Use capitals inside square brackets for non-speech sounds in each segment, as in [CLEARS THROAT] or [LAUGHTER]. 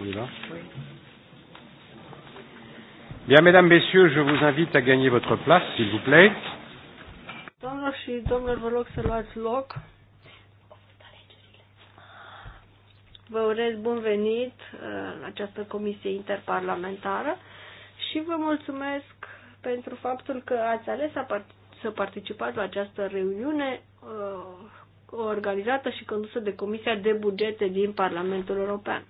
On y va Bien, mesdames, messieurs, je vous invite à gagner votre place, s'il vous plaît. vă să Vă urez bun venit uh, în această comisie interparlamentară și vă mulțumesc pentru faptul că ați ales să participați la această reuniune uh, organizată și condusă de Comisia de Bugete din Parlamentul European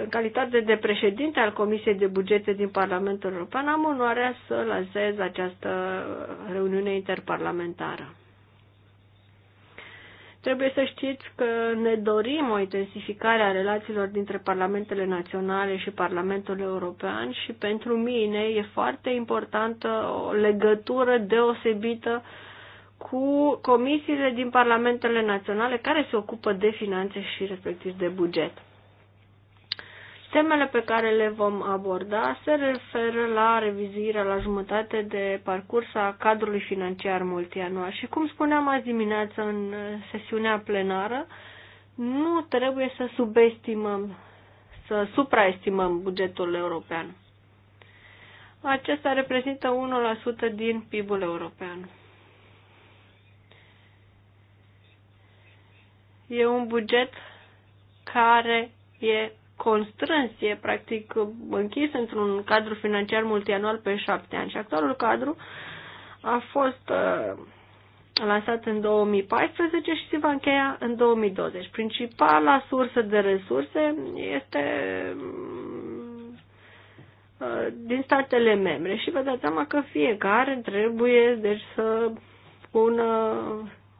în calitate de președinte al Comisiei de Bugete din Parlamentul European, am onoarea să lansez această reuniune interparlamentară. Trebuie să știți că ne dorim o intensificare a relațiilor dintre parlamentele naționale și Parlamentul European și pentru mine e foarte importantă o legătură deosebită cu comisiile din parlamentele naționale care se ocupă de finanțe și respectiv de buget. Temele pe care le vom aborda se referă la revizuirea la jumătate de parcurs a cadrului financiar multianual și, cum spuneam azi dimineață în sesiunea plenară, nu trebuie să subestimăm, să supraestimăm bugetul european. Acesta reprezintă 1% din PIB-ul european. E un buget care e constrâns, e practic închis într-un cadru financiar multianual pe șapte ani. Și actualul cadru a fost uh, lansat în 2014 și se va încheia în 2020. Principala sursă de resurse este uh, din statele membre și vă dați seama că fiecare trebuie deci să pună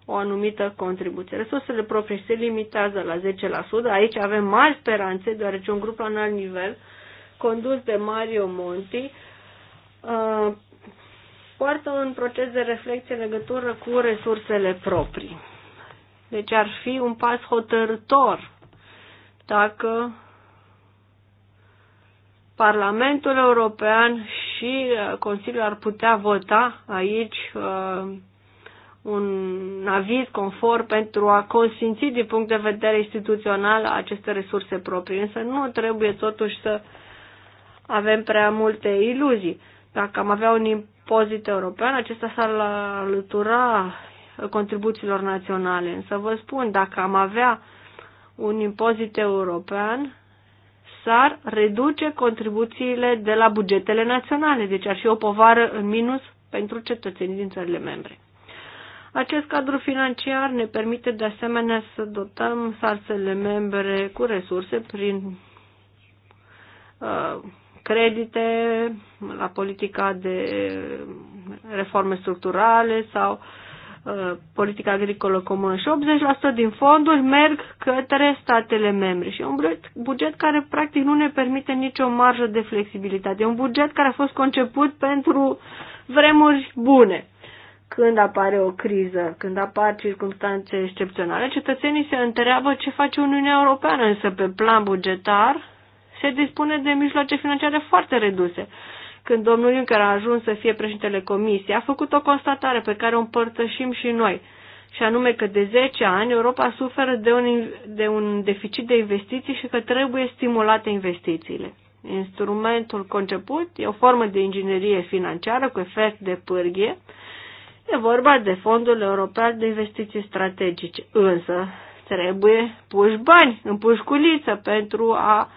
o anumită contribuție. Resursele proprii se limitează la 10%. Aici avem mari speranțe, deoarece un grup la înalt nivel, condus de Mario Monti, uh, poartă un proces de reflexie în legătură cu resursele proprii. Deci ar fi un pas hotărător dacă Parlamentul European și uh, Consiliul ar putea vota aici uh, un aviz conform pentru a consimți din punct de vedere instituțional aceste resurse proprii. Însă nu trebuie totuși să avem prea multe iluzii. Dacă am avea un impozit european, acesta s-ar alătura contribuțiilor naționale. Însă vă spun, dacă am avea un impozit european, s-ar reduce contribuțiile de la bugetele naționale, deci ar fi o povară în minus pentru cetățenii din țările membre. Acest cadru financiar ne permite de asemenea să dotăm sarsele membre cu resurse prin uh, credite la politica de reforme structurale sau uh, politica agricolă comună și 80% din fonduri merg către statele membre și e un buget care practic nu ne permite nicio marjă de flexibilitate. E un buget care a fost conceput pentru vremuri bune când apare o criză, când apar circunstanțe excepționale, cetățenii se întreabă ce face Uniunea Europeană, însă pe plan bugetar se dispune de mijloace financiare foarte reduse. Când domnul Juncker a ajuns să fie președintele Comisiei, a făcut o constatare pe care o împărtășim și noi, și anume că de 10 ani Europa suferă de un, de un deficit de investiții și că trebuie stimulate investițiile. Instrumentul conceput e o formă de inginerie financiară cu efect de pârghie, E vorba de Fondul European de Investiții Strategice, însă trebuie puși bani în pușculiță pentru a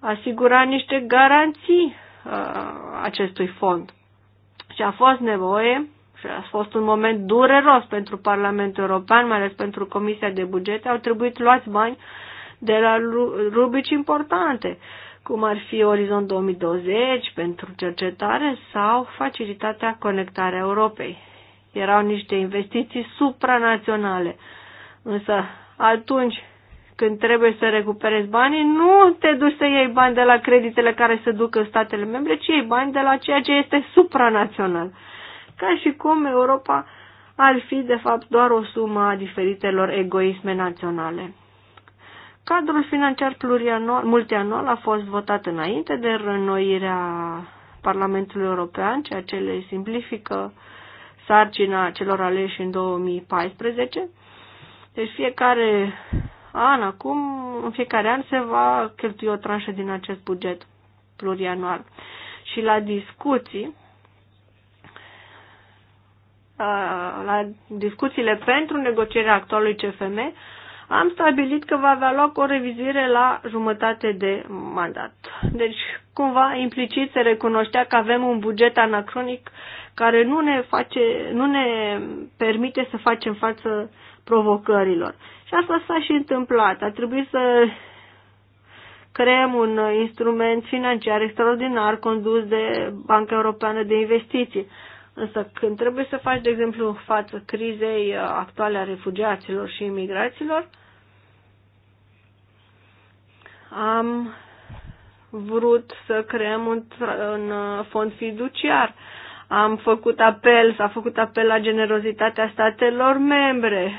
asigura niște garanții a, uh, acestui fond. Și a fost nevoie și a fost un moment dureros pentru Parlamentul European, mai ales pentru Comisia de Bugete, au trebuit luați bani de la rubrici importante, cum ar fi Orizont 2020 pentru cercetare sau facilitatea conectarea Europei. Erau niște investiții supranaționale. Însă atunci când trebuie să recuperezi banii, nu te duci să iei bani de la creditele care se duc în statele membre, ci iei bani de la ceea ce este supranațional. Ca și cum Europa ar fi, de fapt, doar o sumă a diferitelor egoisme naționale. Cadrul financiar plurianual, multianual a fost votat înainte de reînnoirea Parlamentului European, ceea ce le simplifică uh, sarcina celor aleși în 2014. Deci fiecare an, acum, în fiecare an se va cheltui o tranșă din acest buget plurianual. Și la discuții, la discuțiile pentru negocierea actualului CFM, am stabilit că va avea loc o revizuire la jumătate de mandat. Deci, cumva implicit se recunoștea că avem un buget anacronic care nu ne, face, nu ne permite să facem față provocărilor. Și asta s-a și întâmplat. A trebuit să creăm un instrument financiar extraordinar condus de Banca Europeană de Investiții. Însă când trebuie să faci, de exemplu, față crizei actuale a refugiaților și imigraților, am vrut să creăm un, un uh, fond fiduciar. Am făcut apel, s-a făcut apel la generozitatea statelor membre.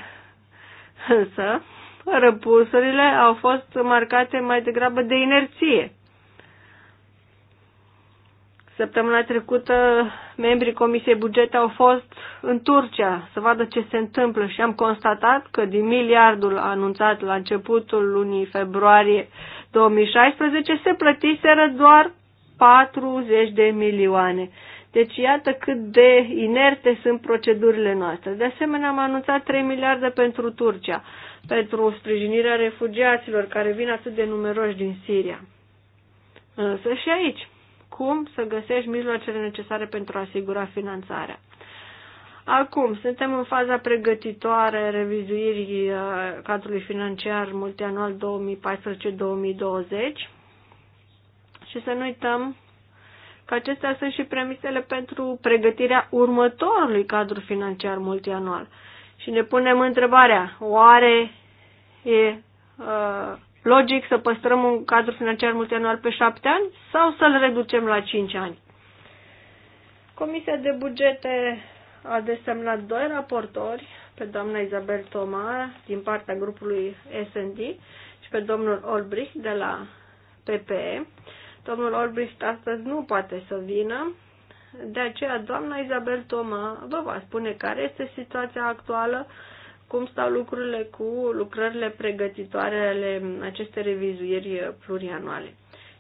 Însă, răpusurile au fost marcate mai degrabă de inerție. Săptămâna trecută, membrii Comisiei Bugete au fost în Turcia să vadă ce se întâmplă și am constatat că din miliardul anunțat la începutul lunii februarie 2016 se plătiseră doar 40 de milioane. Deci iată cât de inerte sunt procedurile noastre. De asemenea, am anunțat 3 miliarde pentru Turcia, pentru sprijinirea refugiaților care vin atât de numeroși din Siria. Însă și aici, cum să găsești mijloacele necesare pentru a asigura finanțarea? Acum, suntem în faza pregătitoare revizuirii uh, cadrului financiar multianual 2014-2020 și să nu uităm că acestea sunt și premisele pentru pregătirea următorului cadru financiar multianual. Și ne punem întrebarea, oare e uh, logic să păstrăm un cadru financiar multianual pe șapte ani sau să-l reducem la cinci ani? Comisia de bugete a desemnat doi raportori, pe doamna Isabel Toma din partea grupului S&D și pe domnul Olbricht de la PPE. Domnul Olbricht astăzi nu poate să vină, de aceea doamna Isabel Toma vă va spune care este situația actuală, cum stau lucrurile cu lucrările pregătitoare ale acestei revizuiri plurianuale.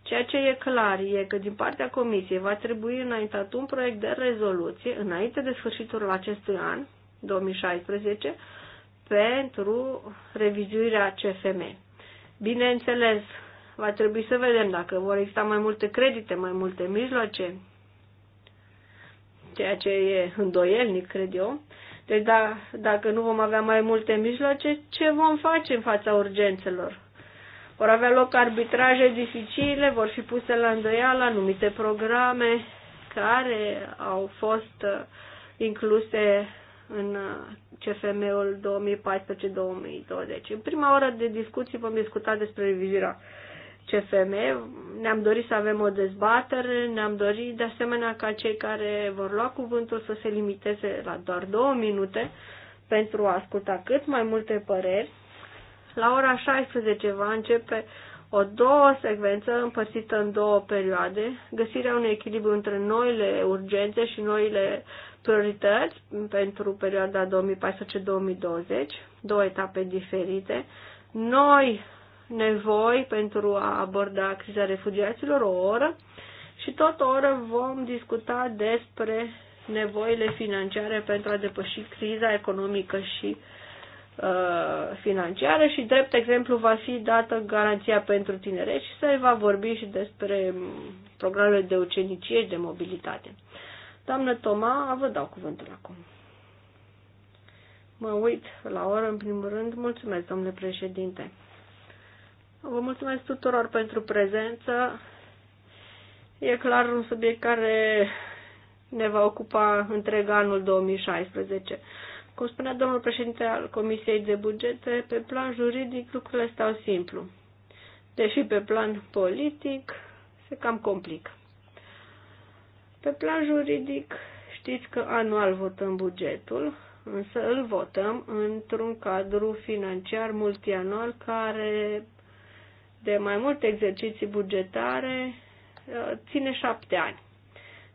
Ceea ce e clar e că din partea Comisiei va trebui înaintat un proiect de rezoluție înainte de sfârșitul acestui an, 2016, pentru revizuirea CFM. Bineînțeles, va trebui să vedem dacă vor exista mai multe credite, mai multe mijloace, ceea ce e îndoielnic, cred eu. Deci da, dacă nu vom avea mai multe mijloace, ce vom face în fața urgențelor? Vor avea loc arbitraje dificile, vor fi puse la îndoială anumite programe care au fost uh, incluse în uh, CFM-ul 2014-2020. În prima oră de discuții vom discuta despre revizirea CFM. Ne-am dorit să avem o dezbatere, ne-am dorit de asemenea ca cei care vor lua cuvântul să se limiteze la doar două minute pentru a asculta cât mai multe păreri la ora 16 va începe o două secvență împărțită în două perioade, găsirea unui echilibru între noile urgențe și noile priorități pentru perioada 2014-2020, două etape diferite, noi nevoi pentru a aborda criza refugiaților o oră și tot o oră vom discuta despre nevoile financiare pentru a depăși criza economică și uh, Uh, financiară și drept exemplu va fi dată garanția pentru tineret și se va vorbi și despre programele de ucenicie și de mobilitate. Doamnă Toma, vă dau cuvântul acum. Mă uit la oră, în primul rând. Mulțumesc, domnule președinte. Vă mulțumesc tuturor pentru prezență. E clar un subiect care ne va ocupa întreg anul 2016. Cum spunea domnul președinte al Comisiei de Bugete, pe plan juridic lucrurile stau simplu. Deși pe plan politic se cam complică. Pe plan juridic știți că anual votăm bugetul, însă îl votăm într-un cadru financiar multianual care de mai multe exerciții bugetare uh, ține șapte ani.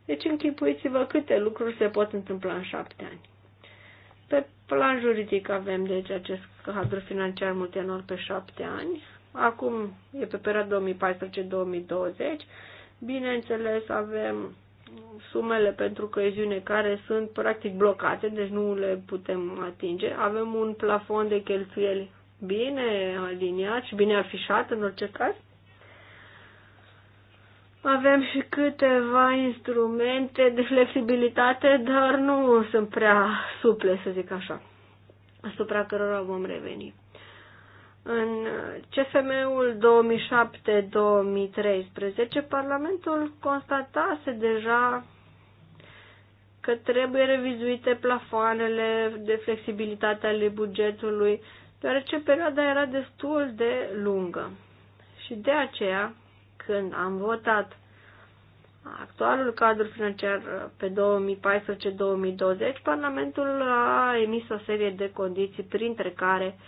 Deci închipuiți-vă câte lucruri se pot întâmpla în șapte ani. Pe plan juridic avem deci acest cadru financiar multianual pe șapte ani. Acum e pe perioada 2014-2020. Bineînțeles, avem sumele pentru coeziune care sunt practic blocate, deci nu le putem atinge. Avem un plafon de cheltuieli bine aliniat și bine afișat în orice caz. Avem și câteva instrumente de flexibilitate, dar nu sunt prea suple, să zic așa, asupra cărora vom reveni. În CFM-ul 2007-2013, Parlamentul constatase deja că trebuie revizuite plafoanele de flexibilitate ale bugetului, deoarece perioada era destul de lungă. Și de aceea, când am votat actualul cadru financiar pe 2014-2020, Parlamentul a emis o serie de condiții, printre care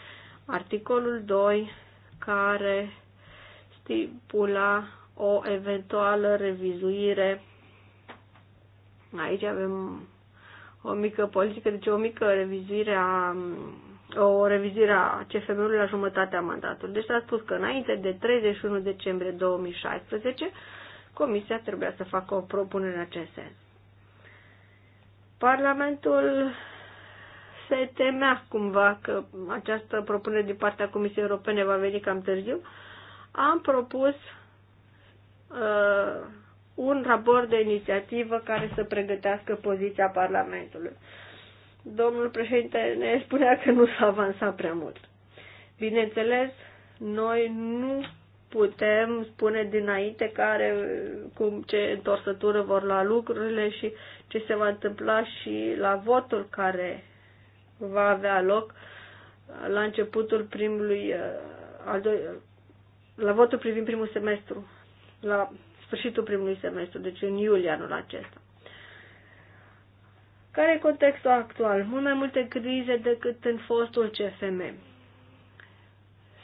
articolul 2, care stipula o eventuală revizuire. Aici avem o mică politică, deci o mică revizuire a o revizire a CFM-ului la jumătatea mandatului. Deci a spus că înainte de 31 decembrie 2016, Comisia trebuia să facă o propunere în acest sens. Parlamentul se temea cumva că această propunere din partea Comisiei Europene va veni cam târziu. Am propus uh, un raport de inițiativă care să pregătească poziția Parlamentului. Uh, domnul președinte ne spunea că nu s-a avansat prea mult. Bineînțeles, noi nu putem spune dinainte care, cum ce întorsătură vor la lucrurile și ce se va întâmpla și la votul care va avea loc la începutul primului, uh, al doi, uh, la votul privind primul semestru, la sfârșitul primului semestru, deci în iulie anul acesta. Care e contextul actual? Mult mai multe crize decât în fostul CFM.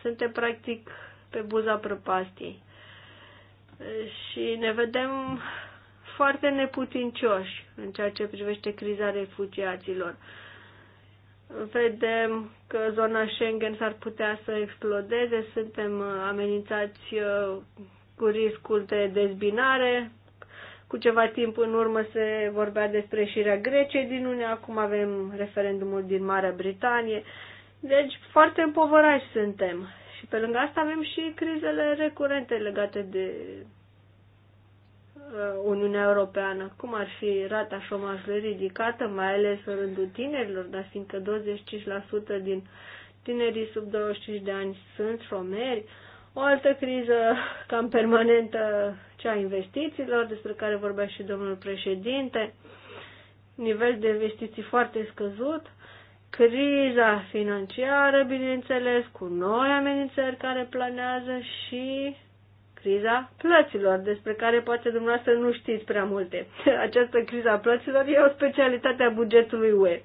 Suntem practic pe buza prăpastiei și ne vedem foarte neputincioși în ceea ce privește criza refugiaților. Vedem că zona Schengen s-ar putea să explodeze, suntem uh, amenințați uh, cu riscul de dezbinare, cu ceva timp în urmă se vorbea despre ieșirea Greciei din Uniune, acum avem referendumul din Marea Britanie. Deci foarte împovărași suntem. Și pe lângă asta avem și crizele recurente legate de uh, Uniunea Europeană, cum ar fi rata șomajului ridicată, mai ales în rândul tinerilor, dar fiindcă 25% din tinerii sub 25 de ani sunt șomeri, uh, o altă criză cam permanentă, cea a investițiilor, despre care vorbea și domnul președinte, nivel de investiții foarte scăzut, criza financiară, bineînțeles, cu noi amenințări care planează și criza plăților, despre care poate dumneavoastră nu știți prea multe. [LAUGHS] Această criza plăților e o specialitate a bugetului UE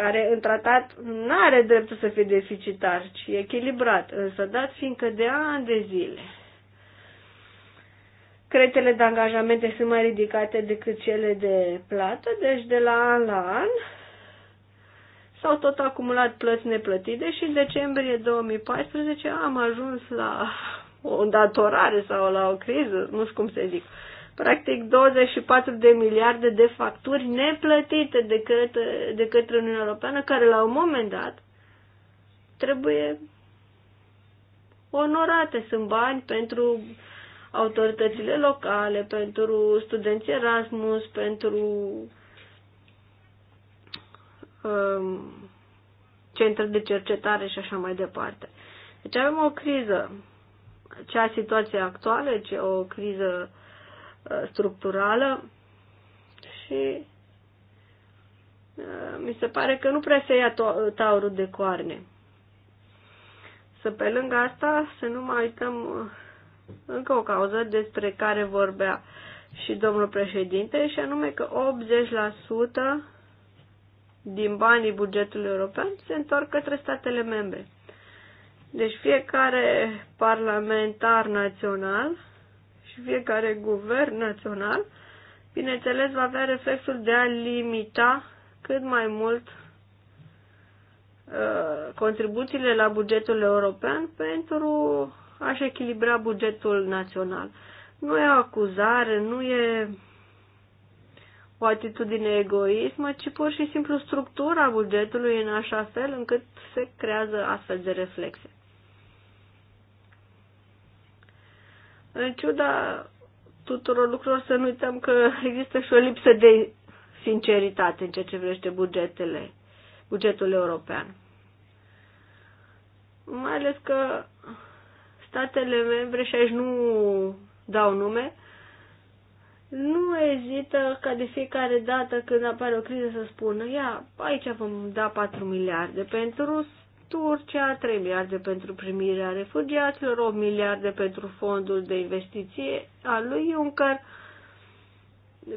care în tratat nu are dreptul să fie deficitar, ci echilibrat, însă dat fiindcă de ani de zile cretele de angajamente sunt mai ridicate decât cele de plată, deci de la an la an s-au tot acumulat plăți neplătite și în decembrie 2014 am ajuns la o datorare sau la o criză, nu știu cum se zic, practic 24 de miliarde de facturi neplătite de către, de către Uniunea Europeană, care la un moment dat trebuie onorate. Sunt bani pentru autoritățile locale, pentru studenții Erasmus, pentru um, centre de cercetare și așa mai departe. Deci avem o criză, cea situație actuală, ce o criză Uh, structurală și uh, mi se pare că nu prea se ia taurul de coarne. Să pe lângă asta să nu mai uităm uh, încă o cauză despre care vorbea și domnul președinte, și anume că 80% din banii bugetului european se întorc către statele membre. Deci fiecare parlamentar național fiecare guvern național, bineînțeles, va avea reflexul de a limita cât mai mult uh, contribuțiile la bugetul european pentru a-și echilibra bugetul național. Nu e o acuzare, nu e o atitudine egoismă, ci pur și simplu structura bugetului în așa fel încât se creează astfel de reflexe. În ciuda tuturor lucrurilor, să nu uităm că există și o lipsă de sinceritate în ceea ce privește bugetele, bugetul european. Mai ales că statele membre, și aici nu dau nume, nu ezită ca de fiecare dată când apare o criză să spună, ia, aici vom da 4 miliarde pentru Turcia, 3 miliarde pentru primirea refugiaților, 8 miliarde pentru fondul de investiție a lui Juncker.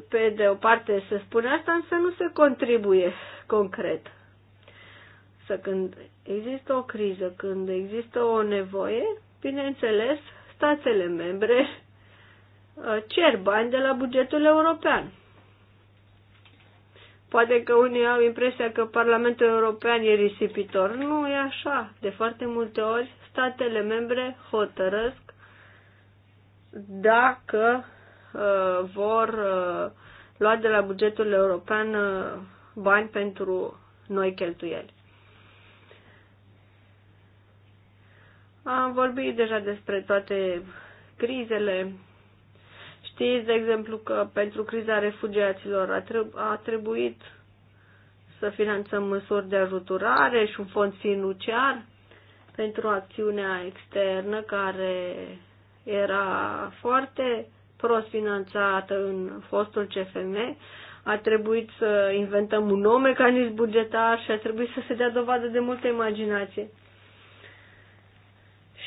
Pe de o parte se spune asta, însă nu se contribuie concret. Să când există o criză, când există o nevoie, bineînțeles, statele membre uh, cer bani de la bugetul european. Poate că unii au impresia că Parlamentul European e risipitor. Nu e așa. De foarte multe ori, statele membre hotărăsc dacă uh, vor uh, lua de la bugetul european uh, bani pentru noi cheltuieli. Am vorbit deja despre toate crizele Știți, de exemplu, că pentru criza refugiaților a, treb- a trebuit să finanțăm măsuri de ajutorare și un fond financiar pentru acțiunea externă care era foarte prost finanțată în fostul CFM. A trebuit să inventăm un nou mecanism bugetar și a trebuit să se dea dovadă de multă imaginație.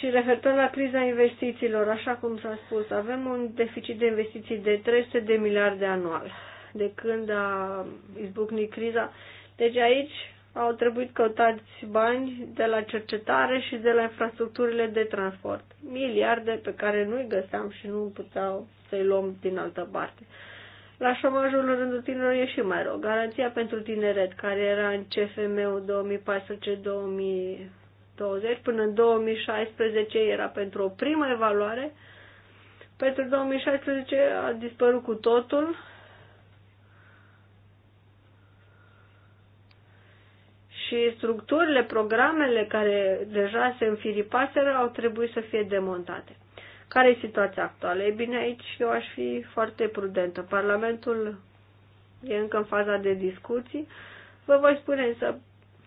Și referitor la criza investițiilor, așa cum s-a spus, avem un deficit de investiții de 300 de miliarde anual de când a izbucnit criza. Deci aici au trebuit căutați bani de la cercetare și de la infrastructurile de transport. Miliarde pe care nu-i găseam și nu puteau să-i luăm din altă parte. La șomajul în rândul tinerilor e și mai rău. Garanția pentru tineret, care era în CFM-ul 2014 2020, până în 2016 era pentru o primă evaluare, pentru 2016 a dispărut cu totul și structurile, programele care deja se înfiripaseră au trebuit să fie demontate. Care e situația actuală? E bine, aici eu aș fi foarte prudentă. Parlamentul e încă în faza de discuții. Vă voi spune însă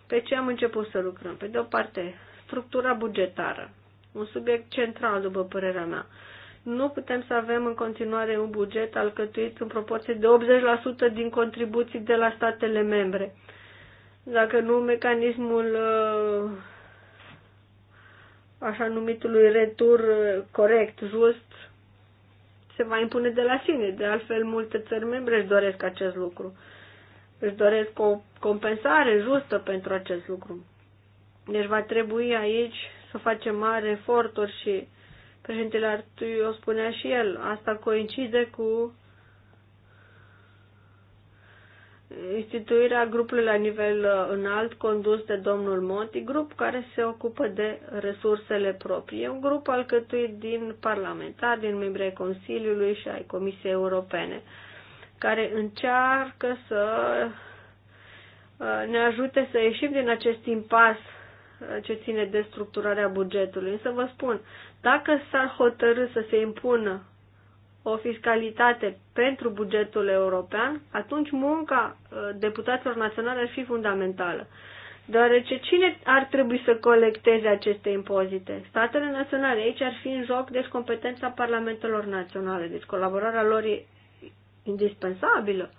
pe ce am început să lucrăm? Pe de o parte, structura bugetară, un subiect central, după părerea mea. Nu putem să avem în continuare un buget alcătuit în proporție de 80% din contribuții de la statele membre. Dacă nu, mecanismul uh, așa numitului retur uh, corect, just, se va impune de la sine. De altfel, multe țări membre își doresc acest lucru își doresc o compensare justă pentru acest lucru. Deci va trebui aici să facem mari eforturi și președintele Artui o spunea și el. Asta coincide cu instituirea grupului la nivel uh, înalt condus de domnul Monti, grup care se ocupă de resursele proprii. E un grup alcătuit din parlamentari, din membrii Consiliului și ai Comisiei Europene care încearcă să uh, ne ajute să ieșim din acest impas uh, ce ține de structurarea bugetului. Însă vă spun, dacă s-ar hotărâ să se impună o fiscalitate pentru bugetul european, atunci munca uh, deputaților naționale ar fi fundamentală. Deoarece cine ar trebui să colecteze aceste impozite? Statele naționale. Aici ar fi în joc, deci, competența parlamentelor naționale. Deci colaborarea lor e indispensabilă.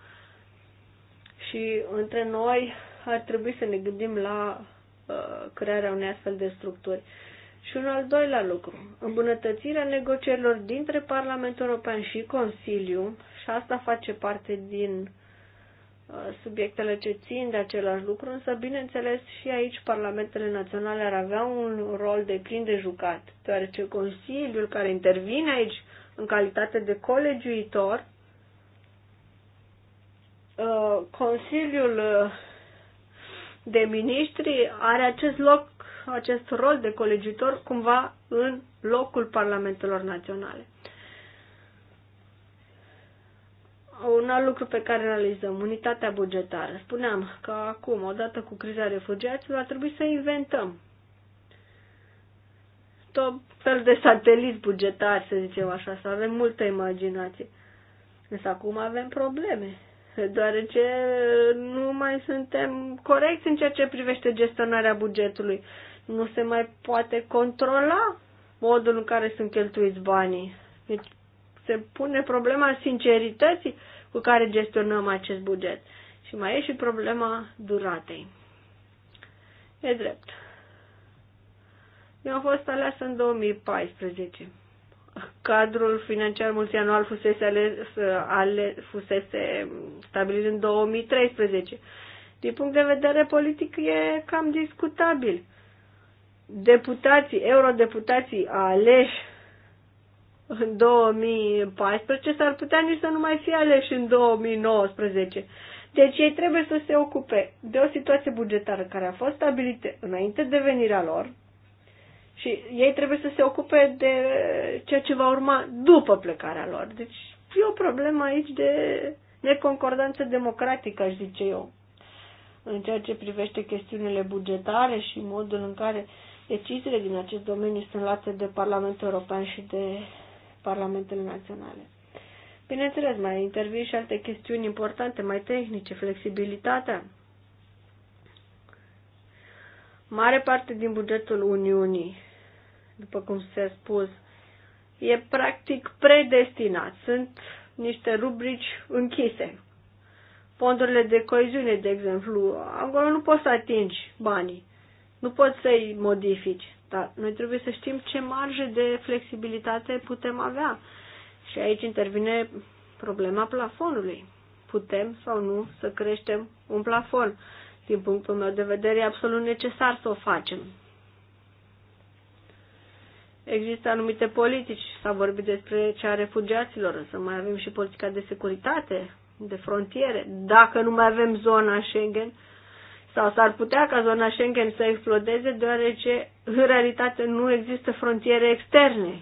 Și între noi ar trebui să ne gândim la uh, crearea unei astfel de structuri. Și un al doilea lucru, îmbunătățirea negocierilor dintre Parlamentul European și Consiliu, și asta face parte din uh, subiectele ce țin de același lucru, însă, bineînțeles, și aici Parlamentele Naționale ar avea un rol de plin de jucat, deoarece Consiliul care intervine aici în calitate de colegiuitor Uh, Consiliul uh, de Ministri are acest loc, acest rol de colegitor cumva în locul parlamentelor naționale. Un alt lucru pe care analizăm, unitatea bugetară. Spuneam că acum, odată cu criza refugiaților, ar trebui să inventăm tot fel de sateliți bugetari, să zicem așa, să avem multă imaginație. Însă acum avem probleme deoarece nu mai suntem corecți în ceea ce privește gestionarea bugetului. Nu se mai poate controla modul în care sunt cheltuiți banii. Deci se pune problema sincerității cu care gestionăm acest buget. Și mai e și problema duratei. E drept. Eu am fost aleasă în 2014 cadrul financiar multianual fusese, ales, ale, fusese stabilit în 2013. Din punct de vedere politic e cam discutabil. Deputații, eurodeputații aleși în 2014 s-ar putea nici să nu mai fie aleși în 2019. Deci ei trebuie să se ocupe de o situație bugetară care a fost stabilită înainte de venirea lor, și ei trebuie să se ocupe de ceea ce va urma după plecarea lor. Deci e o problemă aici de neconcordanță democratică, aș zice eu, în ceea ce privește chestiunile bugetare și modul în care deciziile din acest domeniu sunt luate de Parlamentul European și de Parlamentele Naționale. Bineînțeles, mai intervin și alte chestiuni importante, mai tehnice, flexibilitatea. Mare parte din bugetul Uniunii după cum se spus, e practic predestinat. Sunt niște rubrici închise. Fondurile de coeziune, de exemplu, acolo nu poți să atingi banii, nu poți să-i modifici, dar noi trebuie să știm ce marge de flexibilitate putem avea. Și aici intervine problema plafonului. Putem sau nu să creștem un plafon. Din punctul meu de vedere, e absolut necesar să o facem. Există anumite politici, s-a vorbit despre cea a refugiaților, să mai avem și politica de securitate, de frontiere. Dacă nu mai avem zona Schengen, sau s-ar putea ca zona Schengen să explodeze, deoarece în realitate nu există frontiere externe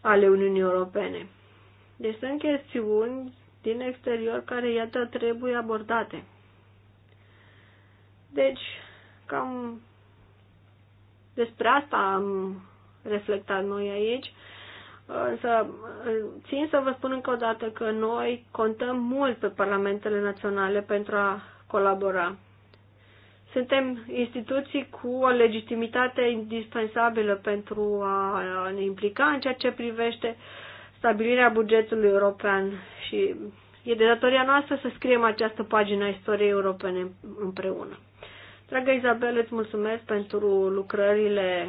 ale Uniunii Europene. Deci sunt chestiuni din exterior care, iată, trebuie abordate. Deci, cam despre asta am reflectat noi aici. Însă țin să vă spun încă o dată că noi contăm mult pe parlamentele naționale pentru a colabora. Suntem instituții cu o legitimitate indispensabilă pentru a ne implica în ceea ce privește stabilirea bugetului european și e de datoria noastră să scriem această pagină a istoriei europene împreună. Dragă Izabel, îți mulțumesc pentru lucrările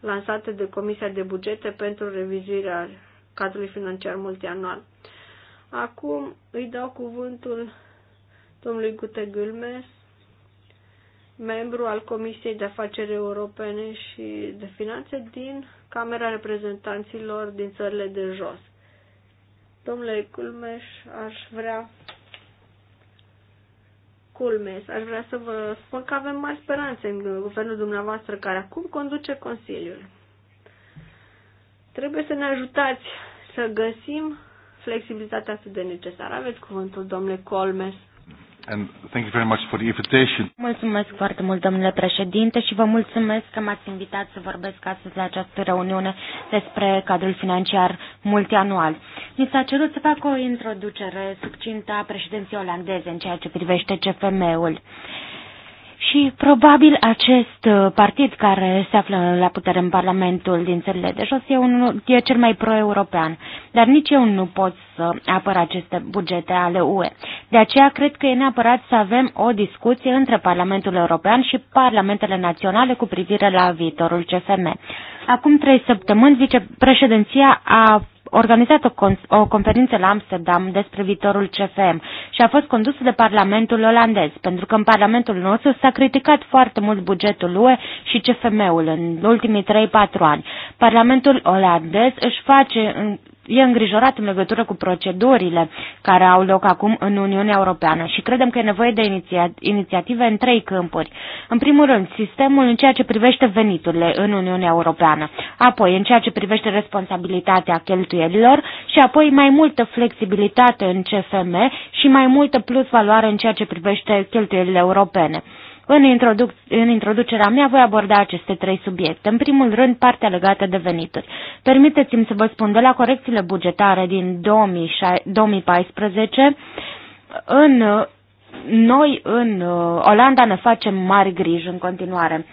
lansate de Comisia de Bugete pentru revizuirea cadrului financiar multianual. Acum îi dau cuvântul domnului Gute Gülmes, membru al Comisiei de Afaceri Europene și de Finanțe din Camera Reprezentanților din țările de jos. Domnule Culmeș, aș vrea culme. aș vrea să vă spun că avem mari speranțe în guvernul dumneavoastră care acum conduce Consiliul. Trebuie să ne ajutați să găsim flexibilitatea atât de necesară. Aveți cuvântul, domnule Colmes. And thank you very much for the invitation. Mulțumesc foarte mult, domnule președinte, și vă mulțumesc că m-ați invitat să vorbesc astăzi la această reuniune despre cadrul financiar multianual. Mi s-a cerut să fac o introducere succintă a președinției olandeze în ceea ce privește CFM-ul. Uh, și probabil acest uh, partid care se află la putere în Parlamentul din țările de jos e, unul, e cel mai pro-european, dar nici eu nu pot să apăr aceste bugete ale UE. De aceea cred că e neapărat să avem o discuție între Parlamentul European și Parlamentele Naționale cu privire la viitorul CFM. Acum trei săptămâni, președinția a organizat o, con- o conferință la Amsterdam despre viitorul CFM și a fost condusă de Parlamentul olandez, pentru că în Parlamentul nostru s-a criticat foarte mult bugetul UE și CFM-ul în ultimii 3-4 ani. Parlamentul olandez își face e îngrijorat în legătură cu procedurile care au loc acum în Uniunea Europeană și credem că e nevoie de iniția, inițiative în trei câmpuri. În primul rând, sistemul în ceea ce privește veniturile în Uniunea Europeană, apoi în ceea ce privește responsabilitatea cheltuielilor și apoi mai multă flexibilitate în CFM și mai multă plus valoare în ceea ce privește cheltuielile europene. În, introduc, în introducerea mea voi aborda aceste trei subiecte. În primul rând, partea legată de venituri. Permiteți-mi să vă spun, de la corecțiile bugetare din 2014, în, noi în uh, Olanda ne facem mari griji în continuare.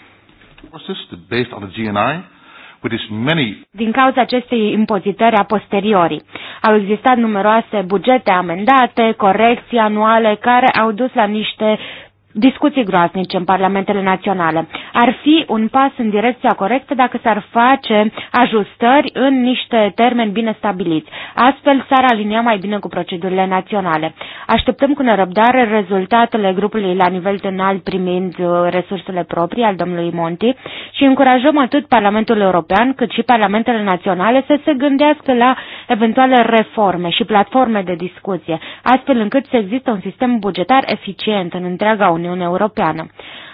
Din cauza acestei impozitări a posteriori, au existat numeroase bugete amendate, corecții anuale care au dus la niște discuții groaznice în parlamentele naționale. Ar fi un pas în direcția corectă dacă s-ar face ajustări în niște termeni bine stabiliți. Astfel s-ar alinia mai bine cu procedurile naționale. Așteptăm cu nerăbdare rezultatele grupului la nivel înalt primind uh, resursele proprii al domnului Monti și încurajăm atât Parlamentul European cât și Parlamentele naționale să se gândească la eventuale reforme și platforme de discuție, astfel încât să există un sistem bugetar eficient în întreaga Uniune Uniunea Europeană.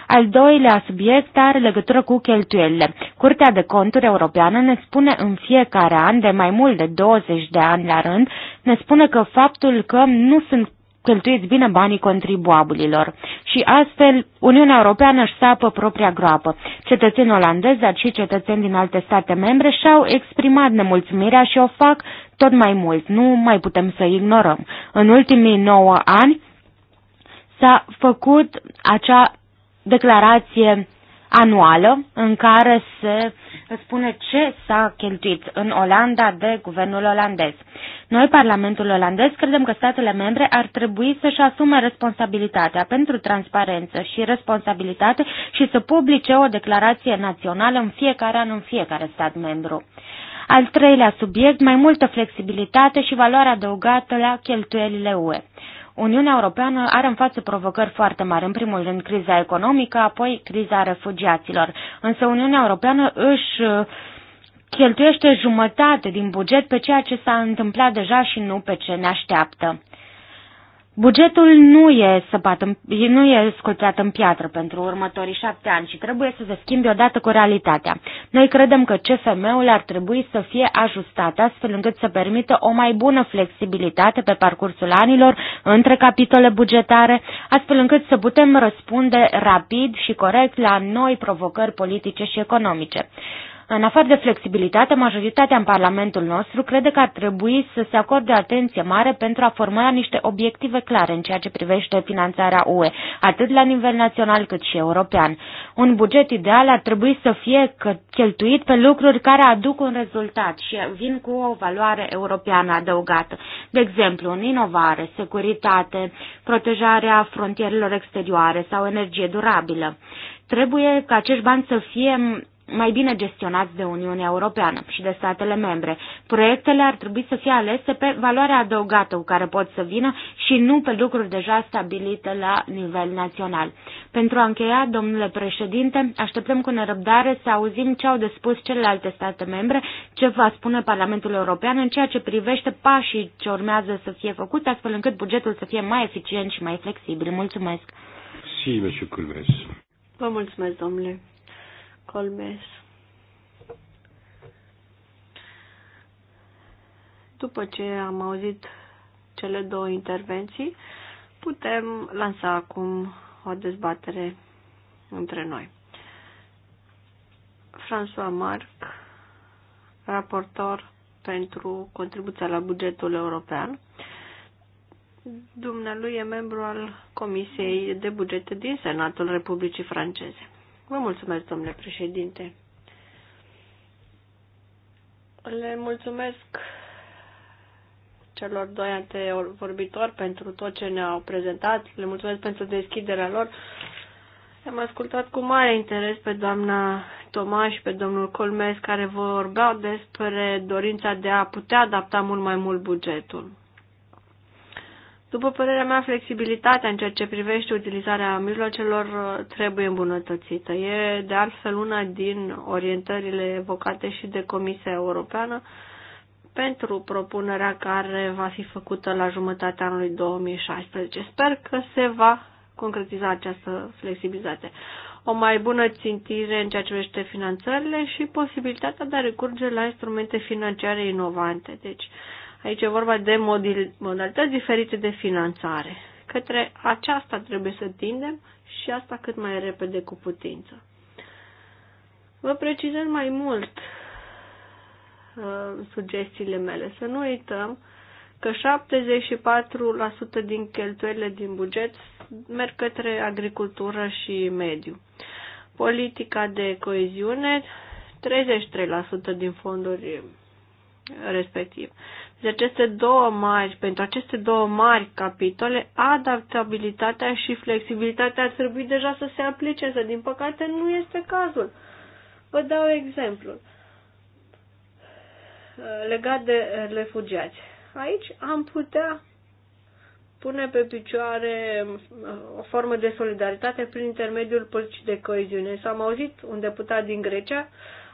Al doilea subiect are legătură cu cheltuielile. Curtea de Conturi Europeană ne spune în fiecare an, de mai mult de 20 de ani la rând, ne spune că faptul că nu sunt cheltuiți bine banii contribuabililor. Și astfel, Uniunea Europeană își sapă propria groapă. Cetățeni olandezi, dar și cetățeni din alte state membre și-au exprimat nemulțumirea și o fac tot mai mult. Nu mai putem să ignorăm. În ultimii 9 ani, s-a făcut acea declarație anuală în care se spune ce s-a cheltuit în Olanda de guvernul olandez. Noi, Parlamentul olandez, credem că statele membre ar trebui să-și asume responsabilitatea pentru transparență și responsabilitate și să publice o declarație națională în fiecare an în fiecare stat membru. Al treilea subiect, mai multă flexibilitate și valoare adăugată la cheltuielile UE. Uniunea Europeană are în față provocări foarte mari, în primul rând criza economică, apoi criza refugiaților. Însă Uniunea Europeană își uh, cheltuiește jumătate din buget pe ceea ce s-a întâmplat deja și nu pe ce ne așteaptă. Bugetul nu e, săpat în, nu e sculptat în piatră pentru următorii șapte ani și trebuie să se schimbe odată cu realitatea. Noi credem că CFM-ul ar trebui să fie ajustat astfel încât să permită o mai bună flexibilitate pe parcursul anilor între capitole bugetare, astfel încât să putem răspunde rapid și corect la noi provocări politice și economice. În afară de flexibilitate, majoritatea în Parlamentul nostru crede că ar trebui să se acorde atenție mare pentru a forma niște obiective clare în ceea ce privește finanțarea UE, atât la nivel național cât și european. Un buget ideal ar trebui să fie cheltuit pe lucruri care aduc un rezultat și vin cu o valoare europeană adăugată. De exemplu, în inovare, securitate, protejarea frontierelor exterioare sau energie durabilă trebuie ca acești bani să fie mai bine gestionați de Uniunea Europeană și de statele membre. Proiectele ar trebui să fie alese pe valoarea adăugată cu care pot să vină și nu pe lucruri deja stabilite la nivel național. Pentru a încheia, domnule președinte, așteptăm cu nerăbdare să auzim ce au de spus celelalte state membre, ce va spune Parlamentul European în ceea ce privește pașii ce urmează să fie făcuți, astfel încât bugetul să fie mai eficient și mai flexibil. Mulțumesc! Si, Vă mulțumesc, domnule Colmes. După ce am auzit cele două intervenții, putem lansa acum o dezbatere între noi. François Marc, raportor pentru contribuția la bugetul european. Dumnealui e membru al Comisiei de Bugete din Senatul Republicii Franceze. Vă mulțumesc, domnule președinte. Le mulțumesc celor doi antevorbitori pentru tot ce ne-au prezentat. Le mulțumesc pentru deschiderea lor. Am ascultat cu mare interes pe doamna Toma și pe domnul Colmes care vorbeau despre dorința de a putea adapta mult mai mult bugetul. După părerea mea, flexibilitatea în ceea ce privește utilizarea mijloacelor uh, trebuie îmbunătățită. E de altfel una din orientările evocate și de Comisia Europeană pentru propunerea care va fi făcută la jumătatea anului 2016. Sper că se va concretiza această flexibilitate. O mai bună țintire în ceea ce privește finanțările și posibilitatea de a recurge la instrumente financiare inovante. Deci, Aici e vorba de modalități diferite de finanțare. Către aceasta trebuie să tindem și asta cât mai repede cu putință. Vă precizez mai mult uh, sugestiile mele. Să nu uităm că 74% din cheltuielile din buget merg către agricultură și mediu. Politica de coeziune, 33% din fonduri respectiv de aceste două mari, pentru aceste două mari capitole, adaptabilitatea și flexibilitatea ar trebui deja să se aplice, să din păcate nu este cazul. Vă dau exemplu uh, legat de uh, refugiați. Aici am putea pune pe picioare uh, o formă de solidaritate prin intermediul politicii de coeziune. S-am auzit un deputat din Grecia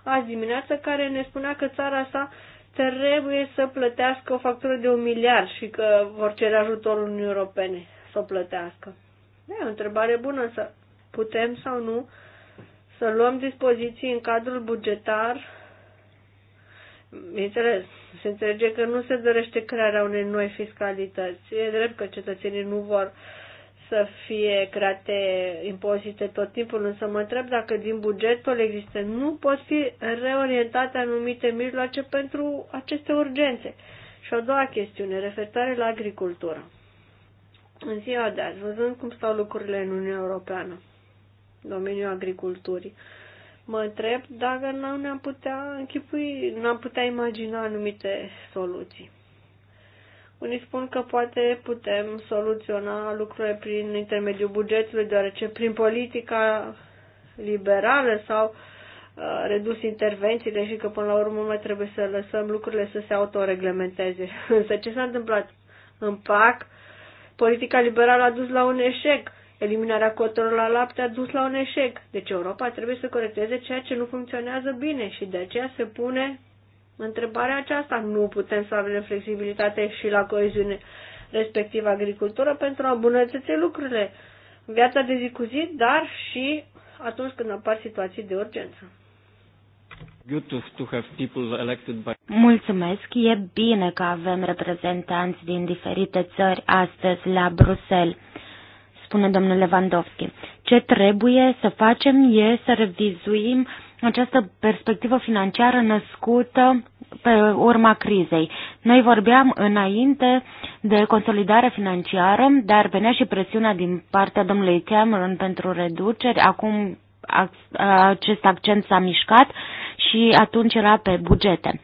azi dimineață care ne spunea că țara sa uh, trebuie să plătească o factură de un miliard și că vor cere ajutorul Uniunii Europene să o plătească. Da, e o întrebare bună să putem sau nu să luăm dispoziții în cadrul bugetar. Bineînțeles, se înțelege că nu se dorește crearea unei noi fiscalități. E drept că cetățenii nu vor uh, să fie create impozite tot timpul, însă mă întreb dacă din bugetul existent nu pot fi reorientate anumite mijloace pentru aceste urgențe. Și o doua chestiune, referitoare la agricultură. În ziua de azi, văzând cum stau lucrurile în Uniunea Europeană, domeniul agriculturii, mă întreb dacă nu ne-am putea închipui, nu am putea imagina anumite soluții. Unii spun că poate putem soluționa lucrurile prin intermediul bugetului, deoarece prin politica liberală sau uh, redus intervențiile și că până la urmă mai trebuie să lăsăm lucrurile să se autoreglementeze. [LAUGHS] Însă ce s-a întâmplat în PAC? Politica liberală a dus la un eșec. Eliminarea cotelor la lapte a dus la un eșec. Deci Europa trebuie să corecteze ceea ce nu funcționează bine și de aceea se pune întrebarea aceasta. Nu putem să avem flexibilitate și la coeziune, respectiv agricultură, pentru a îmbunătăți lucrurile în viața de zi cu zi, dar și atunci când apar situații de urgență. Mulțumesc, e bine că avem reprezentanți din diferite țări astăzi la Bruxelles, spune domnul Lewandowski. Ce trebuie să facem e să revizuim uh, această perspectivă financiară născută pe urma crizei. Noi vorbeam înainte de consolidare financiară, dar venea și presiunea din partea domnului Cameron pentru reduceri. Acum acest accent s-a mișcat și atunci era pe bugete.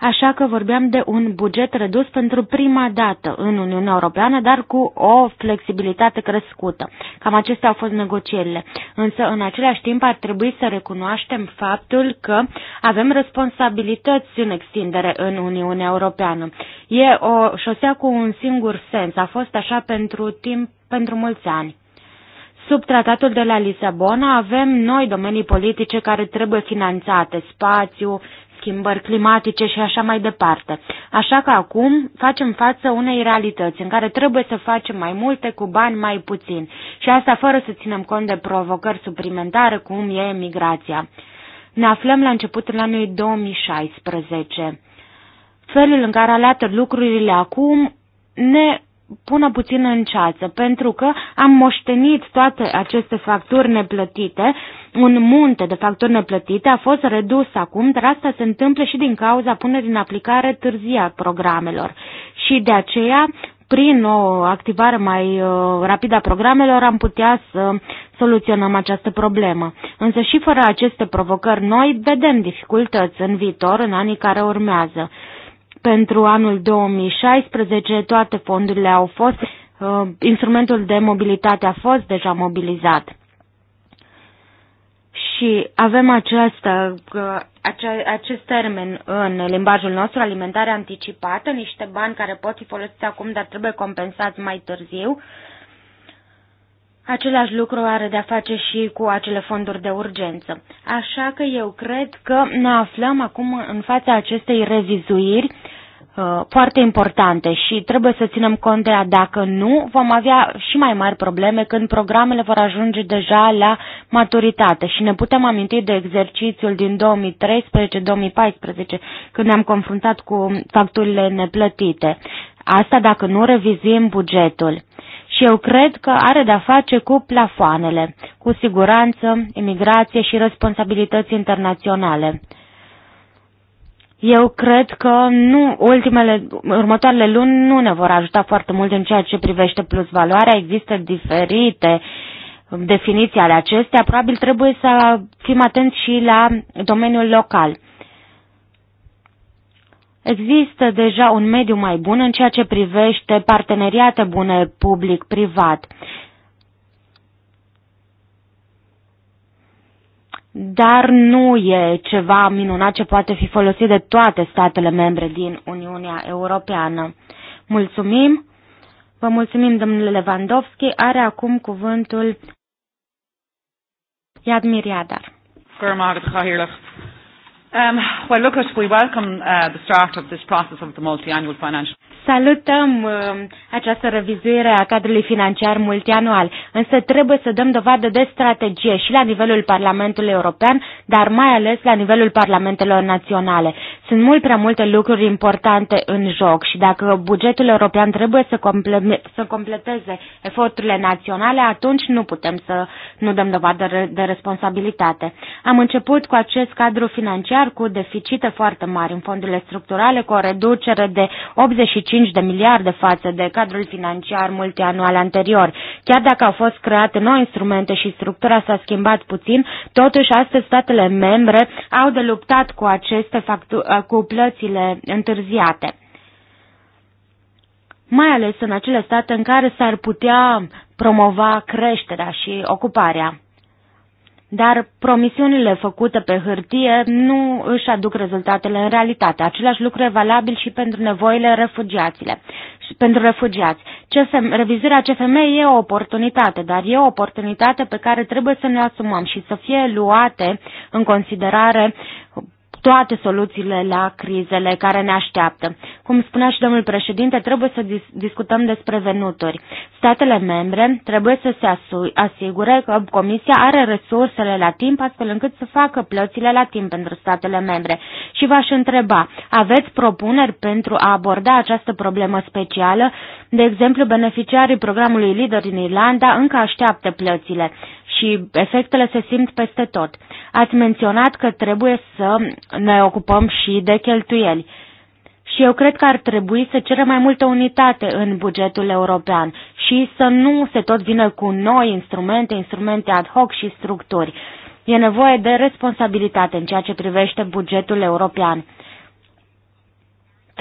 Așa că vorbeam de un buget redus pentru prima dată în Uniunea Europeană, dar cu o flexibilitate crescută. Cam acestea au fost negocierile. Însă, în același timp, ar trebui să recunoaștem faptul că avem responsabilități în extindere în Uniunea Europeană. E o șosea cu un singur sens. A fost așa pentru timp, pentru mulți ani. Sub tratatul de la Lisabona avem noi domenii politice care trebuie finanțate, spațiu, schimbări climatice și așa mai departe. Așa că acum facem față unei realități în care trebuie să facem mai multe cu bani mai puțin și asta fără să ținem cont de provocări suplimentare cum e emigrația. Ne aflăm la începutul anului 2016. Felul în care alată lucrurile acum ne pună puțin în ceață, pentru că am moștenit toate aceste facturi neplătite, un munte de facturi neplătite a fost redus acum, dar asta se întâmplă și din cauza punerii în aplicare târzia a programelor. Și de aceea, prin o activare mai uh, rapidă a programelor, am putea să soluționăm această problemă. Însă și fără aceste provocări noi, vedem dificultăți în viitor, în anii care urmează. Pentru anul 2016 toate fondurile au fost, uh, instrumentul de mobilitate a fost deja mobilizat. Și avem această, uh, acest termen în limbajul nostru, alimentare anticipată, niște bani care pot fi folosiți acum, dar trebuie compensați mai târziu. Același lucru are de-a face și cu acele fonduri de urgență. Așa că eu cred că ne aflăm acum în fața acestei revizuiri Uh, foarte importante și trebuie să ținem cont de ea. Dacă nu, vom avea și mai mari probleme când programele vor ajunge deja la maturitate. Și ne putem aminti de exercițiul din 2013-2014, când ne-am confruntat cu facturile neplătite. Asta dacă nu revizim bugetul. Și eu cred că are de-a face cu plafoanele, cu siguranță, imigrație și responsabilități internaționale. Eu cred că nu, ultimele, următoarele luni nu ne vor ajuta foarte mult în ceea ce privește plus valoarea. Există diferite definiții ale acestea. Probabil trebuie să fim atenți și la domeniul local. Există deja un mediu mai bun în ceea ce privește parteneriate bune public-privat. dar nu e ceva minunat ce poate fi folosit de toate statele membre din Uniunea Europeană. Mulțumim! Vă mulțumim, domnule Lewandowski. Are acum cuvântul Iadmir Iadar. Um, well, look, we welcome uh, the start of this process of the multi-annual financial. Salutăm uh, această revizuire a cadrului financiar multianual, însă trebuie să dăm dovadă de strategie și la nivelul Parlamentului European, dar mai ales la nivelul Parlamentelor Naționale. Sunt mult prea multe lucruri importante în joc și dacă bugetul european trebuie să, comple- să completeze eforturile naționale, atunci nu putem să nu dăm dovadă de responsabilitate. Am început cu acest cadru financiar țări cu deficite foarte mari în fondurile structurale, cu o reducere de 85 de miliarde față de cadrul financiar multianual anterior. Chiar dacă au fost create noi instrumente și structura s-a schimbat puțin, totuși astăzi statele membre au de luptat cu aceste cu plățile întârziate mai ales în acele state în care s-ar putea promova creșterea și ocuparea dar promisiunile făcute pe hârtie nu își aduc rezultatele în realitate. Același lucru e valabil și pentru nevoile refugiaților. Pentru refugiați. CFM, revizirea CFM e o oportunitate, dar e o oportunitate pe care trebuie să ne asumăm și să fie luate în considerare toate soluțiile la crizele care ne așteaptă. Cum spunea și domnul președinte, trebuie să dis- discutăm despre venuturi. Statele membre trebuie să se asigure că Comisia are resursele la timp astfel încât să facă plățile la timp pentru statele membre. Și v-aș întreba, aveți propuneri pentru a aborda această problemă specială? De exemplu, beneficiarii programului LIDER din Irlanda încă așteaptă plățile și efectele se simt peste tot. Ați menționat că trebuie să ne ocupăm și de cheltuieli. Și eu cred că ar trebui să cerem mai multă unitate în bugetul european și să nu se tot vină cu noi instrumente, instrumente ad hoc și structuri. E nevoie de responsabilitate în ceea ce privește bugetul european.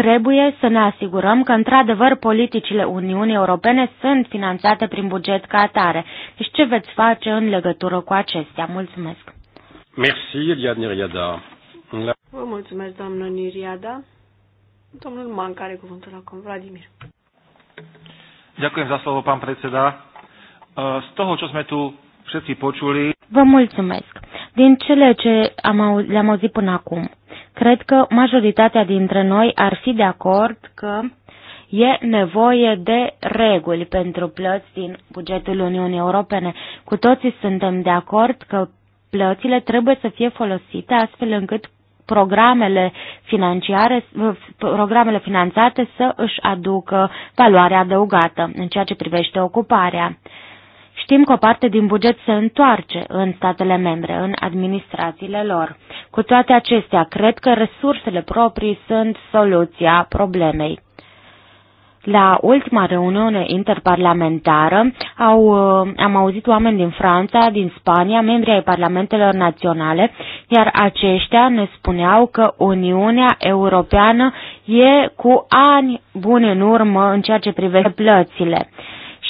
Trebuie să ne asigurăm că, într-adevăr, politicile Uniunii Europene sunt finanțate prin buget ca atare. Deci ce veți face în legătură cu acestea? Mulțumesc! Merci, Eliade Niriada. La... Vă mulțumesc, doamnă Niriada. Domnul Man, care cuvântul acum. Vladimir. Ďakujem za slovo, pán predseda. Eh, z toho, čo sme tu všetci počuli... Vă mulțumesc. Din cele ce am, le-am auzit până acum, cred că majoritatea dintre noi ar fi de acord că e nevoie de reguli pentru plăți din bugetul Uniunii Europene. Cu toții suntem de acord că plățile trebuie să fie folosite astfel încât programele financiare, programele finanțate să își aducă valoarea adăugată în ceea ce privește ocuparea. Știm că o parte din buget se întoarce în statele membre, în administrațiile lor. Cu toate acestea, cred că resursele proprii sunt soluția problemei. La ultima reuniune interparlamentară au, uh, am auzit oameni din Franța, din Spania, membri ai parlamentelor naționale, iar aceștia ne spuneau că Uniunea Europeană e cu ani buni în urmă în ceea ce privește plățile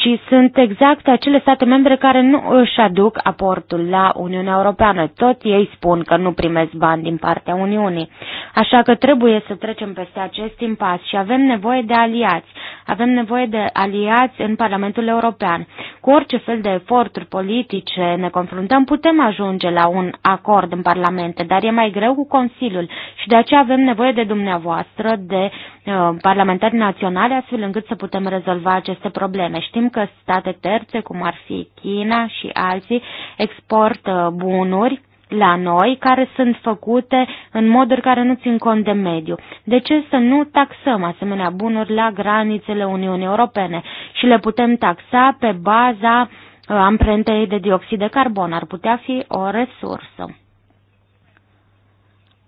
și sunt exact acele state membre care nu își aduc aportul la Uniunea Europeană. Tot ei spun că nu primesc bani din partea Uniunii. Așa că trebuie să trecem peste acest impas și avem nevoie de aliați. Avem nevoie de aliați în Parlamentul European. Cu orice fel de eforturi politice ne confruntăm, putem ajunge la un acord în Parlamente, dar e mai greu cu Consiliul și de aceea avem nevoie de dumneavoastră, de uh, parlamentari naționale, astfel încât să putem rezolva aceste probleme. Știm că state terțe, cum ar fi China și alții, exportă bunuri la noi care sunt făcute în moduri care nu țin cont de mediu. De ce să nu taxăm asemenea bunuri la granițele Uniunii Europene și le putem taxa pe baza uh, amprentei de dioxid de carbon? Ar putea fi o resursă.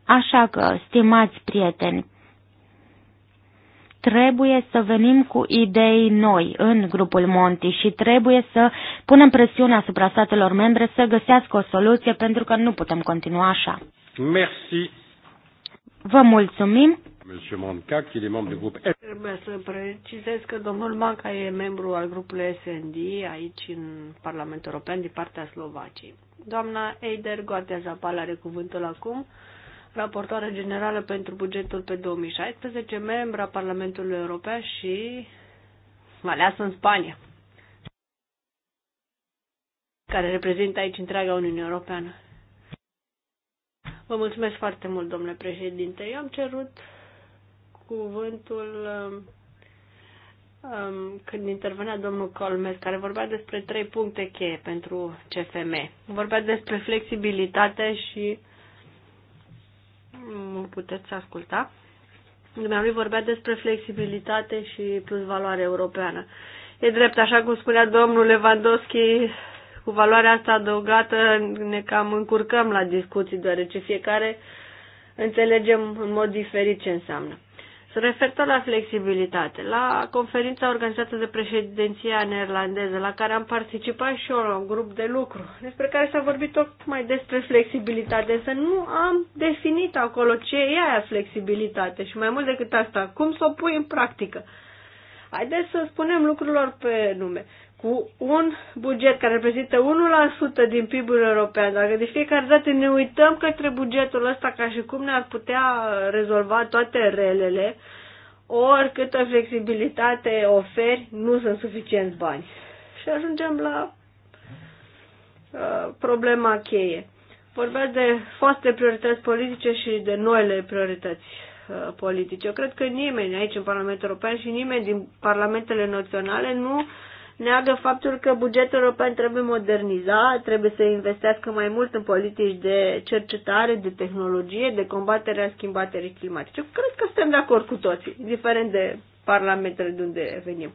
Așa că, stimați prieteni, trebuie să venim cu idei noi în grupul Monti și trebuie să punem presiune asupra statelor membre să găsească o soluție pentru că nu putem continua așa. Merci. Vă mulțumim. Monsieur Manca, qui est membre du groupe F. Trebuie să precizez că domnul Manca e membru al grupului SND aici în Parlamentul European din partea Slovaciei. Doamna Eider Goatea Zapal are cuvântul acum raportoare generală pentru bugetul pe 2016, membra Parlamentului European și aleasă în Spania, care reprezintă aici întreaga Uniune Europeană. Vă mulțumesc foarte mult, domnule președinte. Eu am cerut cuvântul um, um când intervenea domnul Colmes, care vorbea despre trei puncte cheie pentru CFM. Vorbea despre flexibilitate și mă puteți asculta. Dumnealui vorbea despre flexibilitate și plus valoare europeană. E drept, așa cum spunea domnul Lewandowski, cu valoarea asta adăugată ne cam încurcăm la discuții, deoarece fiecare înțelegem în mod diferit ce înseamnă. Referitor la flexibilitate, la conferința organizată de președinția neerlandeză, la care am participat și eu la un grup de lucru, despre care s-a vorbit tot mai despre flexibilitate, însă nu am definit acolo ce e aia flexibilitate și mai mult decât asta, cum să o pui în practică. Haideți să spunem lucrurilor pe nume cu un buget care reprezintă 1% din PIB-ul european, dacă de fiecare dată ne uităm către bugetul ăsta ca și cum ne-ar putea rezolva toate relele, oricâtă flexibilitate oferi, nu sunt suficienți bani. Și ajungem la uh, problema cheie. Vorbea de foste priorități politice și de noile priorități uh, politice. Eu cred că nimeni aici în Parlamentul European și nimeni din parlamentele naționale nu uh, neagă faptul că bugetul european trebuie modernizat, trebuie să investească mai mult în politici de cercetare, de tehnologie, de a schimbării climatice. Cred că suntem de acord cu toții, indiferent de parlamentele de unde venim.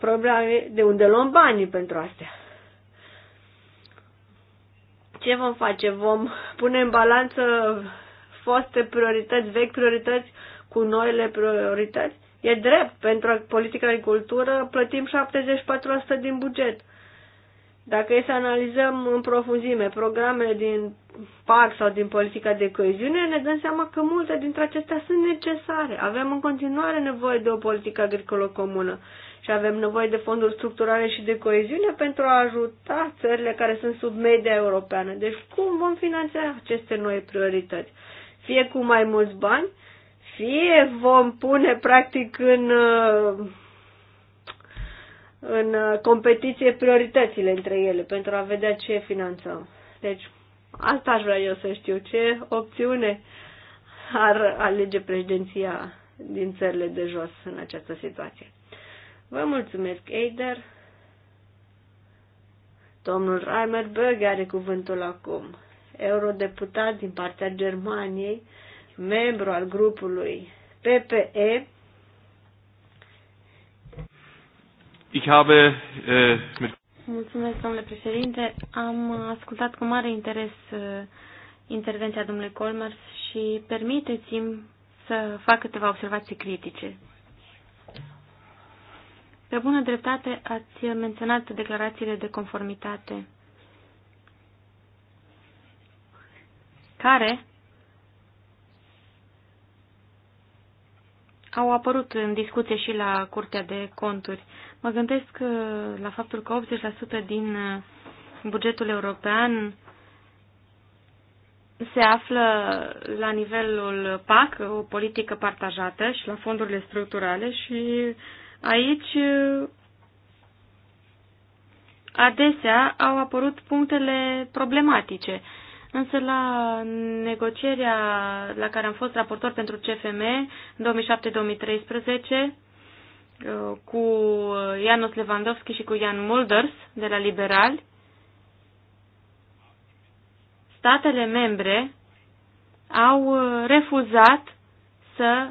Problema e de unde luăm banii pentru astea. Ce vom face? Vom pune în balanță foste priorități, vechi priorități cu noile priorități? E drept, pentru politica agricultură plătim 74% din buget. Dacă e să analizăm în profunzime programele din PAC sau din politica de coeziune, ne dăm seama că multe dintre acestea sunt necesare. Avem în continuare nevoie de o politică agricolă comună și avem nevoie de fonduri structurale și de coeziune pentru a ajuta țările care sunt sub media europeană. Deci cum vom finanța aceste noi priorități? Fie cu mai mulți bani, fie vom pune practic în, uh, în uh, competiție prioritățile între ele pentru a vedea ce finanțăm. Deci, asta aș vrea eu să știu, ce opțiune ar alege președinția din țările de jos în această situație. Vă mulțumesc, Eider. Domnul Reimer Böge are cuvântul acum, eurodeputat din partea Germaniei, membru al grupului PPE. Ich habe, äh, mit Mulțumesc, domnule președinte. Am ascultat cu mare interes uh, intervenția domnului Colmers și permiteți-mi să fac câteva observații critice. Pe bună dreptate ați menționat declarațiile de conformitate, care au apărut în discuție și la Curtea de Conturi. Mă gândesc uh, la faptul că 80% din uh, bugetul european se află la nivelul PAC, o politică partajată și la fondurile structurale și aici uh, adesea au apărut punctele problematice. Însă la negocierea la care am fost raportor pentru CFM în 2007-2013 cu Janos Lewandowski și cu Jan Mulders de la Liberali, statele membre au refuzat să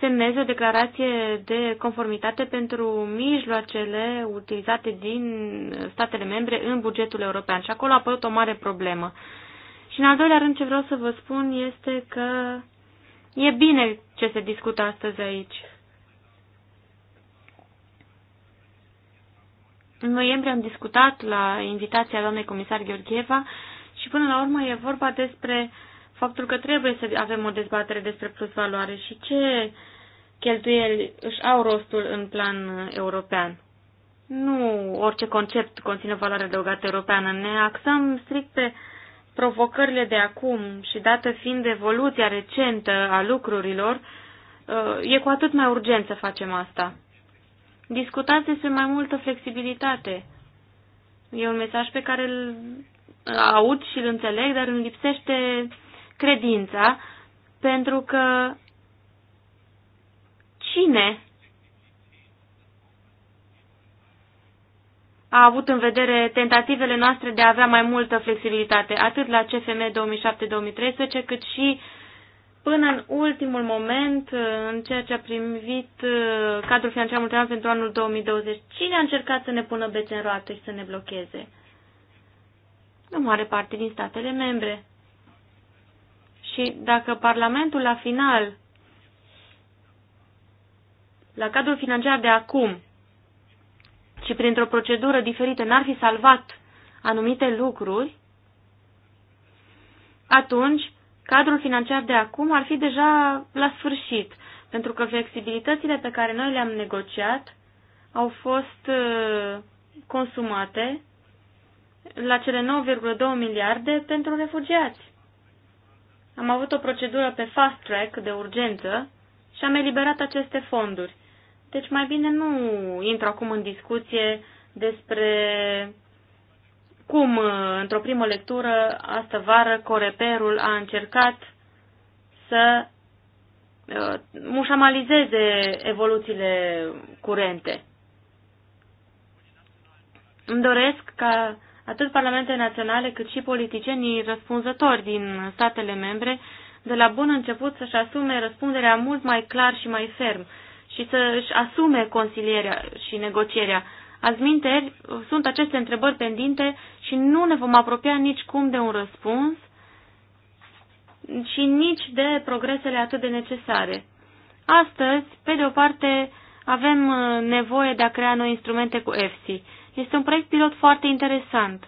semneze o declarație de conformitate pentru mijloacele utilizate din statele membre în bugetul european. Și acolo a apărut o mare problemă. Și în al doilea rând ce vreau să vă spun este că e bine ce se discută astăzi aici. În noiembrie am discutat la invitația doamnei comisar Gheorgheva și până la urmă e vorba despre uh, faptul că trebuie să avem o dezbatere despre plus valoare și ce cheltuieli își au rostul în plan european. Nu orice concept conține valoare adăugată europeană. Ne axăm strict pe provocările de acum și dată fiind evoluția recentă a lucrurilor, uh, e cu atât mai urgent să facem asta. Discutați despre mai multă flexibilitate. E un mesaj pe care îl aud și îl înțeleg, dar îmi lipsește credința, pentru că cine a avut în vedere tentativele noastre de a avea mai multă flexibilitate, atât la CFM 2007-2013, cât și până în ultimul moment în ceea ce a primit uh, cadrul financiar multianual pentru anul 2020. Cine a încercat să ne pună bețe în roată și să ne blocheze? În mare parte din statele membre. Și dacă Parlamentul la final, la cadrul financiar de acum, și printr-o procedură diferită n-ar fi salvat anumite lucruri, atunci cadrul financiar de acum ar fi deja la sfârșit, pentru că flexibilitățile pe care noi le-am negociat au fost uh, consumate la cele 9,2 miliarde pentru refugiați. Am avut o procedură pe fast track de urgență și am eliberat aceste fonduri. Deci mai bine nu intru acum în discuție despre cum, într-o primă lectură, astă vară, Coreperul a încercat să uh, mușamalizeze evoluțiile curente. Îmi doresc ca atât parlamentele naționale cât și politicienii răspunzători din statele membre de la bun început să-și asume răspunderea mult mai clar și mai ferm și să-și asume consilierea și negocierea. Azi minteri, sunt aceste întrebări pendinte și nu ne vom apropia nici cum de un răspuns și nici de progresele atât de necesare. Astăzi, pe de o parte, avem uh, nevoie de a crea noi instrumente cu EFSI este un proiect pilot foarte interesant.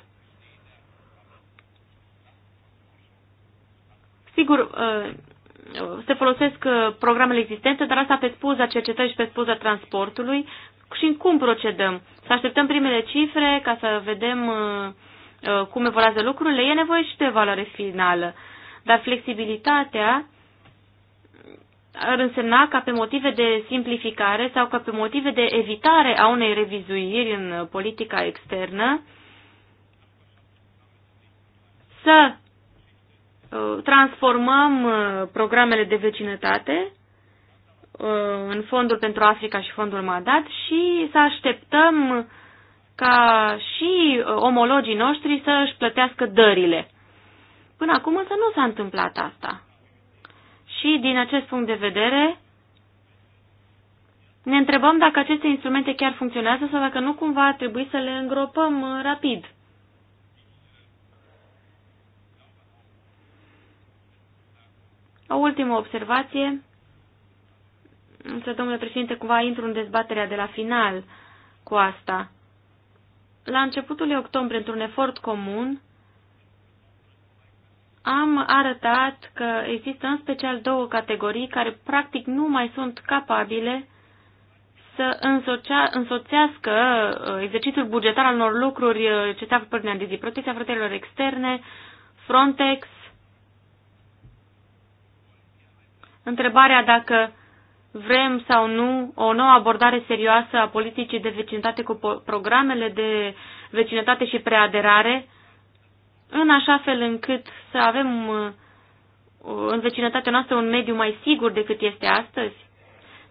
Sigur, uh, se folosesc uh, programele existente, dar asta pe spuza cercetării și pe spuza transportului și în cum procedăm. Să așteptăm primele cifre ca să vedem uh, cum evoluează lucrurile, e nevoie și de valoare finală. Dar flexibilitatea ar însemna ca pe motive de simplificare sau ca pe motive de evitare a unei revizuiri în politica externă să uh, transformăm uh, programele de vecinătate uh, în fondul pentru Africa și fondul Madat și să așteptăm ca și omologii noștri să își plătească dările. Până acum însă nu s-a întâmplat asta. Și din acest punct de vedere, ne întrebăm dacă aceste instrumente chiar funcționează sau dacă nu cumva ar trebui să le îngropăm uh, rapid. O ultimă observație. Însă, domnule președinte, cumva intru în dezbaterea de la final cu asta. La începutul octombrie, într-un efort comun, am arătat că există în special două categorii care practic nu mai sunt capabile să însoțească uh, exercițiul bugetar al unor lucruri uh, ce se află pe de zi. Protecția frontierelor externe, Frontex. Întrebarea dacă vrem sau nu o nouă abordare serioasă a politicii de vecinătate cu programele de vecinătate și preaderare în așa fel încât să avem uh, în vecinătatea noastră un mediu mai sigur decât este astăzi?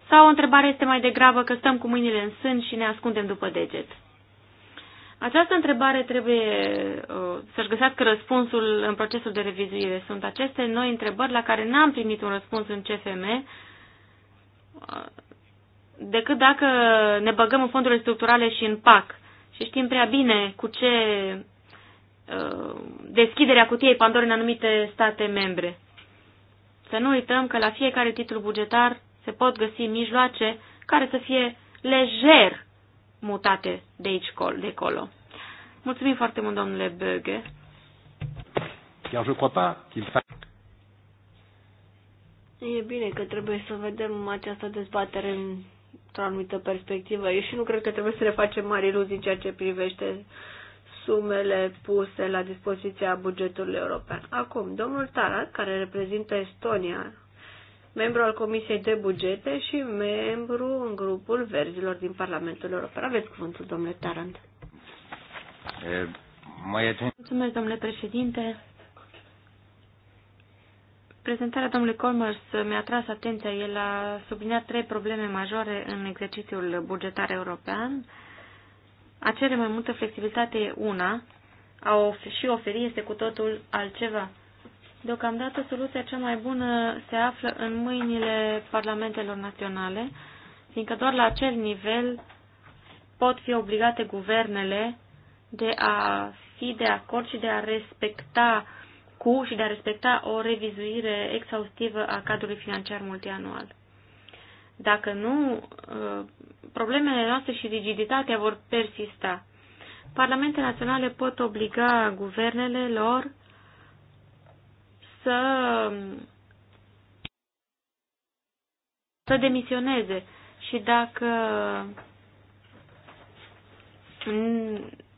Sau o întrebare este mai degrabă că stăm cu mâinile în sân și ne ascundem după deget? Această întrebare trebuie uh, să-și găsească răspunsul în procesul de revizuire. Sunt aceste noi întrebări la care n-am primit un răspuns în CFM, uh, decât dacă ne băgăm în fondurile structurale și în PAC. Și știm prea bine cu ce Uh, deschiderea cutiei Pandorei în anumite state membre. Să nu uităm că la fiecare titlu bugetar se pot găsi mijloace care să fie lejer mutate de aici de acolo. Mulțumim foarte mult, domnule Böge. Iar je crois pas qu'il E bine că trebuie să vedem această dezbatere într-o anumită perspectivă. Eu și nu cred că trebuie să ne facem mari iluzii în ceea ce privește uh, sumele puse la dispoziția bugetului european. Acum, domnul Tarat, care reprezintă Estonia, membru al Comisiei de Bugete și membru în grupul verzilor din Parlamentul European. Aveți cuvântul, domnule Tarant. Eh, mai Mulțumesc, domnule președinte. Prezentarea domnului Colmers mi-a tras atenția. El a subliniat trei probleme majore în exercițiul bugetar european. Uh, a cere mai multă flexibilitate e una, a of- și oferi este cu totul altceva. Deocamdată soluția cea mai bună se află în mâinile parlamentelor naționale, fiindcă doar la acel nivel pot fi obligate guvernele de a fi de acord și de a respecta cu și de a respecta o revizuire exhaustivă a cadrului financiar multianual. Dacă nu, uh, problemele noastre și rigiditatea vor persista. Parlamentele naționale pot obliga guvernele lor să, să demisioneze și dacă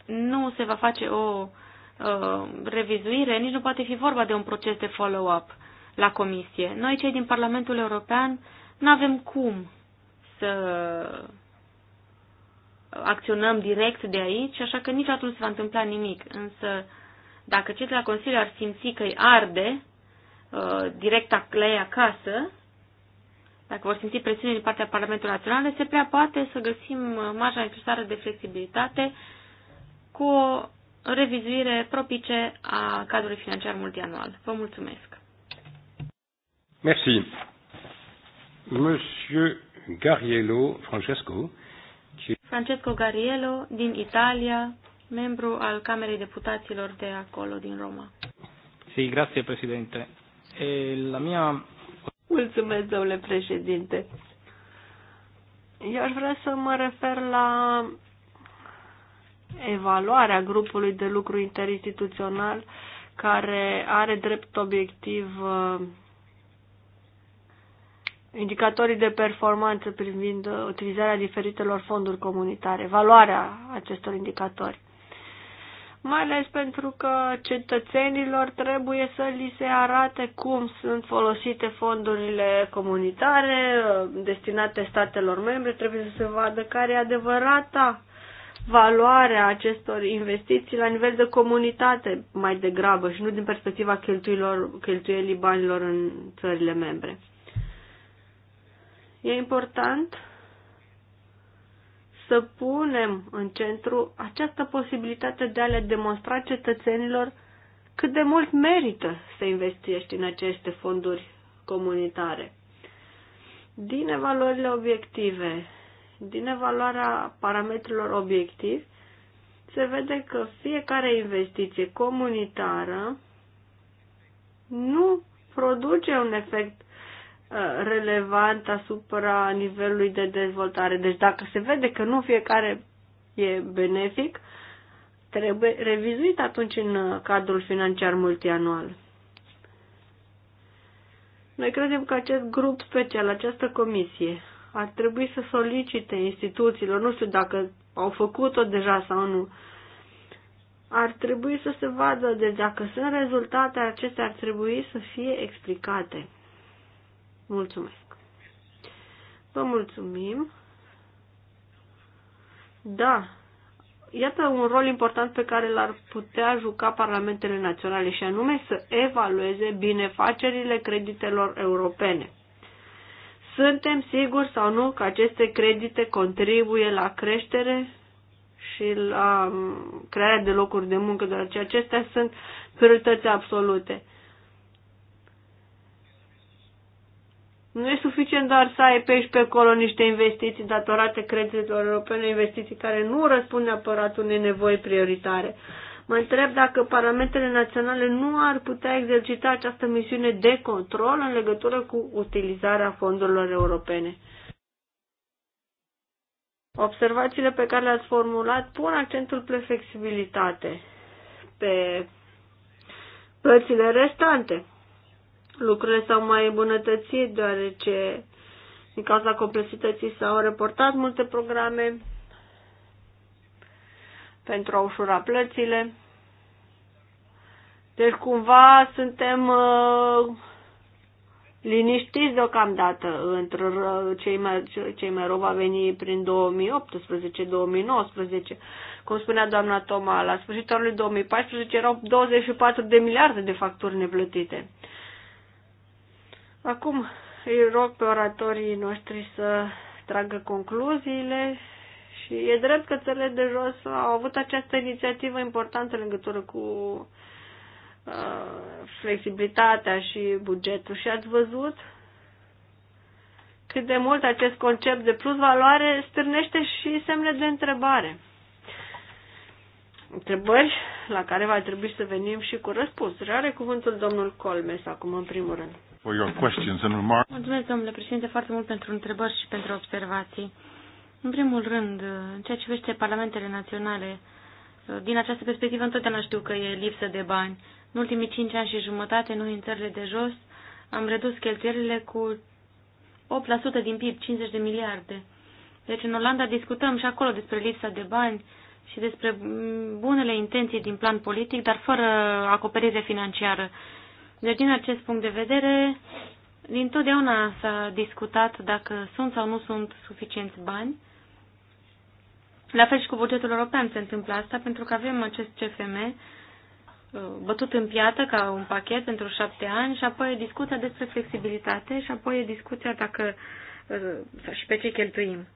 nu se va face o uh, revizuire, nici nu poate fi vorba de un proces de follow-up la comisie. Noi, cei din Parlamentul European, nu avem cum să acționăm direct de aici, așa că nici atunci se va întâmpla nimic. Însă, dacă cei de la Consiliu ar simți că îi arde uh, direct la ei acasă, dacă vor simți presiune din partea Parlamentului Național, se prea poate să găsim uh, marja necesară de flexibilitate cu o revizuire propice a cadrului financiar multianual. Vă mulțumesc! Merci. Monsieur Gariello Francesco. qui... Francesco Gariello, din Italia, membru al Camerei Deputaților de acolo, din Roma. Sì, grazie Presidente. E la mia... Mulțumesc, domnule președinte. Eu aș vrea să mă refer la evaluarea grupului de lucru interinstituțional care are drept obiectiv uh, indicatorii de performanță privind uh, utilizarea diferitelor fonduri comunitare, valoarea acestor indicatori. Mai ales pentru că cetățenilor trebuie să li se arate cum sunt folosite fondurile comunitare uh, destinate statelor membre, trebuie să se vadă care e adevărata valoarea acestor investiții la nivel de comunitate mai degrabă și nu din perspectiva cheltuielor, cheltuielii banilor în țările membre. E important să punem în centru această posibilitate de a le demonstra cetățenilor cât de mult merită să investești în aceste fonduri comunitare. Din evaluările obiective, din evaluarea parametrilor obiectivi, se vede că fiecare investiție comunitară nu produce un efect relevant asupra nivelului de dezvoltare. Deci dacă se vede că nu fiecare e benefic, trebuie revizuit atunci în cadrul financiar multianual. Noi credem că acest grup special, această comisie, ar trebui să solicite instituțiilor, nu știu dacă au făcut-o deja sau nu, ar trebui să se vadă, de deci dacă sunt rezultate, acestea ar trebui să fie explicate. Mulțumesc. Vă mulțumim. Da. Iată un rol important pe care l-ar putea juca parlamentele naționale și anume să evalueze binefacerile creditelor europene. Suntem siguri sau nu că aceste credite contribuie la creștere și la um, crearea de locuri de muncă, deoarece acestea sunt priorități absolute. Nu e suficient doar să ai pe pe acolo niște investiții datorate creditelor europene, investiții care nu răspund neapărat unei nevoi prioritare. Mă întreb dacă parlamentele naționale nu ar putea exercita această misiune de control în legătură cu utilizarea fondurilor europene. Observațiile pe care le-ați formulat pun accentul pe flexibilitate, pe plățile restante. Lucrurile s-au mai îmbunătățit deoarece din cauza complexității s-au reportat multe programe pentru a ușura plățile. Deci cumva suntem uh, liniștiți deocamdată într uh, cei mai, cei mai rău va veni prin 2018-2019. Cum spunea doamna Toma, la sfârșitul lui 2014 erau 24 de miliarde de facturi neplătite. Acum îi rog pe oratorii noștri să tragă concluziile și e drept că țările de jos au avut această inițiativă importantă în legătură cu uh, flexibilitatea și bugetul și ați văzut cât de mult acest concept de plus valoare stârnește și semne de întrebare. Întrebări la care va trebui să venim și cu răspuns. Are cuvântul domnul Colmes acum în primul rând for your questions and remarks. Mulțumesc, domnule președinte, foarte mult pentru întrebări și pentru observații. În primul rând, în ceea ce privește parlamentele naționale, din această perspectivă întotdeauna știu că e lipsă de bani. În ultimii cinci ani și jumătate, noi în țările de jos, am redus cheltuielile cu 8% din PIB, 50 de miliarde. Deci în Olanda discutăm și acolo despre lipsa de bani și despre bunele intenții din plan politic, dar fără acoperire financiară. Deci, din acest punct de vedere, dintotdeauna s-a discutat dacă sunt sau nu sunt suficienți bani. La fel și cu bugetul european se întâmplă asta, pentru că avem acest CFM uh, bătut în piată ca un pachet pentru șapte ani și apoi e discuția despre flexibilitate și apoi e discuția dacă uh, și pe ce cheltuim.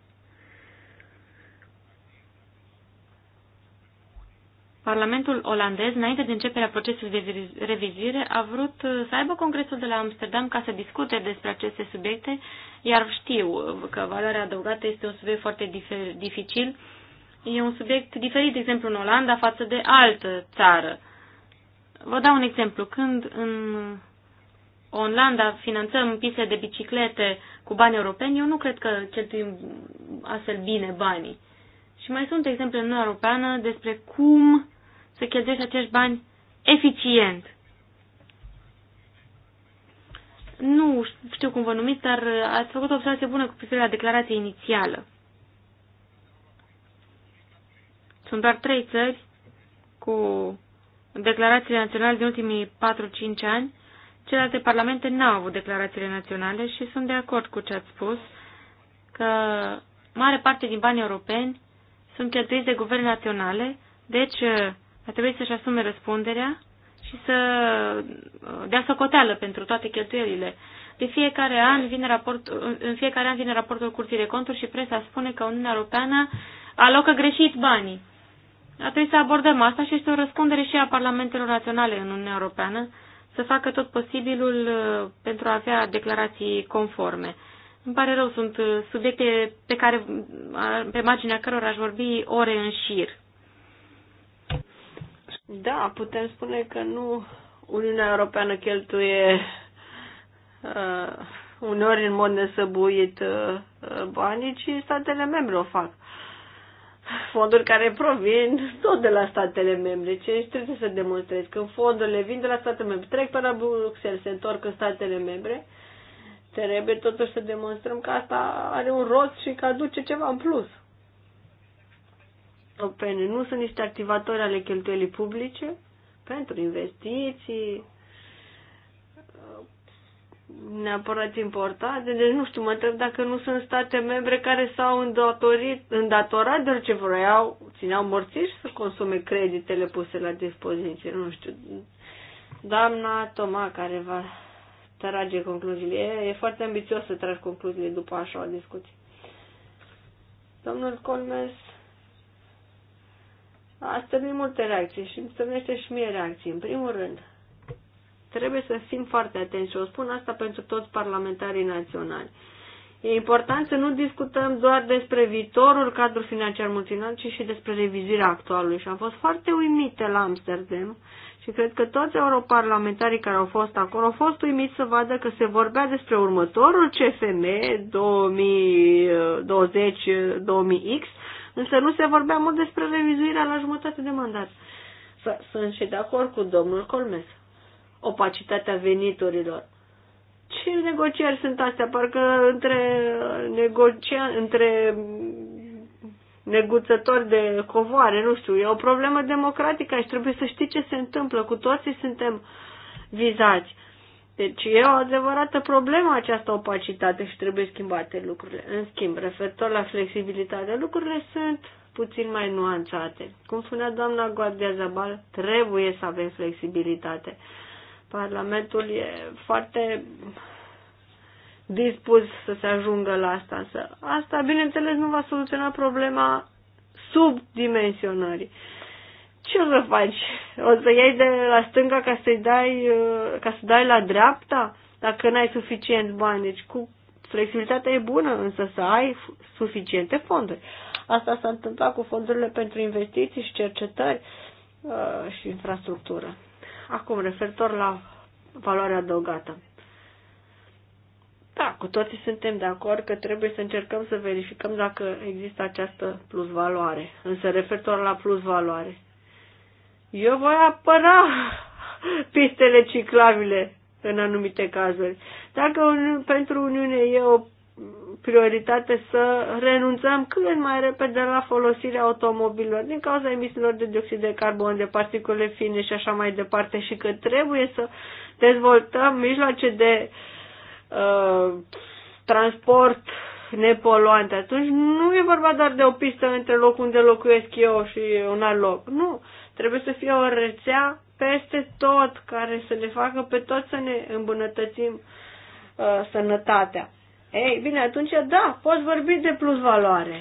Parlamentul olandez, înainte de începerea procesului de revizire, a vrut uh, să aibă congresul de la Amsterdam ca să discute despre aceste subiecte, iar știu că valoarea adăugată este un subiect foarte dificil. E un subiect diferit, de exemplu, în Olanda față de altă țară. Vă dau un exemplu. Când în Olanda finanțăm piste de biciclete cu bani europeni, eu nu cred că cheltuim astfel bine banii. Și mai sunt exemple în Uniunea Europeană despre cum să cheltuiești acești bani eficient. Nu știu cum vă numiți, dar ați făcut o observație bună cu privire la declarația inițială. Sunt doar trei țări cu declarațiile naționale din ultimii 4-5 ani. Celelalte parlamente n-au avut declarațiile naționale și sunt de acord cu ce ați spus, că mare parte din banii europeni sunt cheltuiți de guverne naționale, deci a trebui să-și asume răspunderea și să uh, dea socoteală pentru toate cheltuielile. De fiecare an vine raport, uh, în fiecare an vine raportul Curții de Conturi și presa spune că Uniunea Europeană alocă greșit banii. A trebuit să abordăm asta și este o răspundere și a parlamentelor naționale în Uniunea Europeană să facă tot posibilul uh, pentru a avea declarații conforme. Îmi pare rău, sunt subiecte pe, care, pe marginea cărora aș vorbi ore în șir. Da, putem spune că nu Uniunea Europeană cheltuie uh, uneori în mod nesăbuit uh, banii, ci statele membre o fac. Fonduri care provin tot de la statele membre. Ce deci trebuie să demonstrezi? Când fondurile vin de la statele membre, trec pe la Bruxelles, se întorc în statele membre, trebuie totuși să demonstrăm că asta are un rost și că aduce ceva în plus europene nu sunt niște activatori ale cheltuielii publice pentru investiții neapărat importante. Deci nu știu, mă întreb dacă nu sunt state membre care s-au îndatorit, îndatorat de ce vreau, țineau morțiși să consume creditele puse la dispoziție. Nu știu. Doamna Toma care va trage concluziile. E, e foarte ambițios să tragi concluziile după așa o discuție. Domnul Colmes a stârnit multe reacții și îmi stârnește și mie reacții. În primul rând, trebuie să fim foarte atenți și o spun asta pentru toți parlamentarii naționali. E important să nu discutăm doar despre viitorul cadru financiar multianual, ci și despre revizirea actualului. Și am fost foarte uimită la Amsterdam și cred că toți europarlamentarii care au fost acolo au fost uimiți să vadă că se vorbea despre următorul CFM 2020-2000X Însă nu se vorbea mult despre revizuirea la jumătate de mandat. Sunt și de acord cu domnul Colmes. Opacitatea veniturilor. Ce negocieri sunt astea? Parcă între, negocia, între neguțători de covoare, nu știu, e o problemă democratică și trebuie să știi ce se întâmplă. Cu toții suntem vizați. Deci e o adevărată problemă această opacitate și trebuie schimbate lucrurile. În schimb, referitor la flexibilitate, lucrurile sunt puțin mai nuanțate. Cum spunea doamna Guardia Zabal, trebuie să avem flexibilitate. Parlamentul e foarte dispus să se ajungă la asta, însă asta, bineînțeles, nu va soluționa problema subdimensionării ce să faci? O să iei de la stânga ca să-i dai, uh, ca să dai la dreapta? Dacă n-ai suficient bani, deci cu flexibilitatea e bună, însă să ai suficiente fonduri. Asta s-a întâmplat cu fondurile pentru investiții și cercetări uh, și infrastructură. Acum, referitor la valoarea adăugată. Da, cu toții suntem de acord că trebuie să încercăm să verificăm dacă există această plusvaloare. Însă, referitor la plusvaloare, eu voi apăra pistele ciclabile în anumite cazuri. Dacă un, pentru Uniune e o prioritate să renunțăm cât mai repede la folosirea automobililor din cauza emisiilor de dioxid de carbon, de particule fine și așa mai departe și că trebuie să dezvoltăm mijloace de uh, transport nepoluante. Atunci nu e vorba doar de o pistă între locul unde locuiesc eu și un alt loc. Nu. Uh, Trebuie să fie o rețea peste tot care să ne facă pe toți să ne îmbunătățim uh, sănătatea. Ei, bine, atunci da, poți vorbi de plus valoare.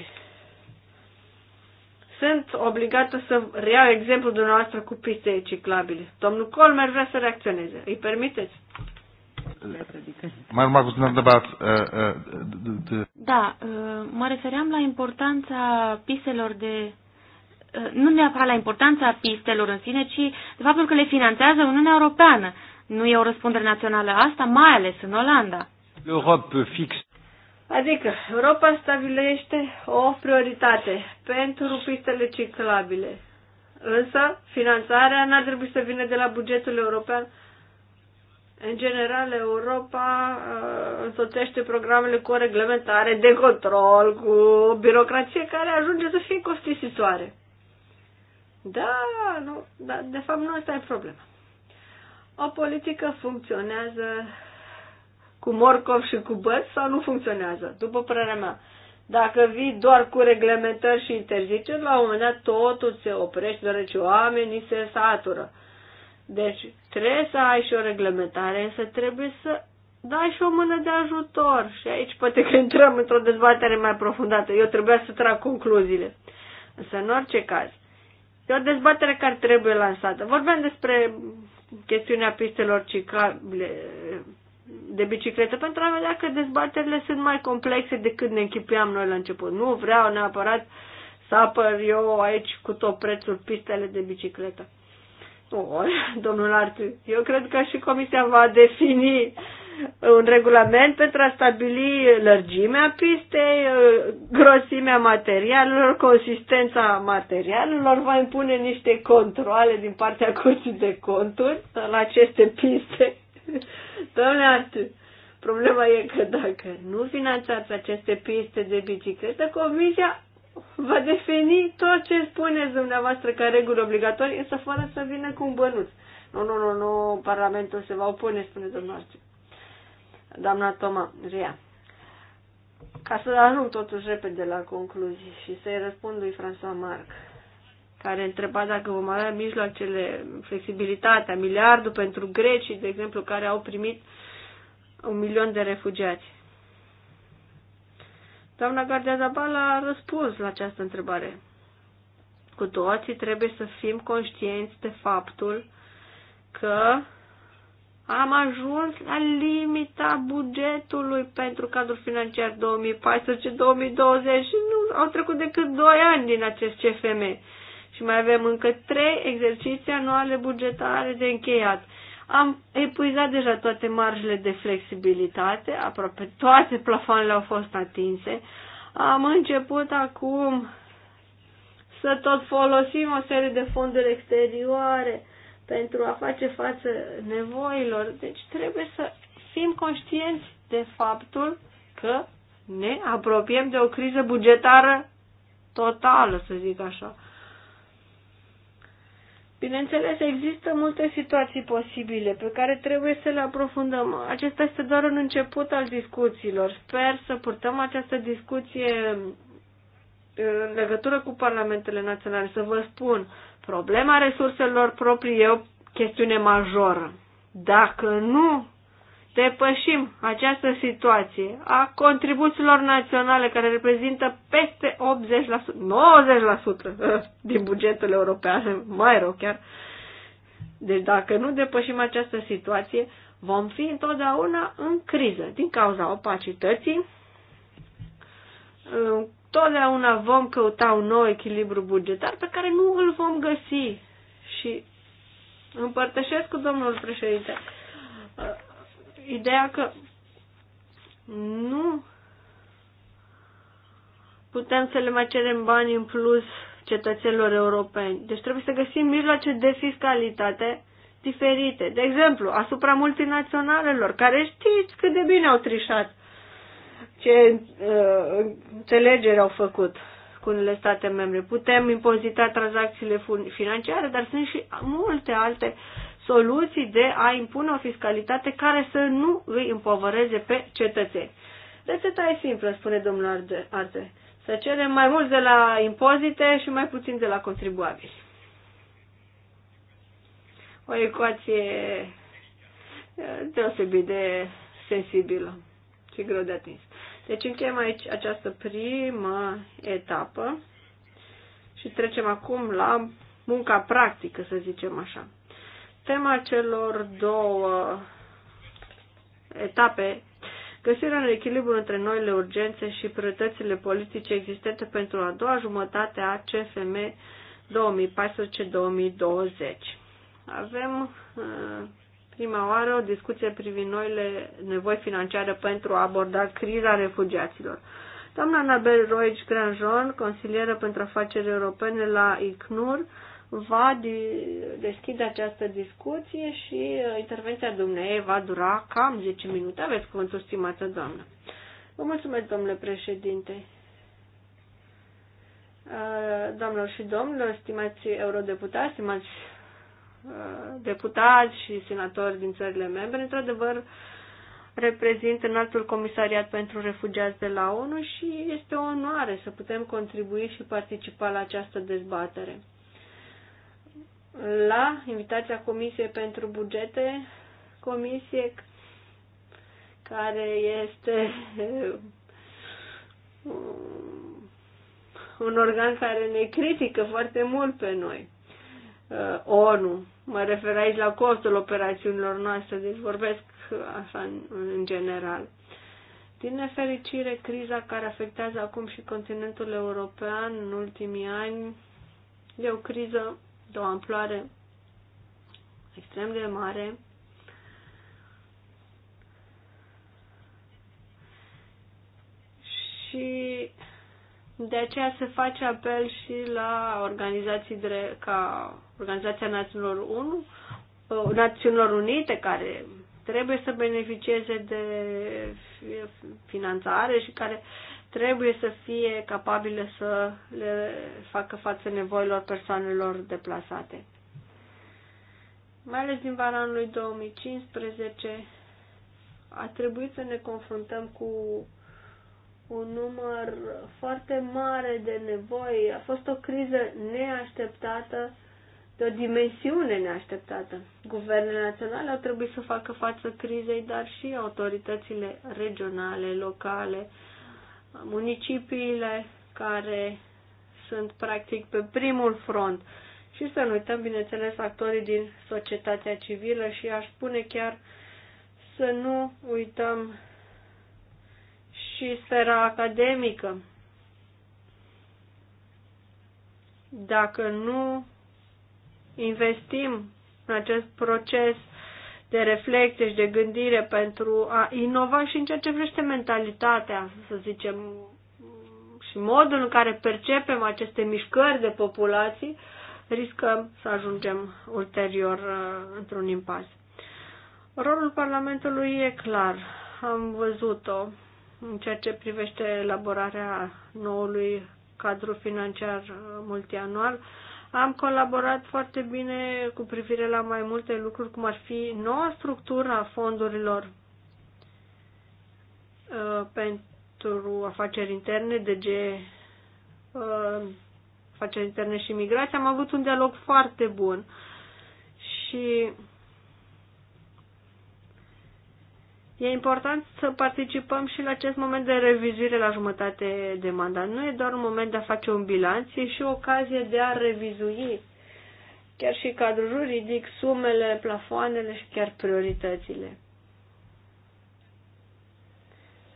Sunt obligată să reiau exemplul dumneavoastră cu piste ciclabile. Domnul Colmer vrea să reacționeze. Îi permiteți? Mai mă puțin debat. Da, uh, mă refeream la importanța piselor de nu neapărat la importanța pistelor în sine, ci de faptul că le finanțează Uniunea Europeană. Nu e o răspundere națională asta, mai ales în Olanda. fix. Adică, Europa stabilește o prioritate pentru pistele ciclabile. Însă, finanțarea n-ar trebui să vină de la bugetul european. În general, Europa uh, însoțește programele cu o reglementare de control, cu o birocrație care ajunge să fie costisitoare. Da, nu, dar de fapt nu asta e problema. O politică funcționează cu morcov și cu băți sau nu funcționează, după părerea mea. Dacă vii doar cu reglementări și interziceri, la un moment dat totul se oprește, deoarece oamenii se satură. Deci trebuie să ai și o reglementare, însă trebuie să dai și o mână de ajutor. Și aici poate că intrăm într-o dezbatere mai profundată. Eu trebuia să trag concluziile. Însă, în orice caz, E o dezbatere care trebuie lansată. Vorbeam despre chestiunea pistelor ciclabile de bicicletă pentru a vedea că dezbaterile sunt mai complexe decât ne închipuiam noi la început. Nu vreau neapărat să apăr eu aici cu tot prețul pistele de bicicletă. O, domnul Artu, eu cred că și comisia va defini uh, un regulament pentru a stabili lărgimea pistei, uh, grosimea materialelor, consistența materialelor, va impune niște controle din partea curții de conturi la aceste piste. [LAUGHS] domnule Artur, problema e că dacă nu finanțați aceste piste de bicicletă, comisia va defini tot ce spuneți dumneavoastră ca reguli obligatorii, însă fără să vină cu un bănuț. Nu, nu, nu, nu, Parlamentul se va opune, spune domnul Artur doamna Toma Ria. Ca să ajung totuși repede la concluzii și să-i răspund lui François Marc, care întreba dacă vom avea mijloacele, flexibilitatea, miliardul pentru grecii, de exemplu, care au primit un milion de refugiați. Doamna Gardia Zabala a răspuns la această întrebare. Cu toții trebuie să fim conștienți de faptul că am ajuns la limita bugetului pentru cadrul financiar 2014-2020 și nu au trecut decât 2 ani din acest CFM. Și mai avem încă 3 exerciții anuale bugetare de încheiat. Am epuizat deja toate marjele de flexibilitate, aproape toate plafoanele au fost atinse. Am început acum să tot folosim o serie de fonduri exterioare pentru a face față nevoilor. Deci trebuie să fim conștienți de faptul că ne apropiem de o criză bugetară totală, să zic așa. Bineînțeles, există multe situații posibile pe care trebuie să le aprofundăm. Acesta este doar un început al discuțiilor. Sper să purtăm această discuție în legătură cu parlamentele naționale. Să vă spun, Problema resurselor proprii e o chestiune majoră. Dacă nu depășim această situație a contribuțiilor naționale care reprezintă peste 80%, 90% [LAUGHS] din bugetul european, [LAUGHS] mai rău chiar, deci dacă nu depășim această situație, vom fi întotdeauna în criză din cauza opacității, totdeauna vom căuta un nou echilibru bugetar pe care nu îl vom găsi. Și împărtășesc cu domnul președinte uh, ideea că nu putem să le mai cerem bani în plus cetățenilor europeni. Deci trebuie să găsim mijloace de fiscalitate diferite. De exemplu, asupra multinaționalelor, care știți cât de bine au trișat ce uh, înțelegere au făcut cu unele state membre. Putem impozita tranzacțiile financiare, dar sunt și multe alte soluții de a impune o fiscalitate care să nu îi împovăreze pe cetățeni. Rețeta e simplă, spune domnul Arde. Să cerem mai mult de la impozite și mai puțin de la contribuabili. O ecuație uh, deosebit de sensibilă și greu de atins. Deci încheiem aici această primă etapă și trecem acum la munca practică, să zicem așa. Tema celor două etape Găsirea unui în echilibru între noile urgențe și prioritățile politice existente pentru a doua jumătate a CFM 2014-2020. Avem uh, prima oară o discuție privind noile nevoi financiare pentru a aborda criza refugiaților. Doamna Anabel Roig Granjon, consilieră pentru afaceri europene la ICNUR, va deschide această discuție și uh, intervenția dumneei va dura cam 10 minute. Aveți cuvântul, stimată doamnă. Vă mulțumesc, domnule președinte. Uh, doamnelor și domnilor, stimați eurodeputați, stimați deputați și senatori din țările membre, într-adevăr reprezint înaltul comisariat pentru refugiați de la ONU și este o onoare să putem contribui și participa la această dezbatere. La invitația Comisiei pentru Bugete, comisie care este um, un organ care ne critică foarte mult pe noi, uh, ONU. Mă refer aici la costul operațiunilor noastre, deci vorbesc așa în, în general. Din nefericire, criza care afectează acum și continentul european în ultimii ani e o criză de o amploare extrem de mare. Și de aceea se face apel și la organizații de, ca Organizația Națiunilor, Unu, uh, Națiunilor Unite, care trebuie să beneficieze de finanțare și care trebuie să fie capabile să le facă față nevoilor persoanelor deplasate. Mai ales din vara anului 2015 a trebuit să ne confruntăm cu un număr foarte mare de nevoi. A fost o criză neașteptată de o dimensiune neașteptată. Guvernele naționale au trebuit să facă față crizei, dar și autoritățile regionale, locale, municipiile care sunt practic pe primul front. Și să nu uităm, bineînțeles, actorii din societatea civilă și aș spune chiar să nu uităm și sfera academică. Dacă nu investim în acest proces de reflexie și de gândire pentru a inova și în ceea ce vrește mentalitatea, să zicem, și modul în care percepem aceste mișcări de populații, riscăm să ajungem ulterior uh, într-un impas. Rolul Parlamentului e clar. Am văzut-o în ceea ce privește elaborarea noului cadru financiar uh, multianual. Uh, am colaborat foarte bine cu privire la mai multe lucruri, cum ar fi noua structură a fondurilor uh, pentru afaceri interne, DG uh, afaceri interne și migrație. Am avut un dialog foarte bun și E important să participăm și la acest moment de revizuire la jumătate de mandat. Nu e doar un moment de a face un bilanț, e și o ocazie de a revizui chiar și cadrul juridic, sumele, plafoanele și chiar prioritățile.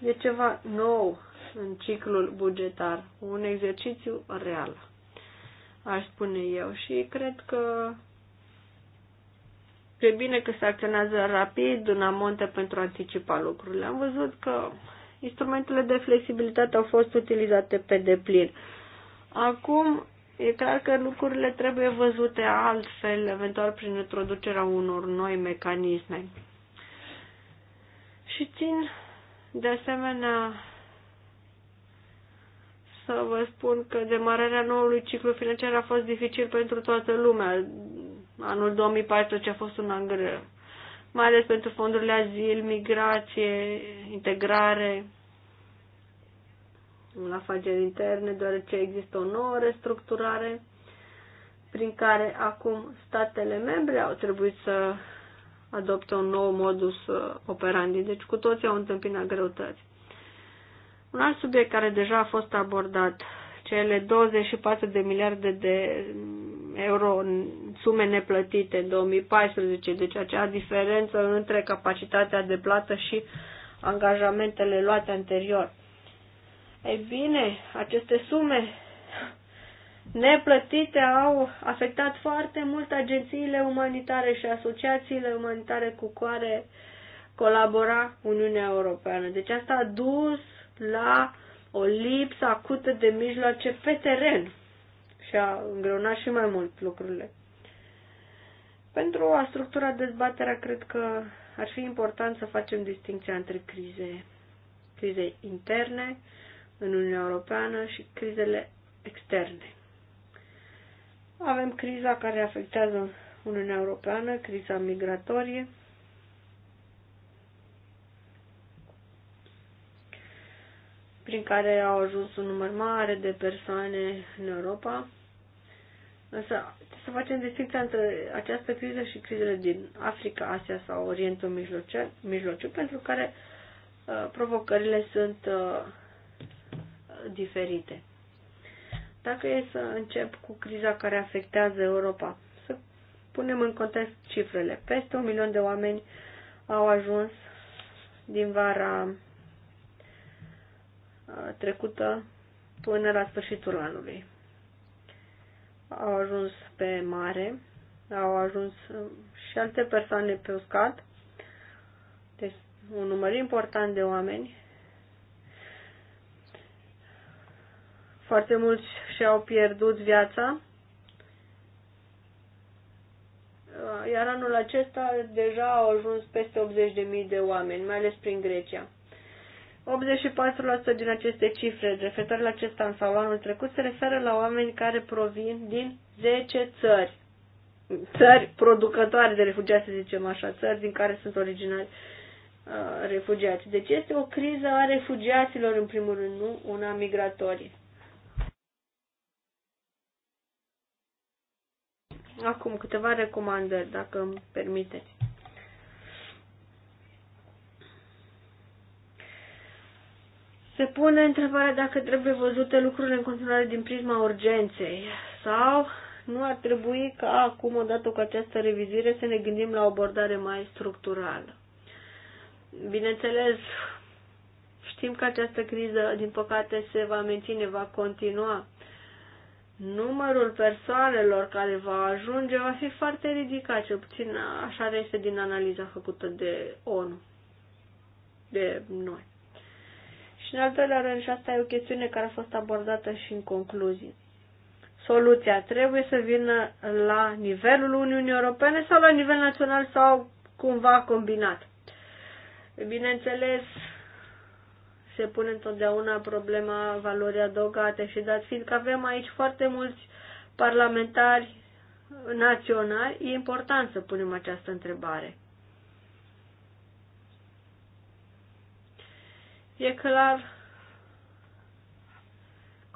E ceva nou în ciclul bugetar, un exercițiu real, aș spune eu, și cred că E bine că se acționează rapid, în amonte, pentru a anticipa lucrurile. Am văzut că instrumentele de flexibilitate au fost utilizate pe deplin. Acum, e clar că lucrurile trebuie văzute altfel, eventual prin introducerea unor noi mecanisme. Și țin, de asemenea, să vă spun că demararea noului ciclu financiar a fost dificil pentru toată lumea. Anul 2014 a fost un an greu, mai ales pentru fondurile azil, migrație, integrare, în afaceri interne, deoarece există o nouă restructurare prin care acum statele membre au trebuit să adopte un nou modus uh, operandi. Deci cu toții au întâmpinat greutăți. Un alt subiect care deja a fost abordat, cele 24 de miliarde de euro sume neplătite în 2014, deci acea diferență între capacitatea de plată și angajamentele luate anterior. Ei bine, aceste sume neplătite au afectat foarte mult agențiile umanitare și asociațiile umanitare cu care colabora Uniunea Europeană. Deci asta a dus la o lipsă acută de mijloace pe teren și a îngreunat și mai mult lucrurile. Pentru a structura dezbaterea, cred că ar fi important să facem distinția între crize, crize interne în Uniunea Europeană și crizele externe. Avem criza care afectează Uniunea Europeană, criza migratorie, prin care au ajuns un număr mare de persoane în Europa, Însă să facem distinția între această criză și crizele din Africa, Asia sau Orientul Mijlociu, Mijlociu pentru care uh, provocările sunt uh, diferite. Dacă e să încep cu criza care afectează Europa, să punem în context cifrele. Peste un milion de oameni au ajuns din vara uh, trecută până la sfârșitul anului au ajuns pe mare, au ajuns uh, și alte persoane pe uscat, deci un număr important de oameni. Foarte mulți și-au pierdut viața. Uh, iar anul acesta deja au ajuns peste 80.000 de oameni, mai ales prin Grecia. 84% din aceste cifre referitoare la acest an sau anul trecut se referă la oameni care provin din 10 țări. Țări producătoare de refugiați, să zicem așa, țări din care sunt originali uh, refugiați. Deci este o criză a refugiaților, în primul rând, nu una migratorie. Acum, câteva recomandări, dacă îmi permiteți. Se pune întrebarea dacă trebuie văzute lucrurile în continuare din prisma urgenței sau nu ar trebui ca acum, odată cu această revizire să ne gândim la o abordare mai structurală. Bineînțeles, știm că această criză, din păcate, se va menține, va continua. Numărul persoanelor care va ajunge va fi foarte ridicat, cel puțin așa este din analiza făcută de ONU, de noi. Și în al doilea rând, și asta e o chestiune care a fost abordată și în concluzie. Soluția trebuie să vină la nivelul Uniunii Europene sau la nivel național sau cumva combinat. Bineînțeles, se pune întotdeauna problema valorii adăugate și dat fiind că avem aici foarte mulți parlamentari naționali, e important să punem această întrebare. E clar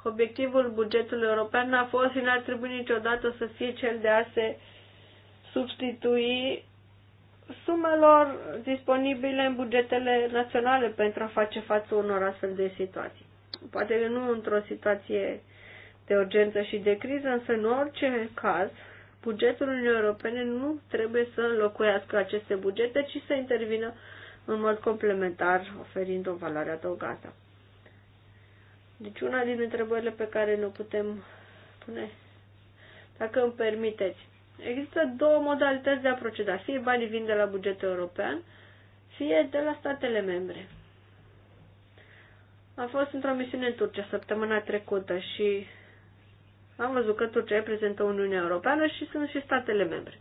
că obiectivul bugetului european n-a fost și n-ar trebui niciodată să fie cel de a se substitui sumelor disponibile în bugetele naționale pentru a face față unor astfel de situații. Poate că nu într-o situație de urgență și de criză, însă în orice caz, bugetul Uniunii Europene nu trebuie să înlocuiască aceste bugete, ci să intervină în mod complementar, oferind o valoare adăugată. Deci una din întrebările pe care ne putem pune, dacă îmi permiteți, există două modalități de a proceda. Fie banii vin de la bugetul european, fie de la statele membre. Am fost într-o misiune în Turcia săptămâna trecută și am văzut că Turcia reprezintă Uniunea Europeană și sunt și statele membre.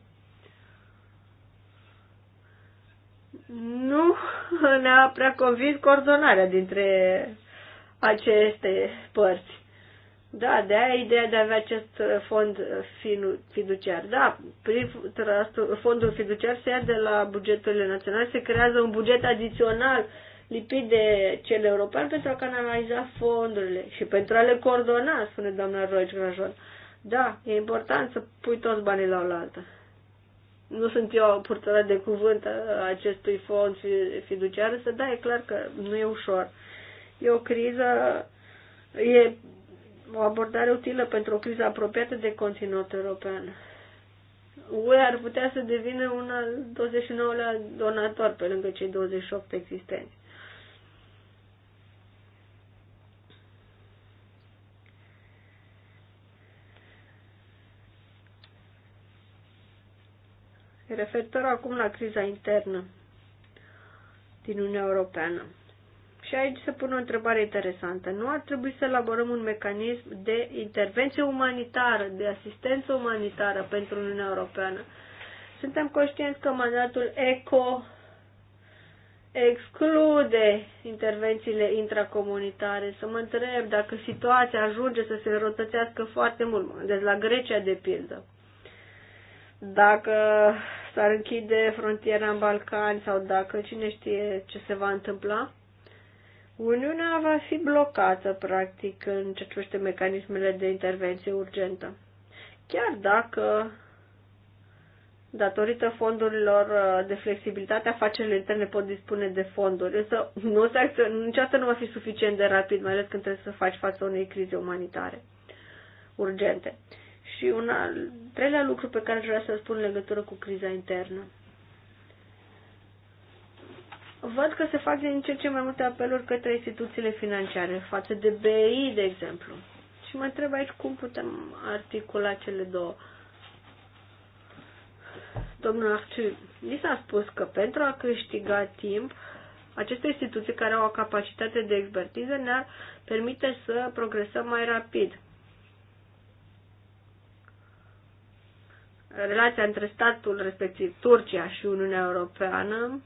nu ne-a prea convins coordonarea dintre aceste părți. Da, de aia ideea de a avea acest fond fiduciar. Da, prin fondul fiduciar se ia de la bugeturile naționale, se creează un buget adițional lipit de cel european pentru a canaliza fondurile și pentru a le coordona, spune doamna Roig Grajon. Da, e important să pui toți banii la oaltă nu sunt eu purtător de cuvânt a acestui fond fiduciar, să da, e clar că nu e ușor. E o criză, e o abordare utilă pentru o criză apropiată de continentul european. UE ar putea să devină un al 29-lea donator pe lângă cei 28 existenți. referitor acum la criza internă din Uniunea Europeană. Și aici se pune o întrebare interesantă. Nu ar trebui să elaborăm un mecanism de intervenție umanitară, de asistență umanitară pentru Uniunea Europeană? Suntem conștienți că mandatul ECO exclude intervențiile intracomunitare. Să mă întreb dacă situația ajunge să se înrotățească foarte mult. Deci la Grecia, de pildă. Dacă s-ar închide frontiera în Balcani sau dacă cine știe ce se va întâmpla, Uniunea va fi blocată, practic, în ce privește mecanismele de intervenție urgentă. Chiar dacă, datorită fondurilor uh, de flexibilitate, afacerile interne pot dispune de fonduri, însă nu se acțion- niciodată nu va fi suficient de rapid, mai ales când trebuie să faci față unei crize umanitare urgente. Și un al treilea lucru pe care vreau să-l spun în legătură cu criza internă. Văd că se fac din ce ce mai multe apeluri către instituțiile financiare, față de BI, de exemplu. Și mă întreb aici cum putem articula cele două. Domnul Arciu, mi s-a spus că pentru a câștiga timp, aceste instituții care au o capacitate de expertiză ne-ar permite să progresăm mai rapid. relația între statul respectiv Turcia și Uniunea Europeană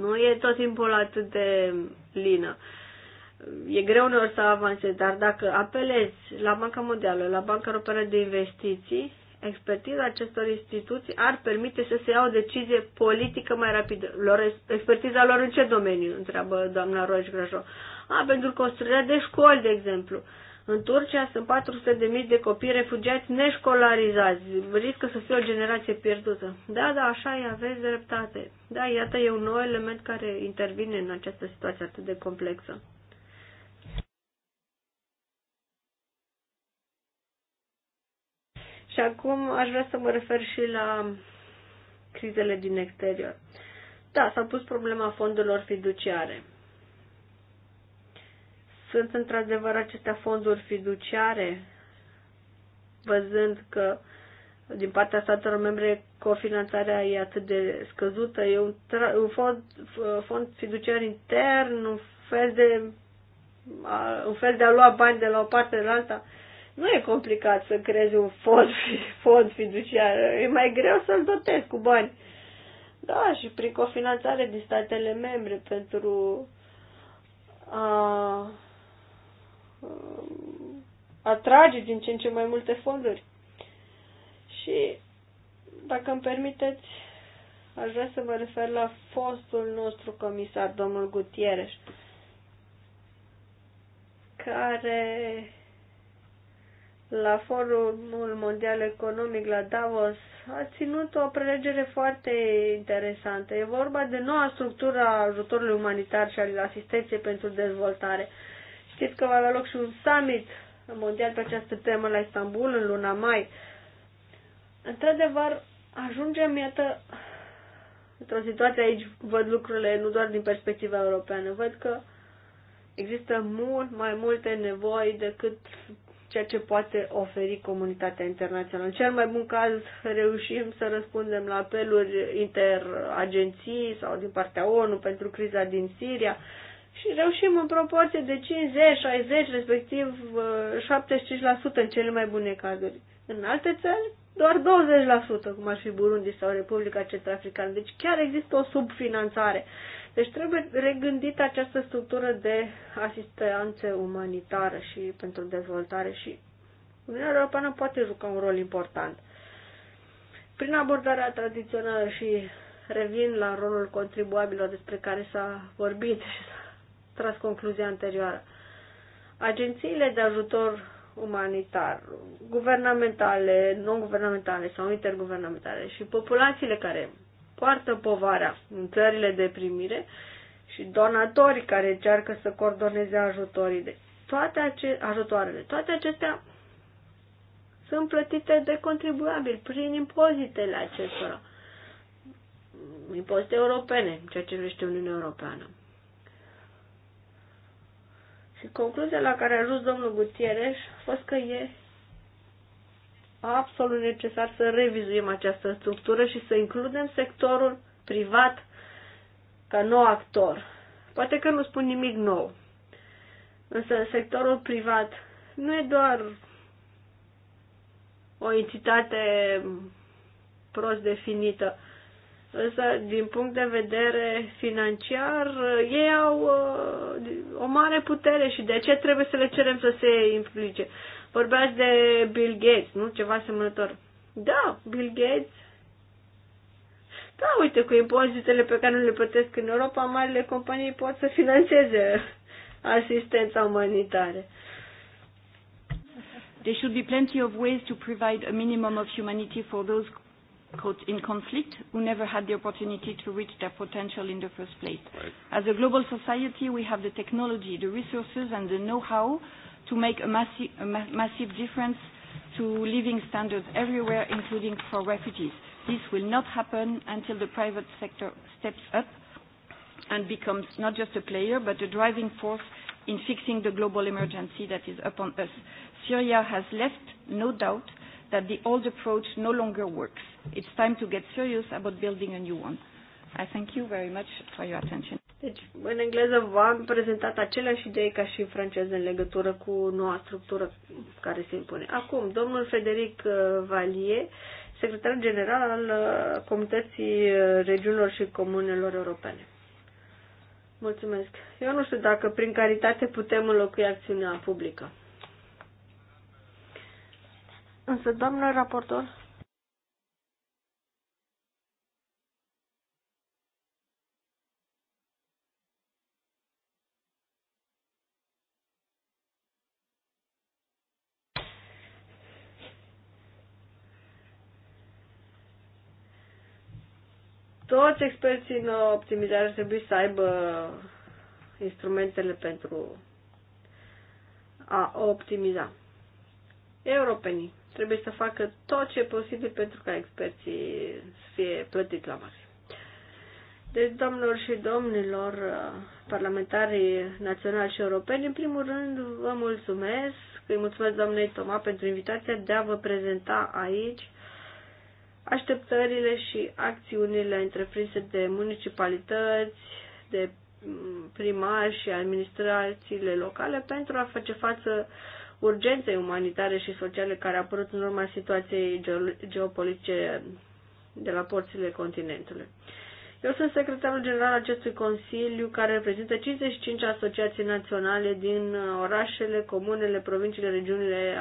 nu e tot timpul atât de lină. E greu uneori să avansezi, dar dacă apelezi la Banca Mondială, la Banca Europeană de Investiții, expertiza acestor instituții ar permite să se ia o decizie politică mai rapidă. Lor, expertiza lor în ce domeniu? Întreabă doamna Roș Grăjo. A, pentru construirea de școli, de exemplu. Uh, în Turcia sunt 400.000 de copii refugiați neșcolarizați. Riscă să fie o generație pierdută. Da, da, așa e, aveți dreptate. Da, iată, e un nou element care intervine în această situație atât de complexă. Și acum aș vrea să mă refer și la crizele din exterior. Da, s-a pus problema fondurilor fiduciare. Sunt într-adevăr acestea fonduri fiduciare, văzând că din partea statelor membre cofinanțarea e atât de scăzută, e un, un fond, fond fiduciar intern, un fel de un fel de a lua bani de la o parte de la alta. Nu e complicat să creezi un fond, fond fiduciar, e mai greu să-l dotezi cu bani. Da, și prin cofinanțare din statele membre pentru uh, atrage din ce în ce mai multe fonduri. Și, dacă îmi permiteți, aș vrea să mă refer la fostul nostru comisar, domnul Gutierrez, care la Forumul Mondial Economic la Davos a ținut o prelegere foarte interesantă. E vorba de noua structură a ajutorului umanitar și al asistenței pentru dezvoltare. Știți că va avea loc și un summit mondial pe această temă la Istanbul în luna mai. Într-adevăr, ajungem, iată, într-o situație aici, văd lucrurile nu doar din perspectiva europeană, văd că există mult mai multe nevoi decât ceea ce poate oferi comunitatea internațională. În cel mai bun caz reușim să răspundem la apeluri interagenții sau din partea ONU pentru criza din Siria, și reușim în proporție de 50, 60, respectiv 75% uh, în cele mai bune cazuri. În alte țări, doar 20%, cum ar fi Burundi sau Republica Centrafricană. Deci chiar există o subfinanțare. Deci trebuie regândită această structură de asistență umanitară și pentru dezvoltare și Uniunea Europeană poate juca un rol important. Prin abordarea tradițională și revin la rolul contribuabilor despre care s-a vorbit [LAUGHS] și tras concluzia anterioară. Agențiile de ajutor umanitar, guvernamentale, non-guvernamentale sau interguvernamentale și populațiile care poartă povara în țările de primire și donatorii care încearcă să coordoneze ajutorii de toate ace- ajutoarele. Toate acestea sunt plătite de contribuabil prin impozitele acestora. Impozite europene, ceea ce vrește Uniunea Europeană. Și concluzia la care a ajuns domnul Gutierrez a fost că e absolut necesar să revizuim această structură și să includem sectorul privat ca nou actor. Poate că nu spun nimic nou, însă sectorul privat nu e doar o entitate prost definită. Însă, din punct de vedere financiar, ei au uh, o mare putere și de ce trebuie să le cerem să se implice? Vorbeați de Bill Gates, nu? Ceva asemănător. Da, Bill Gates. Da, uite, cu impozitele pe care nu le plătesc în Europa, marile companii pot să financeze asistența umanitară. There should be plenty of ways to provide a minimum of humanity for those quote, in conflict who never had the opportunity to reach their potential in the first place. Right. As a global society, we have the technology, the resources, and the know-how to make a, massi a ma massive difference to living standards everywhere, including for refugees. This will not happen until the private sector steps up and becomes not just a player, but a driving force in fixing the global emergency that is upon us. Syria has left, no doubt, that the old approach no longer works. It's time to get serious about building a new one. I thank you very much for your attention. Deci, în engleză v-am prezentat aceleași idei ca și în franceză în legătură cu noua structură care se impune. Acum, domnul Frederic uh, Valier, secretar general al uh, Comității uh, Regiunilor și Comunelor Europene. Mulțumesc. Eu nu știu dacă prin caritate putem înlocui acțiunea publică. Însă, doamnă raportor, toți experții în optimizare ar trebui să aibă instrumentele pentru a optimiza europenii trebuie să facă tot ce e posibil pentru ca experții să fie plătiți la maxim. Deci, domnilor și domnilor parlamentari naționali și europeni, în primul rând vă mulțumesc, îi mulțumesc doamnei Toma pentru invitația de a vă prezenta aici așteptările și acțiunile întreprinse de municipalități, de primari și administrațiile locale pentru a face față uh, urgenței umanitare și sociale care a apărut în urma situației geopolitice de la porțile continentului. Eu sunt secretarul general acestui consiliu care reprezintă 55 asociații naționale din orașele, comunele, provinciile, regiunile,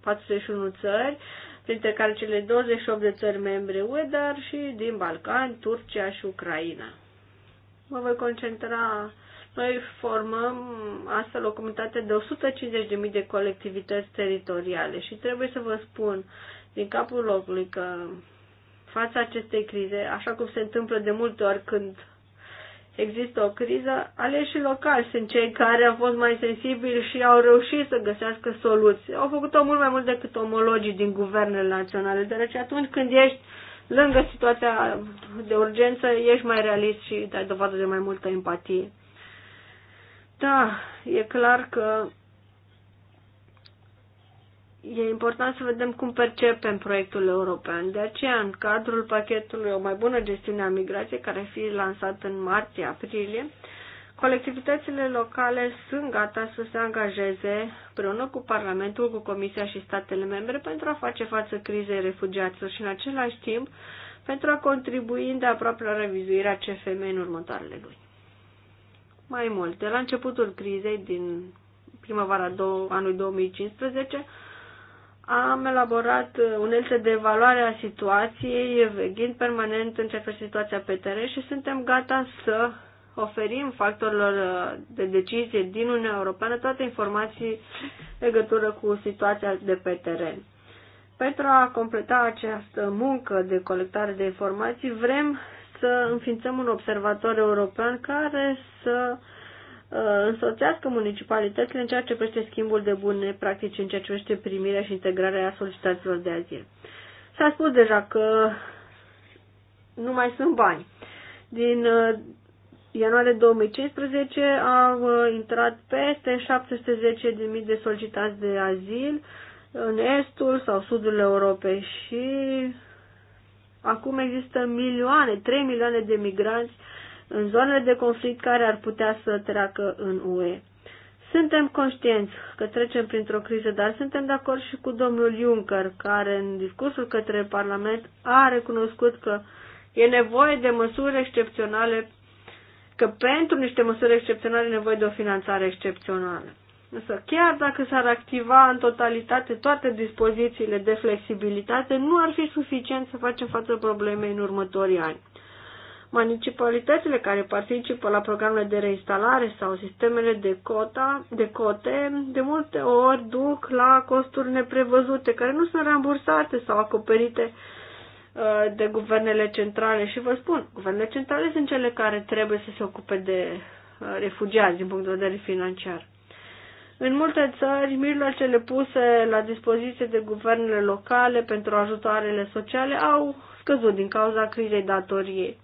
41 uh, țări, printre care cele 28 de țări membre UE, dar și din Balcani, Turcia și Ucraina. Mă voi concentra noi formăm astfel o comunitate de 150.000 de colectivități teritoriale și trebuie să vă spun din capul locului că fața acestei crize, așa cum se întâmplă de multe ori când există o criză, aleșii locali sunt cei care au fost mai sensibili și au reușit să găsească soluții. Au făcut-o mult mai mult decât omologii din guvernele naționale, deoarece atunci când ești lângă situația de urgență, ești mai realist și dai dovadă de mai multă empatie. Da, e clar că e important să vedem cum percepem proiectul european. De aceea, în cadrul pachetului O mai bună gestiune a migrației, care fi lansat în martie-aprilie, colectivitățile locale sunt gata să se angajeze împreună cu Parlamentul, cu Comisia și statele membre pentru a face față crizei refugiaților și, în același timp, pentru a contribui aproape la revizuirea CFM în următoarele luni mai multe. la începutul crizei din primăvara anului 2015 am elaborat unelte de evaluare a situației, veghind permanent în ce situația pe teren și suntem gata să oferim factorilor de decizie din Uniunea Europeană toate informații legătură cu situația de pe teren. Pentru a completa această muncă de colectare de informații, vrem să înființăm un observator european care să uh, însoțească municipalitățile în ceea ce privește schimbul de bune practici, în ceea ce privește primirea și integrarea solicitațiilor de azil. S-a spus deja că nu mai sunt bani. Din uh, ianuarie 2015 au uh, intrat peste 710.000 de solicitați de azil în estul sau sudul Europei și Acum există milioane, 3 milioane de migranți în zonele de conflict care ar putea să treacă în UE. Suntem conștienți că trecem printr-o criză, dar suntem de acord și cu domnul Juncker, care în discursul către Parlament a recunoscut că e nevoie de măsuri excepționale, că pentru niște măsuri excepționale e nevoie de o finanțare excepțională. Însă chiar dacă s-ar activa în totalitate toate dispozițiile de flexibilitate, nu ar fi suficient să facem față problemei în următorii ani. Municipalitățile care participă la programele de reinstalare sau sistemele de, cota, de cote de multe ori duc la costuri neprevăzute care nu sunt rambursate sau acoperite uh, de guvernele centrale și vă spun, guvernele centrale sunt cele care trebuie să se ocupe de uh, refugiați din punct de vedere financiar. În multe țări, mijloacele puse la dispoziție de guvernele locale pentru ajutoarele sociale au scăzut din cauza crizei datoriei.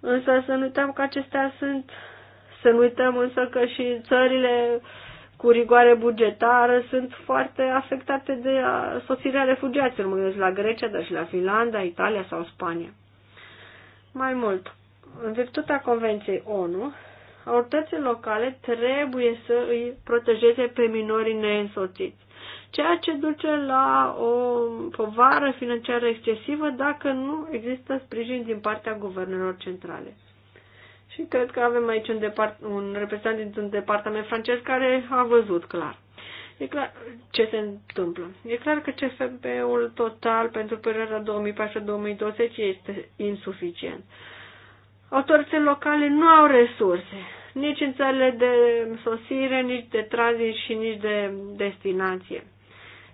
Însă să nu uităm că acestea sunt, să nu uităm însă că și țările cu rigoare bugetară sunt foarte afectate de sosirea refugiaților, mă gândesc la Grecia, dar și la Finlanda, Italia sau Spania. Mai mult, în virtutea Convenției ONU, autoritățile locale trebuie să îi protejeze pe minorii neînsoțiți, ceea ce duce la o povară financiară excesivă dacă nu există sprijin din partea guvernelor centrale. Și cred că avem aici un, depart- un reprezentant dintr-un departament francez care a văzut clar. E clar ce se întâmplă. E clar că CFP-ul total pentru perioada 2014-2020 este insuficient. Autoritățile locale nu au resurse, nici în țările de sosire, nici de tranzit și nici de destinație.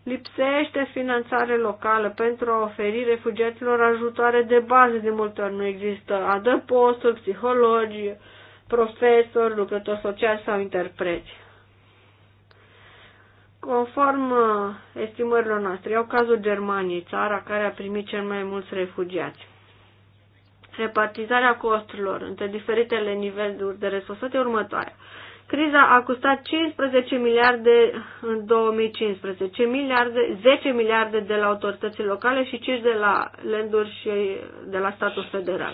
Lipsește finanțare locală pentru a oferi refugiaților ajutoare de bază, de multe ori nu există adăposturi, psihologi, profesori, lucrători sociali sau interpreți. Conform uh, estimărilor noastre, iau cazul Germaniei, țara care a primit cel mai mulți refugiați repartizarea costurilor între diferitele niveluri de resursate următoare. Criza a costat 15 miliarde în 2015, miliarde, 10 miliarde de la autoritățile locale și 5 de la lenduri și de la statul federal.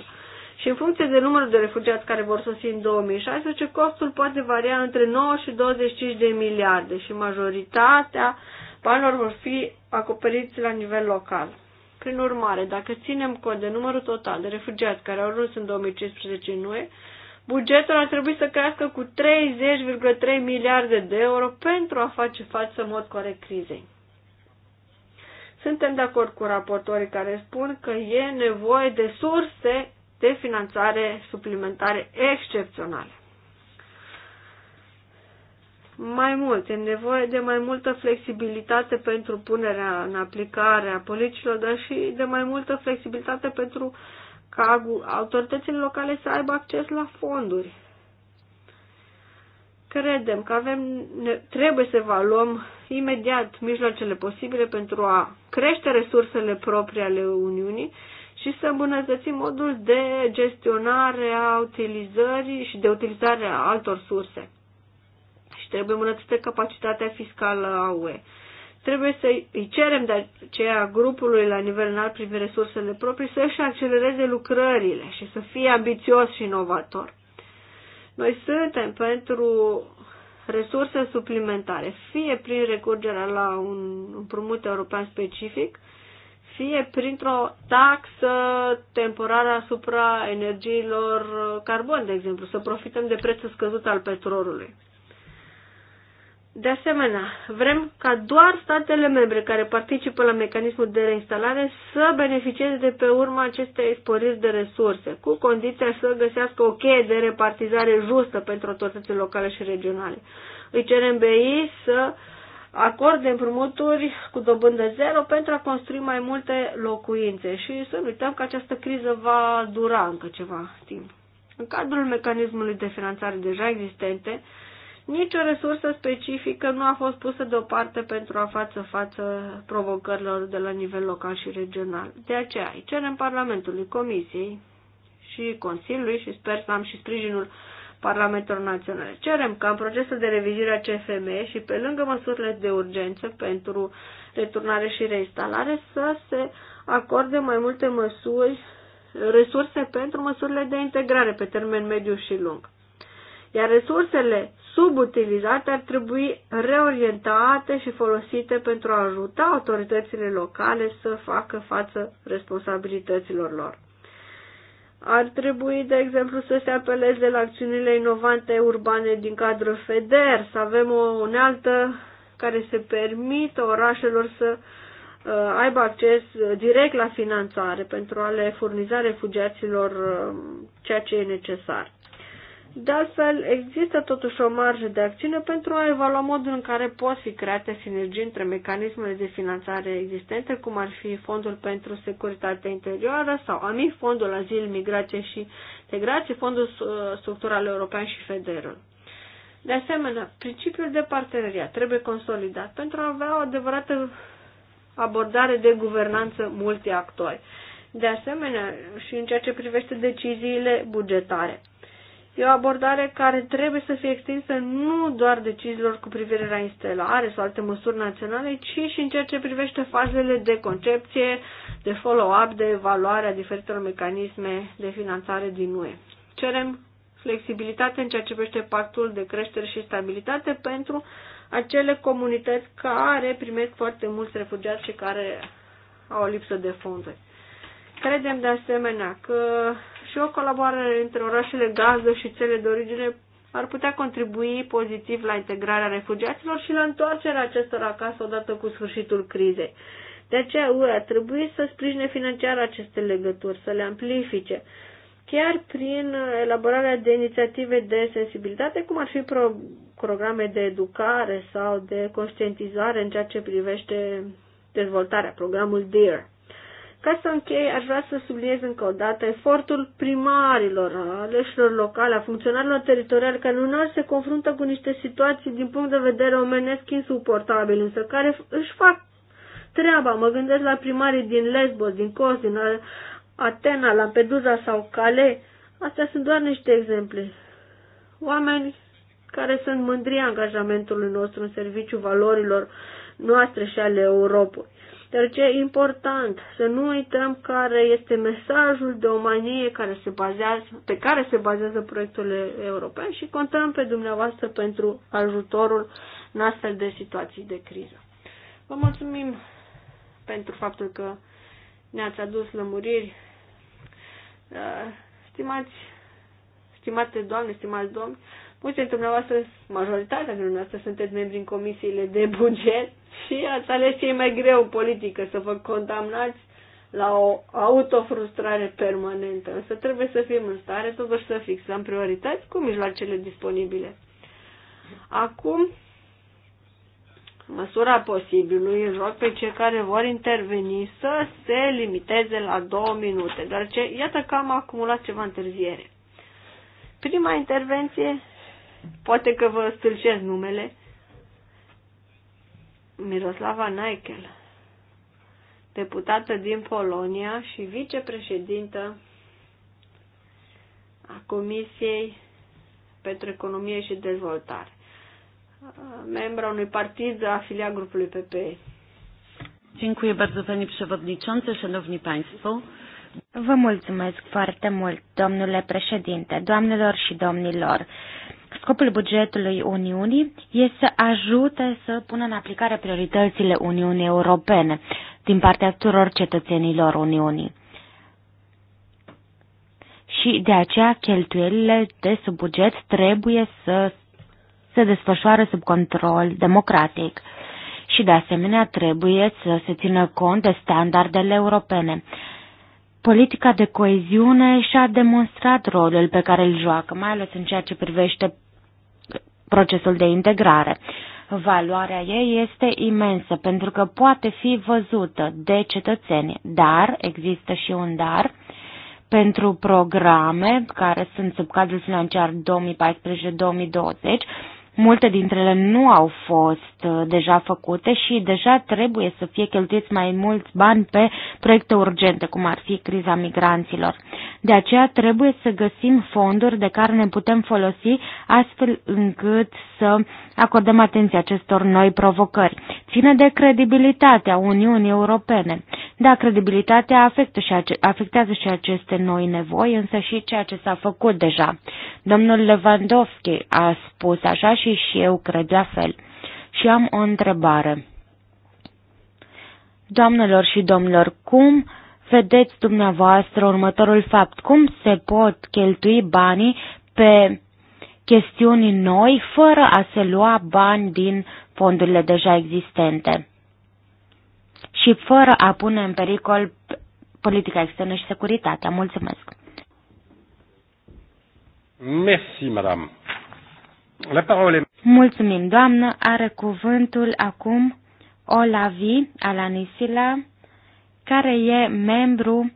Și în funcție de numărul de refugiați care vor sosi în 2016, costul poate varia între 9 și 25 de miliarde și majoritatea banilor vor fi acoperiți la nivel local. Prin urmare, dacă ținem cont de numărul total de refugiați care au ajuns în 2015 în UE, bugetul ar trebui să crească cu 30,3 miliarde de euro pentru a face față în mod corect crizei. Suntem de acord cu raportorii care spun că e nevoie de surse de finanțare suplimentare excepționale mai mult, e nevoie de mai multă flexibilitate pentru punerea în aplicare a politicilor, dar și de mai multă flexibilitate pentru ca autoritățile locale să aibă acces la fonduri. Credem că avem, ne, trebuie să evaluăm imediat mijloacele posibile pentru a crește resursele proprii ale Uniunii și să îmbunătățim modul de gestionare a utilizării și de utilizare a altor surse Trebuie îmbunătățită capacitatea fiscală a UE. Trebuie să îi cerem de aceea grupului la nivel înalt privind resursele proprii să își accelereze lucrările și să fie ambițios și inovator. Noi suntem pentru resurse suplimentare, fie prin recurgerea la un împrumut european specific, fie printr-o taxă temporară asupra energiilor carbon, de exemplu, să profităm de prețul scăzut al petrolului. De asemenea, vrem ca doar statele membre care participă la mecanismul de reinstalare să beneficieze de pe urma acestei sporiri de resurse, cu condiția să găsească o cheie de repartizare justă pentru autoritățile locale și regionale. Îi cerem BI să acorde împrumuturi cu dobândă zero pentru a construi mai multe locuințe și să nu uităm că această criză va dura încă ceva timp. În cadrul mecanismului de finanțare deja existente, Nicio resursă specifică nu a fost pusă deoparte pentru a face față provocărilor de la nivel local și regional. De aceea îi cerem Parlamentului, Comisiei și Consiliului și sper să am și sprijinul Parlamentelor Naționale. Cerem ca în procesul de revizire a CFM și pe lângă măsurile de urgență pentru returnare și reinstalare să se acorde mai multe măsuri, resurse pentru măsurile de integrare pe termen mediu și lung iar resursele subutilizate ar trebui reorientate și folosite pentru a ajuta autoritățile locale să facă față responsabilităților lor. Ar trebui, de exemplu, să se apeleze la acțiunile inovante urbane din cadrul FEDER, să avem o unealtă care se permită orașelor să uh, aibă acces direct la finanțare pentru a le furniza refugiaților uh, ceea ce e necesar. De altfel, există totuși o marjă de acțiune pentru a evalua modul în care pot fi create sinergii între mecanismele de finanțare existente, cum ar fi Fondul pentru Securitatea Interioară sau AMI, Fondul Azil, Migrație și Integrație, Fondul Structural European și Federal. De asemenea, principiul de parteneriat trebuie consolidat pentru a avea o adevărată abordare de guvernanță multiactori. De asemenea, și în ceea ce privește deciziile bugetare. E o abordare care trebuie să fie extinsă nu doar deciziilor cu privire la instalare sau alte măsuri naționale, ci și în ceea ce privește fazele de concepție, de follow-up, de evaluare a diferitelor mecanisme de finanțare din UE. Cerem flexibilitate în ceea ce privește pactul de creștere și stabilitate pentru acele comunități care primesc foarte mulți refugiați și care au o lipsă de fonduri. Credem de asemenea că și o colaborare între orașele gazdă și cele de origine ar putea contribui pozitiv la integrarea refugiaților și la întoarcerea acestora acasă odată cu sfârșitul crizei. De aceea UE ar trebui să sprijine financiar aceste legături, să le amplifice, chiar prin elaborarea de inițiative de sensibilitate, cum ar fi pro- programe de educare sau de conștientizare în ceea ce privește dezvoltarea, programul DEAR. Ca să închei, aș vrea să subliniez încă o dată efortul primarilor, aleșilor locale, a funcționarilor teritoriale, care uneori se confruntă cu niște situații din punct de vedere omenesc insuportabil, însă care își fac treaba. Mă gândesc la primarii din Lesbos, din Cos, din Atena, Lampedusa sau Cale. Astea sunt doar niște exemple. Oameni care sunt mândri angajamentului nostru în serviciu valorilor noastre și ale Europei. Dar ce e important, să nu uităm care este mesajul de omanie care se bazează, pe care se bazează proiectul european și contăm pe dumneavoastră pentru ajutorul în astfel de situații de criză. Vă mulțumim pentru faptul că ne-ați adus lămuriri. Uh, stimați, stimate doamne, stimați domni, mulți dintre dumneavoastră, majoritatea dintre dumneavoastră, sunteți membri în comisiile de buget și ați ales cei mai greu politică, să vă condamnați la o autofrustrare permanentă. Însă trebuie să fim în stare totuși să fixăm priorități cu mijloacele disponibile. Acum, măsura posibilului, îi rog pe cei care vor interveni să se limiteze la două minute, Dar ce? iată că am acumulat ceva întârziere. Prima intervenție, poate că vă stâlcesc numele, Miroslava Naikel, deputată din Polonia și vicepreședintă a Comisiei pentru Economie și Dezvoltare, membra unui partid afiliat grupului PPE. Dziękuję bardzo Panie Przewodniczący, Szanowni Państwo. Vă mulțumesc foarte mult, domnule președinte, doamnelor și domnilor. Scopul bugetului Uniunii este să ajute să pună în aplicare prioritățile Uniunii Europene din partea tuturor cetățenilor Uniunii. Și de aceea cheltuielile de sub buget trebuie să se desfășoare sub control democratic și de asemenea trebuie să se țină cont de standardele europene. Politica de coeziune și-a demonstrat rolul pe care îl joacă, mai ales în ceea ce privește procesul de integrare. Valoarea ei este imensă pentru că poate fi văzută de cetățeni, dar există și un dar pentru programe care sunt sub cadrul financiar 2014-2020 Multe dintre ele nu au fost uh, deja făcute și deja trebuie să fie cheltuiți mai mulți bani pe proiecte urgente, cum ar fi criza migranților. De aceea trebuie să găsim fonduri de care ne putem folosi astfel încât să acordăm atenție acestor noi provocări. Ține de credibilitatea Uniunii Europene. Da, credibilitatea afectă și ace- afectează și aceste noi nevoi, însă și ceea ce s-a făcut deja. Domnul Lewandowski a spus așa și, și eu cred la fel. Și am o întrebare. Doamnelor și domnilor, cum vedeți dumneavoastră următorul fapt? Cum se pot cheltui banii pe chestiuni noi fără a se lua bani din fondurile deja existente? și fără a pune în pericol politica externă și securitatea. Mulțumesc! Merci, madame. La parole. Mulțumim, doamnă. Are cuvântul acum Olavi Alanisila, care e membru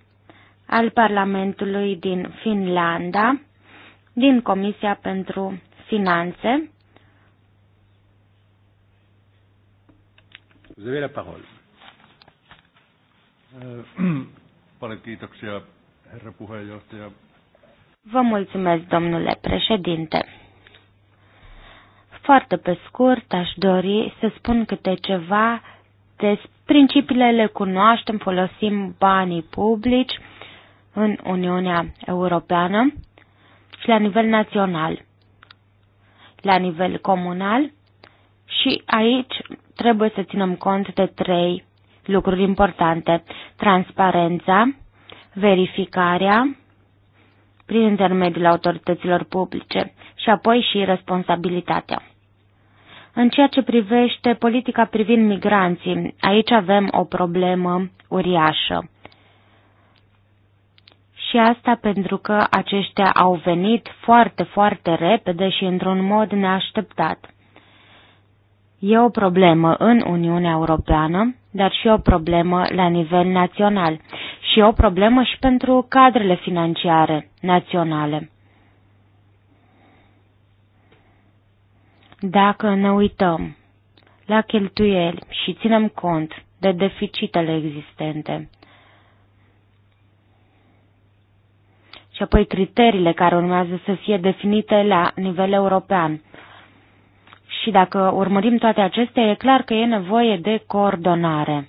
al Parlamentului din Finlanda, din Comisia pentru Finanțe. Vous avez la parole. [CLEARS THROAT] Paljon kiitoksia, herra puheenjohtaja. Vă mulțumesc, domnule președinte. Foarte pe scurt, aș dori să spun câte ceva despre principiile le cunoaștem, folosim banii publici în Uniunea Europeană și la nivel național, la nivel comunal și aici trebuie să ținem cont de trei lucruri importante. Transparența, verificarea prin intermediul autorităților publice și apoi și responsabilitatea. În ceea ce privește politica privind migranții, aici avem o problemă uriașă. Și asta pentru că aceștia au venit foarte, foarte repede și într-un mod neașteptat. E o problemă în Uniunea Europeană dar și o problemă la nivel național și o problemă și pentru cadrele financiare naționale. Dacă ne uităm la cheltuieli și ținem cont de deficitele existente, și apoi criteriile care urmează să fie definite la nivel european. Și dacă urmărim toate acestea, e clar că e nevoie de coordonare.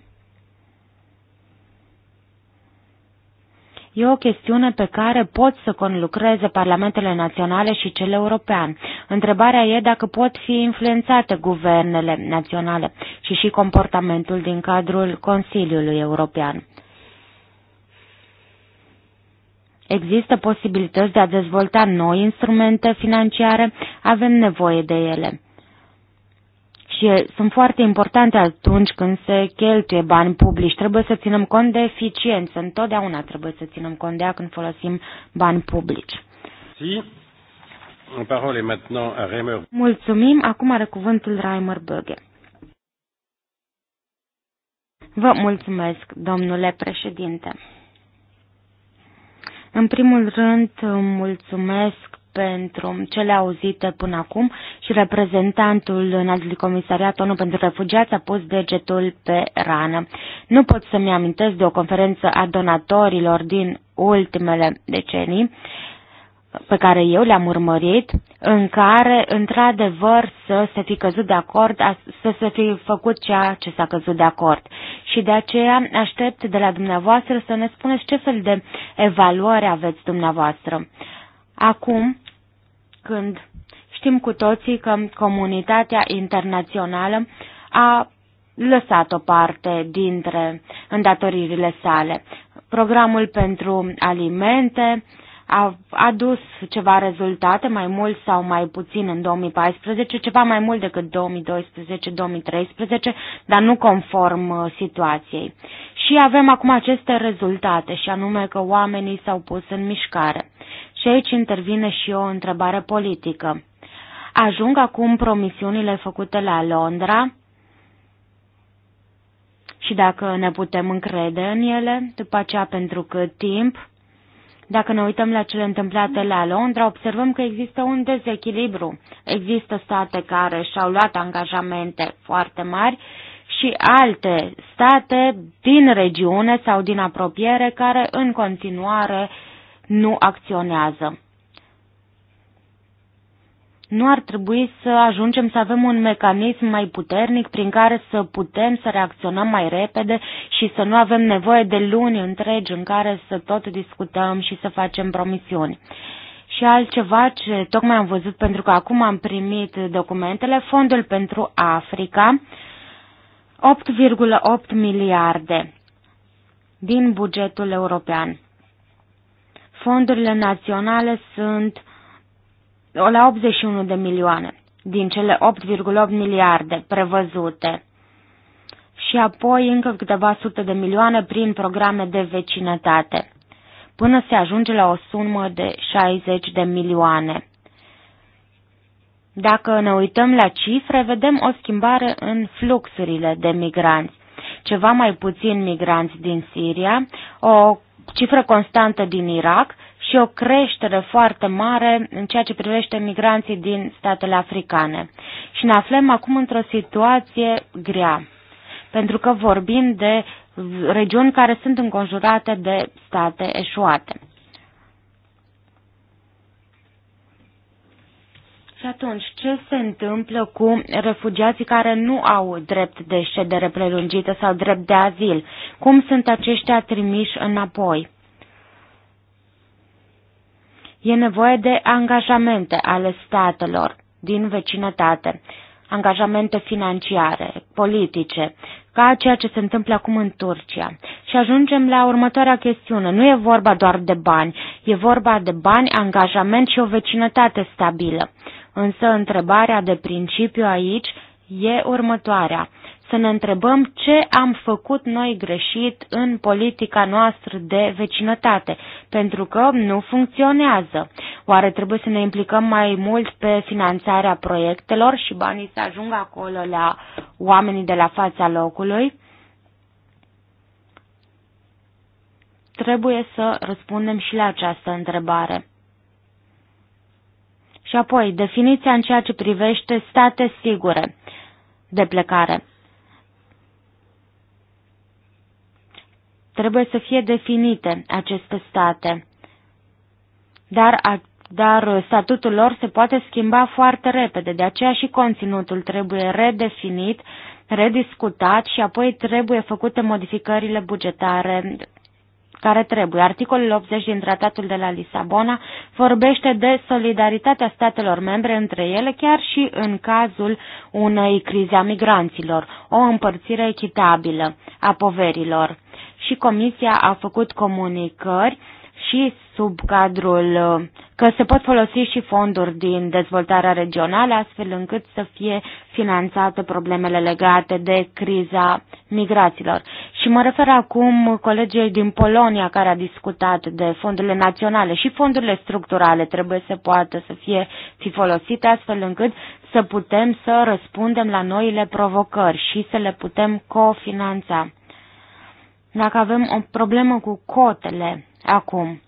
E o chestiune pe care pot să conlucreze parlamentele naționale și cel european. Întrebarea e dacă pot fi influențate guvernele naționale și și comportamentul din cadrul Consiliului European. Există posibilități de a dezvolta noi instrumente financiare, avem nevoie de ele și sunt foarte importante atunci când se cheltuie bani publici. Trebuie să ținem cont de eficiență. Întotdeauna trebuie să ținem cont de ea când folosim bani publici. Si. Parole maintenant à Reimer. Mulțumim. Acum are cuvântul Reimer Böge. Vă mulțumesc, domnule președinte. În primul rând, mulțumesc pentru cele auzite până acum și reprezentantul înaltului comisariat ONU pentru refugiați a pus degetul pe rană. Nu pot să-mi amintesc de o conferință a donatorilor din ultimele decenii pe care eu le-am urmărit, în care, într-adevăr, să se fi căzut de acord, să se fi făcut ceea ce s-a căzut de acord. Și de aceea aștept de la dumneavoastră să ne spuneți ce fel de evaluare aveți dumneavoastră. Acum, când știm cu toții că comunitatea internațională a lăsat o parte dintre îndatoririle sale. Programul pentru alimente a adus ceva rezultate, mai mult sau mai puțin în 2014, ceva mai mult decât 2012-2013, dar nu conform uh, situației. Și avem acum aceste rezultate, și anume că oamenii s-au pus în mișcare. Și aici intervine și o întrebare politică. Ajung acum promisiunile făcute la Londra și dacă ne putem încrede în ele, după aceea pentru cât timp, dacă ne uităm la cele întâmplate la Londra, observăm că există un dezechilibru. Există state care și-au luat angajamente foarte mari și alte state din regiune sau din apropiere care în continuare nu acționează. Nu ar trebui să ajungem să avem un mecanism mai puternic prin care să putem să reacționăm mai repede și să nu avem nevoie de luni întregi în care să tot discutăm și să facem promisiuni. Și altceva ce tocmai am văzut, pentru că acum am primit documentele, Fondul pentru Africa, 8,8 miliarde din bugetul european fondurile naționale sunt la 81 de milioane din cele 8,8 miliarde prevăzute și apoi încă câteva sute de milioane prin programe de vecinătate, până se ajunge la o sumă de 60 de milioane. Dacă ne uităm la cifre, vedem o schimbare în fluxurile de migranți. Ceva mai puțin migranți din Siria, o cifră constantă din Irak și o creștere foarte mare în ceea ce privește migranții din statele africane. Și ne aflăm acum într-o situație grea, pentru că vorbim de regiuni care sunt înconjurate de state eșuate. atunci, ce se întâmplă cu refugiații care nu au drept de ședere prelungită sau drept de azil? Cum sunt aceștia trimiși înapoi? E nevoie de angajamente ale statelor din vecinătate, angajamente financiare, politice, ca ceea ce se întâmplă acum în Turcia. Și ajungem la următoarea chestiune. Nu e vorba doar de bani, e vorba de bani, angajament și o vecinătate stabilă. Însă întrebarea de principiu aici e următoarea. Să ne întrebăm ce am făcut noi greșit în politica noastră de vecinătate, pentru că nu funcționează. Oare trebuie să ne implicăm mai mult pe finanțarea proiectelor și banii să ajungă acolo la oamenii de la fața locului? Trebuie să răspundem și la această întrebare. Și apoi, definiția în ceea ce privește state sigure de plecare. Trebuie să fie definite aceste state, dar, dar statutul lor se poate schimba foarte repede, de aceea și conținutul trebuie redefinit, rediscutat și apoi trebuie făcute modificările bugetare care trebuie. Articolul 80 din Tratatul de la Lisabona vorbește de solidaritatea statelor membre între ele, chiar și în cazul unei crize a migranților, o împărțire echitabilă a poverilor. Și Comisia a făcut comunicări și sub cadrul că se pot folosi și fonduri din dezvoltarea regională astfel încât să fie finanțate problemele legate de criza migraților. Și mă refer acum colegii din Polonia care a discutat de fondurile naționale și fondurile structurale trebuie să poată să fie fi folosite astfel încât să putem să răspundem la noile provocări și să le putem cofinanța. Dacă avem o problemă cu cotele Acum,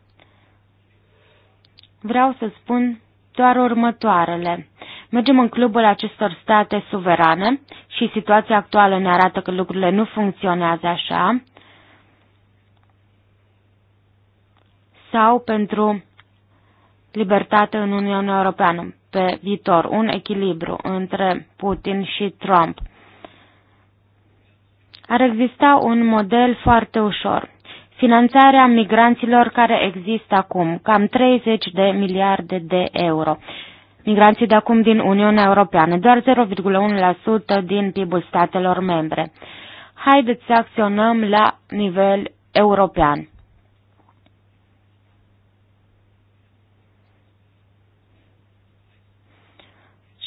vreau să spun doar următoarele. Mergem în clubul acestor state suverane și situația actuală ne arată că lucrurile nu funcționează așa. Sau pentru libertate în Uniunea Europeană pe viitor, un echilibru între Putin și Trump. Ar exista un model foarte ușor. Finanțarea migranților care există acum, cam 30 de miliarde de euro. Migranții de acum din Uniunea Europeană, doar 0,1% din PIB-ul statelor membre. Haideți să acționăm la nivel european.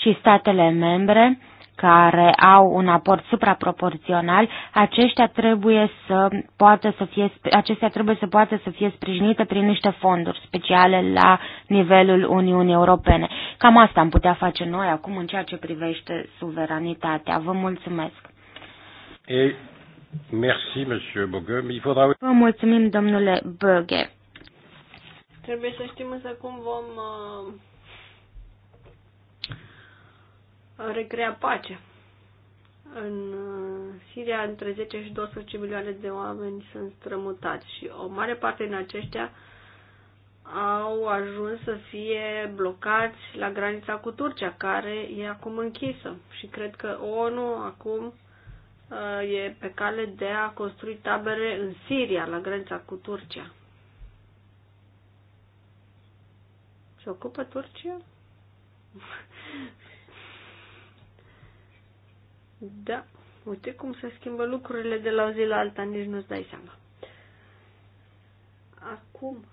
și statele membre care au un aport supraproporțional, aceștia trebuie să poată să fie, acestea trebuie să poată să fie sprijinite prin niște fonduri speciale la nivelul Uniunii Europene. Cam asta am putea face noi acum în ceea ce privește suveranitatea. Vă mulțumesc. E, merci, monsieur Bogue. faudra... Vă mulțumim, domnule Böge. Trebuie să știm însă cum vom uh recrea pace. În uh, Siria, între 10 și 12 milioane de oameni sunt strămutați și o mare parte din aceștia au ajuns să fie blocați la granița cu Turcia, care e acum închisă. Și cred că ONU acum uh, e pe cale de a construi tabere în Siria, la granița cu Turcia. Se ocupă Turcia? [LAUGHS] Da, uite cum se schimbă lucrurile de la o zi la alta, nici nu-ți dai seama. Acum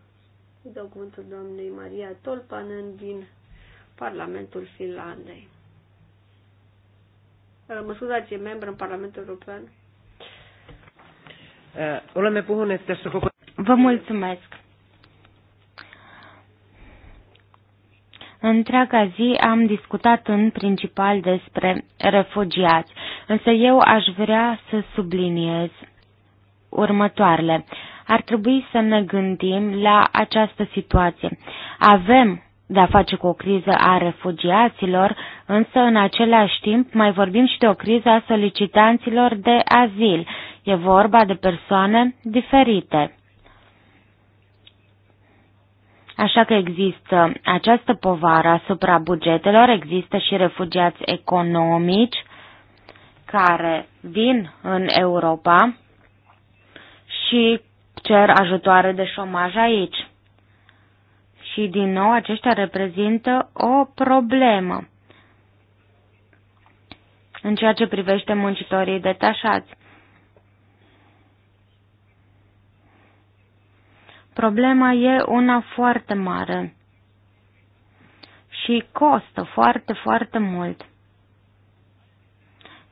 îi dau cuvântul doamnei Maria Tolpanen din Parlamentul Finlandei. Ă, mă scuzați, e membru în Parlamentul European. Ă, Vă mulțumesc. Întreaga zi am discutat în principal despre refugiați. Însă eu aș vrea să subliniez următoarele. Ar trebui să ne gândim la această situație. Avem de a face cu o criză a refugiaților, însă în același timp mai vorbim și de o criză a solicitanților de azil. E vorba de persoane diferite. Așa că există această povară asupra bugetelor, există și refugiați economici care vin în Europa și cer ajutoare de șomaj aici. Și din nou aceștia reprezintă o problemă în ceea ce privește muncitorii detașați. Problema e una foarte mare și costă foarte, foarte mult.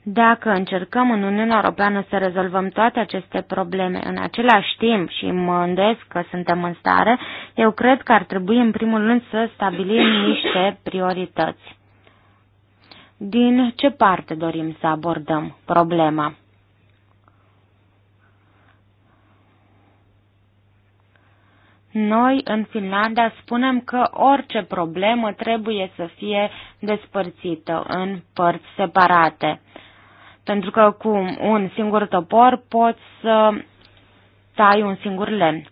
Dacă încercăm în Uniunea Europeană să rezolvăm toate aceste probleme în același timp și mă îndesc că suntem în stare, eu cred că ar trebui în primul rând să stabilim niște priorități. Din ce parte dorim să abordăm problema? Noi, în Finlanda, spunem că orice problemă trebuie să fie despărțită în părți separate. Pentru că cu un singur topor poți să tai un singur lemn.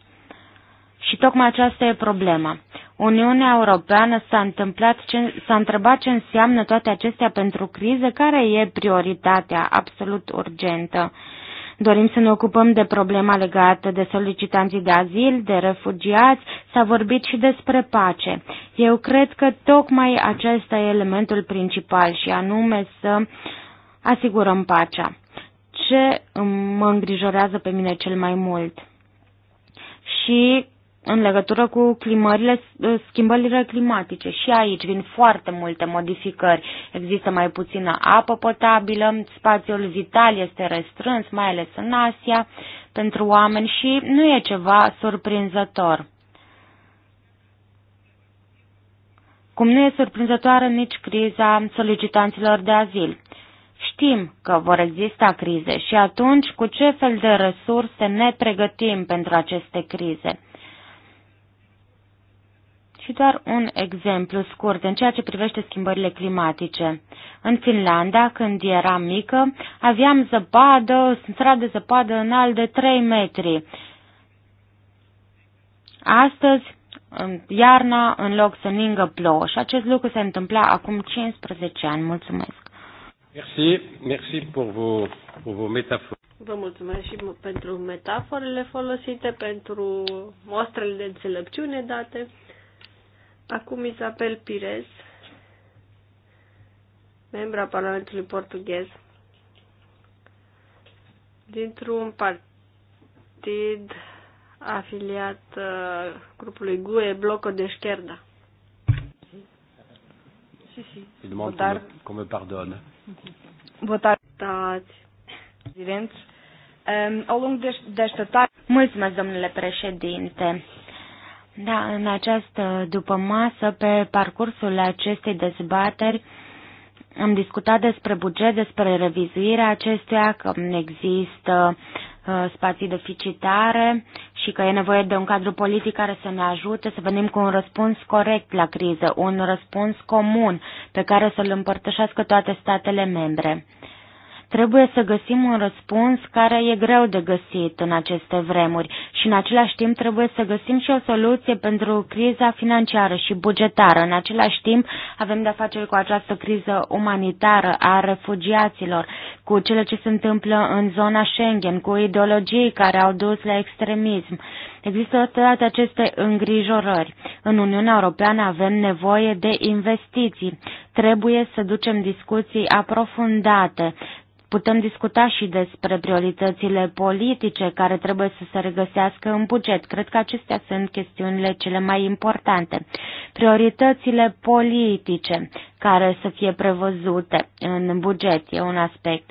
Și tocmai aceasta e problema. Uniunea Europeană s-a, întâmplat ce, s-a întrebat ce înseamnă toate acestea pentru criză, care e prioritatea absolut urgentă. Uh, Dorim să ne ocupăm de problema legată de solicitanții de azil, de refugiați, s-a vorbit și despre pace. Eu cred că tocmai acesta e elementul principal și anume să asigurăm pacea. Ce mă îngrijorează pe mine cel mai mult? Și în legătură cu climările, eh, schimbările climatice. Și aici vin foarte multe modificări. Există mai puțină apă potabilă, spațiul vital este restrâns, mai ales în Asia, pentru oameni și nu e ceva surprinzător. Cum nu e surprinzătoare nici criza solicitanților de azil. Știm că vor exista crize și atunci cu ce fel de resurse ne pregătim pentru aceste crize? Și doar un exemplu scurt în ceea ce privește schimbările climatice. În Finlanda, când eram mică, aveam zăpadă, strat de zăpadă înalt de 3 metri. Astăzi, în iarna, în loc să ningă plouă. Și acest lucru se întâmpla acum 15 ani. Mulțumesc! Merci, merci pour vos, pour vos métaphores. Vă mulțumesc și pentru metaforele folosite, pentru mostrele de înțelepciune date. Acum Isabel Pires, membra Parlamentului Portughez, dintr-un partid afiliat uh, grupului GUE, Bloco de Esquerda. Si, si. Il demande qu'on me, qu me pardonne. Boa tarde, Um, ao longo desta tarde. Mulțumesc, domnule președinte. Da, în această după masă, pe parcursul acestei dezbateri, am discutat despre buget, despre revizuirea acestuia, că există uh, spații deficitare și că e nevoie de un cadru politic care să ne ajute să venim cu un răspuns corect la criză, un răspuns comun pe care să-l împărtășească toate statele membre. Trebuie să găsim un răspuns care e greu de găsit în aceste vremuri și în același timp trebuie să găsim și o soluție pentru criza financiară și bugetară. În același timp avem de-a face cu această criză umanitară a refugiaților, cu cele ce se întâmplă în zona Schengen, cu ideologii care au dus la extremism. Există toate aceste îngrijorări. În Uniunea Europeană avem nevoie de investiții. Trebuie să ducem discuții aprofundate Putem discuta și despre prioritățile politice care trebuie să se regăsească în buget. Cred că acestea sunt chestiunile cele mai importante. Prioritățile politice care să fie prevăzute în buget e un aspect.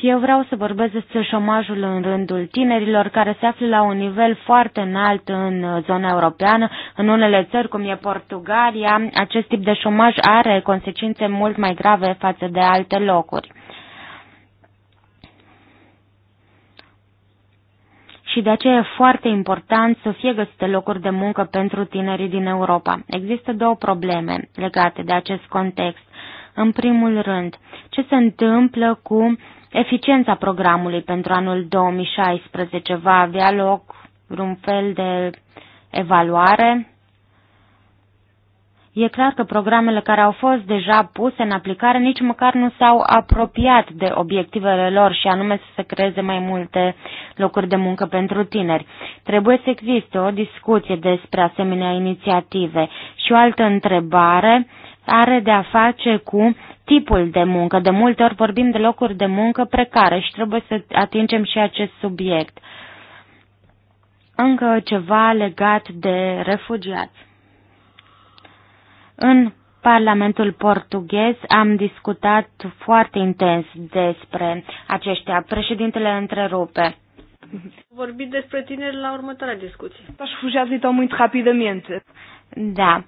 Eu vreau să vorbesc despre șomajul în rândul tinerilor care se află la un nivel foarte înalt în zona europeană. În unele țări, cum e Portugalia, acest tip de șomaj are consecințe mult mai grave față de alte locuri. și de aceea e foarte important să fie găsite locuri de muncă pentru tinerii din Europa. Există două probleme legate de acest context. În primul rând, ce se întâmplă cu eficiența programului pentru anul 2016? Va avea loc vreun fel de evaluare E clar că programele care au fost deja puse în aplicare nici măcar nu s-au apropiat de obiectivele lor și anume să se creeze mai multe locuri de muncă pentru tineri. Trebuie să existe o discuție despre asemenea inițiative și o altă întrebare are de a face cu tipul de muncă. De multe ori vorbim de locuri de muncă precare și trebuie să atingem și acest subiect. Încă ceva legat de refugiați. În Parlamentul portughez am discutat foarte intens despre aceștia. Președintele întrerupe. Vorbit despre tineri la următoarea discuție. Aș fugea zitau mult rapidamente. Da.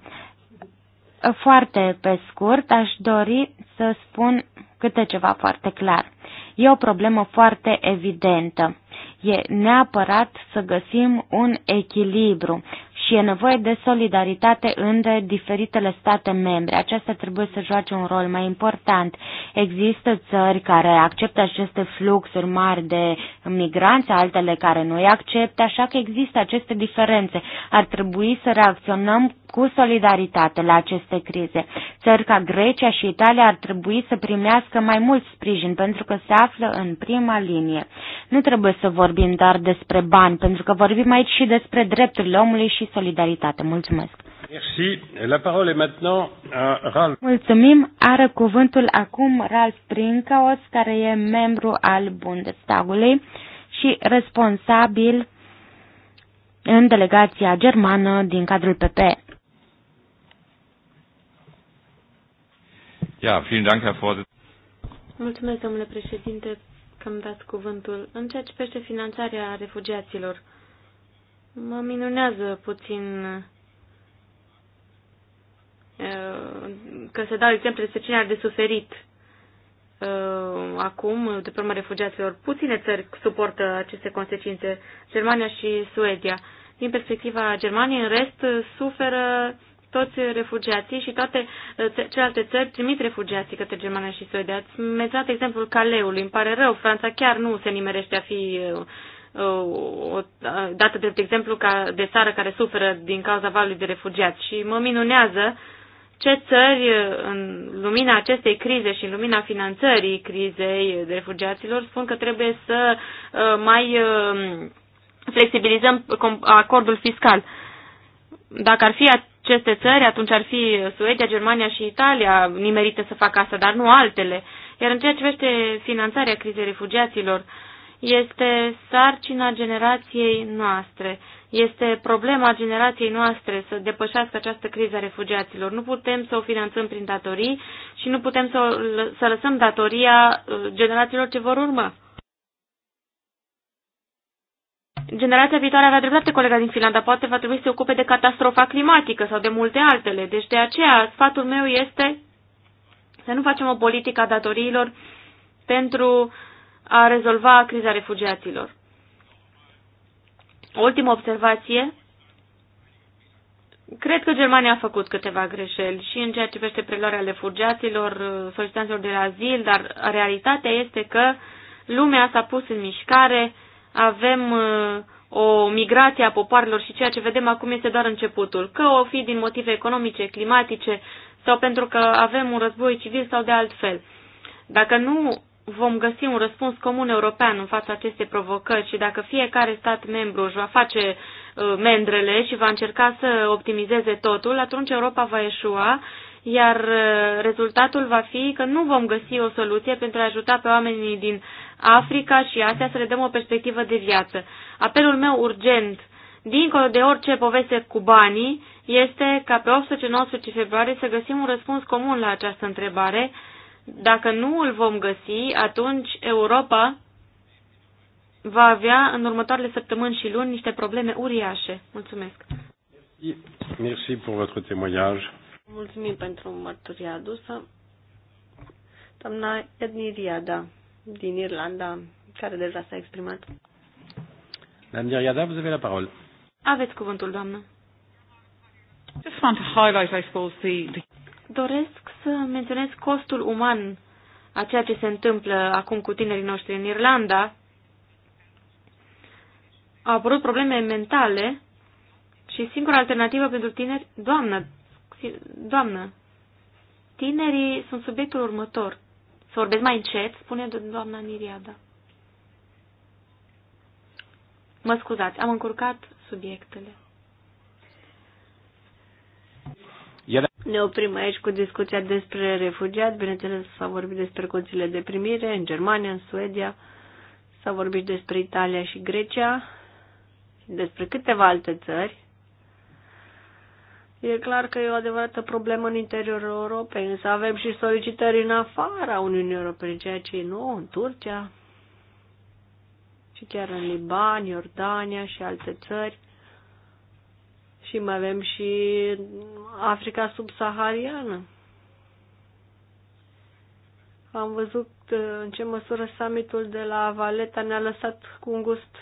Foarte pe scurt, aș dori să spun câte ceva foarte clar. E o problemă foarte evidentă. E neapărat să găsim un echilibru și e nevoie de solidaritate între diferitele state membre. Aceasta trebuie să joace un rol mai important. Există țări care acceptă aceste fluxuri mari de migranți, altele care nu îi acceptă, așa că există aceste diferențe. Ar trebui să reacționăm cu solidaritate la aceste crize. Țări ca Grecia și Italia ar trebui să primească mai mult sprijin pentru că se află în prima linie. Nu trebuie să vorbim doar despre bani, pentru că vorbim aici și despre drepturile omului și solidaritate. Mulțumesc! Merci. La parole est maintenant à Ralph. Mulțumim. Are cuvântul acum Ralph Princaos, care e membru al Bundestagului și responsabil în delegația germană din cadrul PP. Ja, vielen Dank, Herr Vorsitzender. Mulțumesc, domnule președinte, că îmi dați cuvântul. În ceea ce privește finanțarea refugiaților, mă minunează puțin uh, că se dau exemple despre cine are de suferit uh, acum, de pe urma refugiaților. Puține țări suportă aceste consecințe, Germania și Suedia. Din perspectiva Germaniei, în rest, suferă toți refugiații și toate celelalte țări trimit refugiații către Germania și Suedia. Ați menționat exemplul Caleului. Îmi pare rău, Franța chiar nu se nimerește a fi uh, uh, o, uh, dată drept exemplu ca de țară care suferă din cauza valului de refugiați. Și mă minunează ce țări, în lumina acestei crize și în lumina finanțării crizei de refugiaților, spun că trebuie să mai flexibilizăm acordul fiscal. Dacă ar fi aceste țări, atunci ar fi Suedia, Germania și Italia nimerite să facă asta, dar nu altele. Iar în ceea ce vește finanțarea crizei refugiaților, este sarcina generației noastre. Este problema generației noastre să depășească această criză a refugiaților. Nu putem să o finanțăm prin datorii și nu putem să, o, să lăsăm datoria uh, generațiilor ce vor urma. Generația viitoare avea dreptate colega din Finlanda, poate va trebui să se ocupe de catastrofa climatică sau de multe altele. Deci de aceea sfatul meu este să nu facem o politică a datoriilor pentru a rezolva criza refugiaților. O ultimă observație. Cred că Germania a făcut câteva greșeli și în ceea ce privește preluarea refugiaților, solicitanților de azil, dar realitatea este că lumea s-a pus în mișcare, avem uh, o migrație a popoarelor și ceea ce vedem acum este doar începutul, că o fi din motive economice, climatice sau pentru că avem un război civil sau de altfel. Dacă nu vom găsi un răspuns comun european în fața acestei provocări și dacă fiecare stat membru își va face uh, mendrele și va încerca să optimizeze totul, atunci Europa va eșua iar uh, rezultatul va fi că nu vom găsi o soluție pentru a ajuta pe oamenii din Africa și Asia să le dăm o perspectivă de viață. Apelul meu urgent, dincolo de orice poveste cu banii, este ca pe 18-19 februarie să găsim un răspuns comun la această întrebare. Dacă nu îl vom găsi, atunci Europa va avea în următoarele săptămâni și luni niște probleme uriașe. Mulțumesc! Merci pour votre témoignage. Mulțumim pentru mărturia adusă. Doamna Edniriada din Irlanda, care deja s-a exprimat. Doamna Edniriada, vă avez la parole. Aveți cuvântul, doamnă. Just want to highlight, I suppose, the... Doresc să menționez costul uman a ceea ce se întâmplă acum cu tinerii noștri în Irlanda. Au apărut probleme mentale și singura alternativă pentru tineri, doamnă, Doamnă, tinerii sunt subiectul următor. Să vorbesc mai încet, spune doamna Niriada. Mă scuzați, am încurcat subiectele. Ne oprim aici cu discuția despre refugiați. Bineînțeles, s-a vorbit despre coțile de primire în Germania, în Suedia, s-a vorbit despre Italia și Grecia, despre câteva alte țări E clar că e o adevărată problemă în interiorul Europei, însă avem și solicitări în afara Uniunii Europene, ceea ce e nou în Turcia și chiar în Liban, Iordania și alte țări. Și mai avem și Africa subsahariană. Am văzut uh, în ce măsură summitul de la Valeta ne-a lăsat cu un gust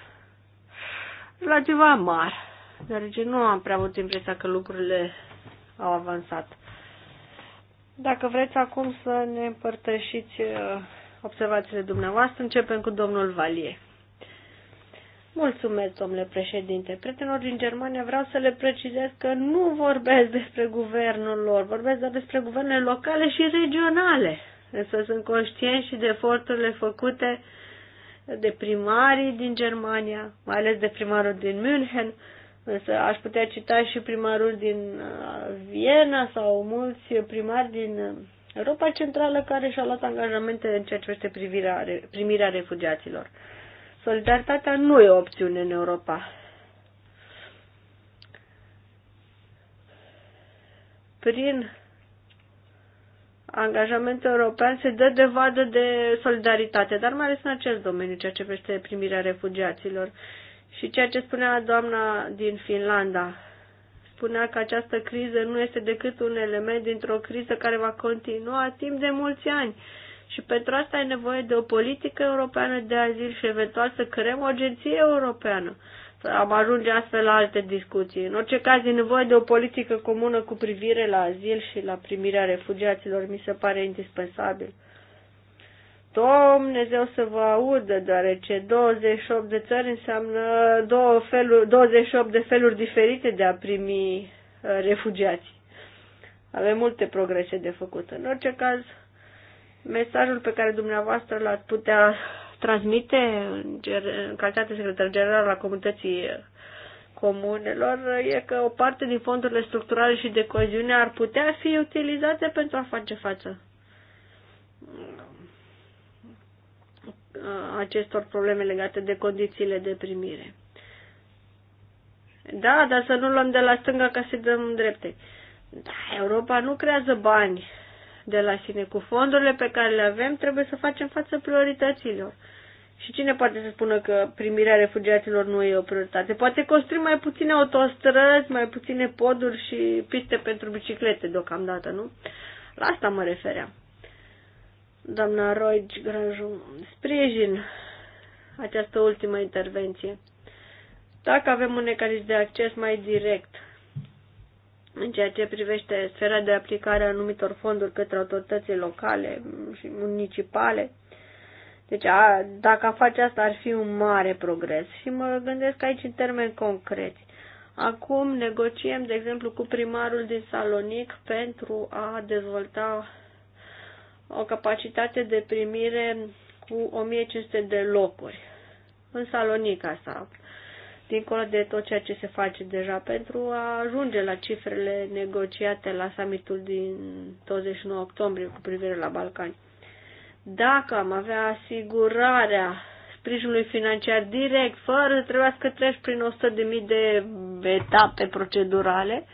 la ceva mare deoarece nu am prea avut impresia că lucrurile au avansat. Dacă vreți acum să ne împărtășiți uh, observațiile dumneavoastră, începem cu domnul Valie. Mulțumesc, domnule președinte. Prietenilor din Germania vreau să le precizez că nu vorbesc despre guvernul lor, vorbesc doar despre guvernele locale și regionale. Însă sunt conștient și de eforturile făcute de primarii din Germania, mai ales de primarul din München, Însă aș putea cita și primarul din uh, Viena sau mulți primari din uh, Europa Centrală care și au luat angajamente în ceea ce privește primirea refugiaților. Solidaritatea nu e o opțiune în Europa. Prin angajamentul european se dă de vadă de solidaritate, dar mai ales în acest domeniu, ceea ce privește primirea refugiaților. Și ceea ce spunea doamna din Finlanda, spunea că această criză nu este decât un element dintr-o criză care va continua timp de mulți ani. Și pentru asta e nevoie de o politică europeană de azil și eventual să creăm o agenție europeană. Am ajunge astfel la alte discuții. În orice caz, e nevoie de o politică comună cu privire la azil și la primirea refugiaților. Mi se pare indispensabil. Dumnezeu să vă audă, deoarece 28 de țări înseamnă două feluri, 28 de feluri diferite de a primi uh, refugiați. Avem multe progrese de făcut. În orice caz, mesajul pe care dumneavoastră l-ați putea transmite în, în calitate de secretar general la comunității comunelor uh, e că o parte din fondurile structurale și de coeziune ar putea fi utilizate pentru a face față acestor probleme legate de condițiile de primire. Da, dar să nu luăm de la stânga ca să dăm drepte. Da, Europa nu creează bani de la sine. Cu fondurile pe care le avem trebuie să facem față priorităților. Și cine poate să spună că primirea refugiaților nu e o prioritate? Poate construi mai puține autostrăzi, mai puține poduri și piste pentru biciclete deocamdată, nu? La asta mă refeream doamna Roy Granjou, sprijin această ultimă intervenție. Dacă avem un mecanism de acces mai direct în ceea ce privește sfera de aplicare a anumitor fonduri către autoritățile locale și municipale, deci a, dacă a face asta ar fi un mare progres și mă gândesc aici în termeni concreți. Acum negociem, de exemplu, cu primarul din Salonic pentru a dezvolta o capacitate de primire cu 1500 de locuri în Salonica asta, dincolo de tot ceea ce se face deja pentru a ajunge la cifrele negociate la summitul din 29 octombrie cu privire la Balcani. Dacă am avea asigurarea sprijinului financiar direct, fără trebuia să treci prin 100.000 de etape procedurale,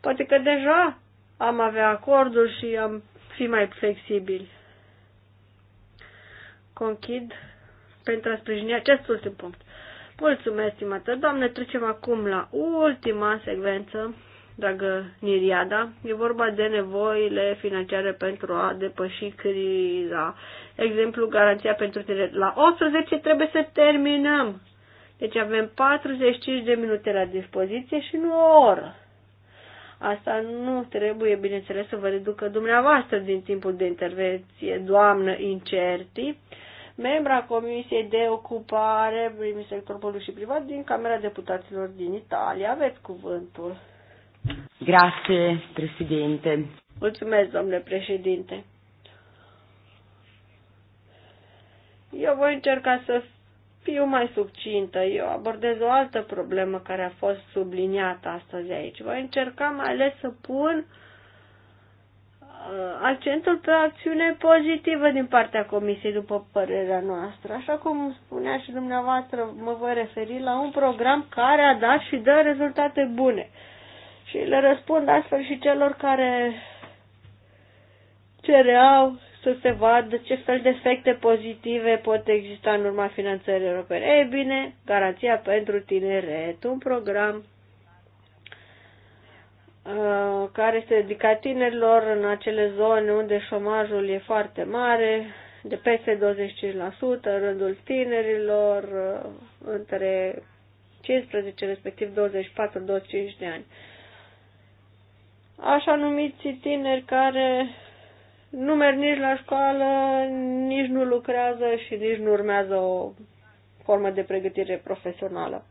poate că deja am avea acorduri și am fii mai flexibili. Conchid pentru a sprijini acest ultim punct. Mulțumesc, stimată doamne. Trecem acum la ultima secvență, dragă Niriada. E vorba de nevoile financiare pentru a depăși criza. Exemplu, garanția pentru tine. La 18 trebuie să terminăm. Deci avem 45 de minute la dispoziție și nu o oră. Asta nu trebuie, bineînțeles, să vă reducă dumneavoastră din timpul de intervenție, doamnă Incerti, membra Comisiei de Ocupare prin sector public și privat din Camera Deputaților din Italia. Aveți cuvântul. Grazie, președinte. Mulțumesc, domnule președinte. Eu voi încerca să fiu mai subcintă, eu abordez o altă problemă care a fost subliniată astăzi aici. Voi încerca mai ales să pun uh, accentul pe acțiune pozitivă din partea Comisiei, după părerea noastră. Așa cum spunea și dumneavoastră, mă voi referi la un program care a dat și dă rezultate bune. Și le răspund astfel și celor care cereau să se vadă ce fel de efecte pozitive pot exista în urma finanțării europene. Ei bine, garanția pentru tineret, un program uh, care este dedicat tinerilor în acele zone unde șomajul e foarte mare, de peste 25% în rândul tinerilor uh, între 15, respectiv 24-25 de ani. Așa numiți tineri care nu merg nici la școală, nici nu lucrează și nici nu urmează o formă de pregătire profesională.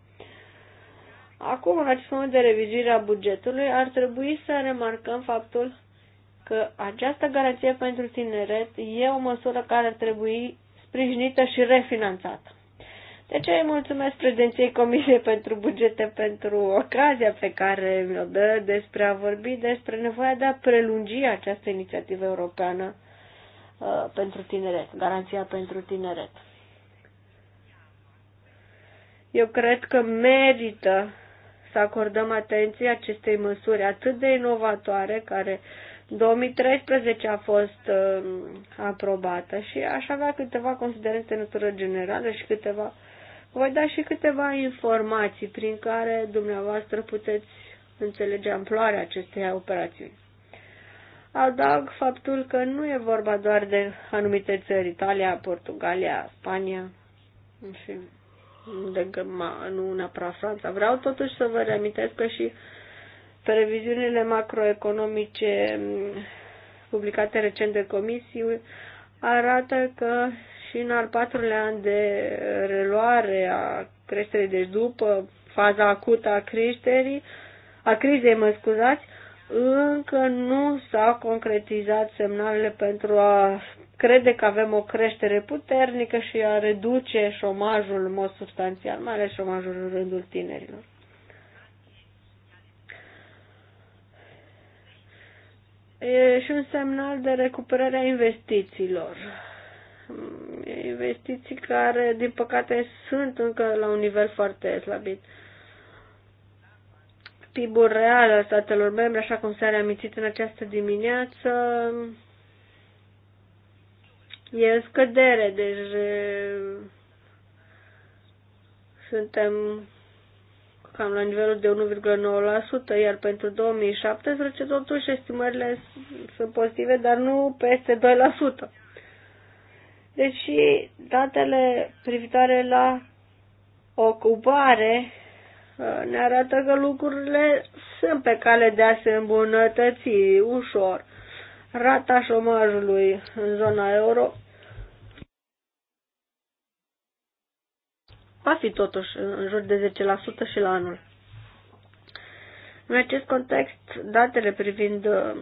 Acum, în acest moment de revizuire a bugetului, ar trebui să remarcăm faptul că această garanție pentru tineret e o măsură care ar trebui sprijinită și refinanțată. De îi mulțumesc prezenției Comisiei pentru bugete pentru ocazia pe care mi-o dă despre a vorbi despre nevoia de a prelungi această inițiativă europeană uh, pentru tineret, garanția pentru tineret. Eu cred că merită să acordăm atenție acestei măsuri atât de inovatoare care 2013 a fost uh, aprobată și aș avea câteva considerente în natură generală și câteva voi da și câteva informații prin care dumneavoastră puteți înțelege amploarea acestei operațiuni. Adaug faptul că nu e vorba doar de anumite țări, Italia, Portugalia, Spania, și de gâma, nu neapărat Franța. Vreau totuși să vă reamintesc că și previziunile macroeconomice mm, publicate recent de comisii arată că și în al patrulea an de reluare a creșterii, deci după faza acută a creșterii, a crizei, mă scuzați, încă nu s-au concretizat semnalele pentru a crede că avem o creștere puternică și a reduce șomajul în mod substanțial, mai ales șomajul în rândul tinerilor. E și un semnal de recuperare a investițiilor investiții care, din păcate, sunt încă la un nivel foarte slabit. PIB-ul real al statelor membre, așa cum s-a reamintit în această dimineață, e în scădere, deci suntem cam la nivelul de 1,9%, iar pentru 2017 totuși estimările sunt pozitive, dar nu peste 2%. Deși datele privitoare la ocupare uh, ne arată că lucrurile sunt pe cale de a se îmbunătăți ușor. Rata șomajului în zona euro va fi totuși în jur de 10% și la anul. În acest context, datele privind uh,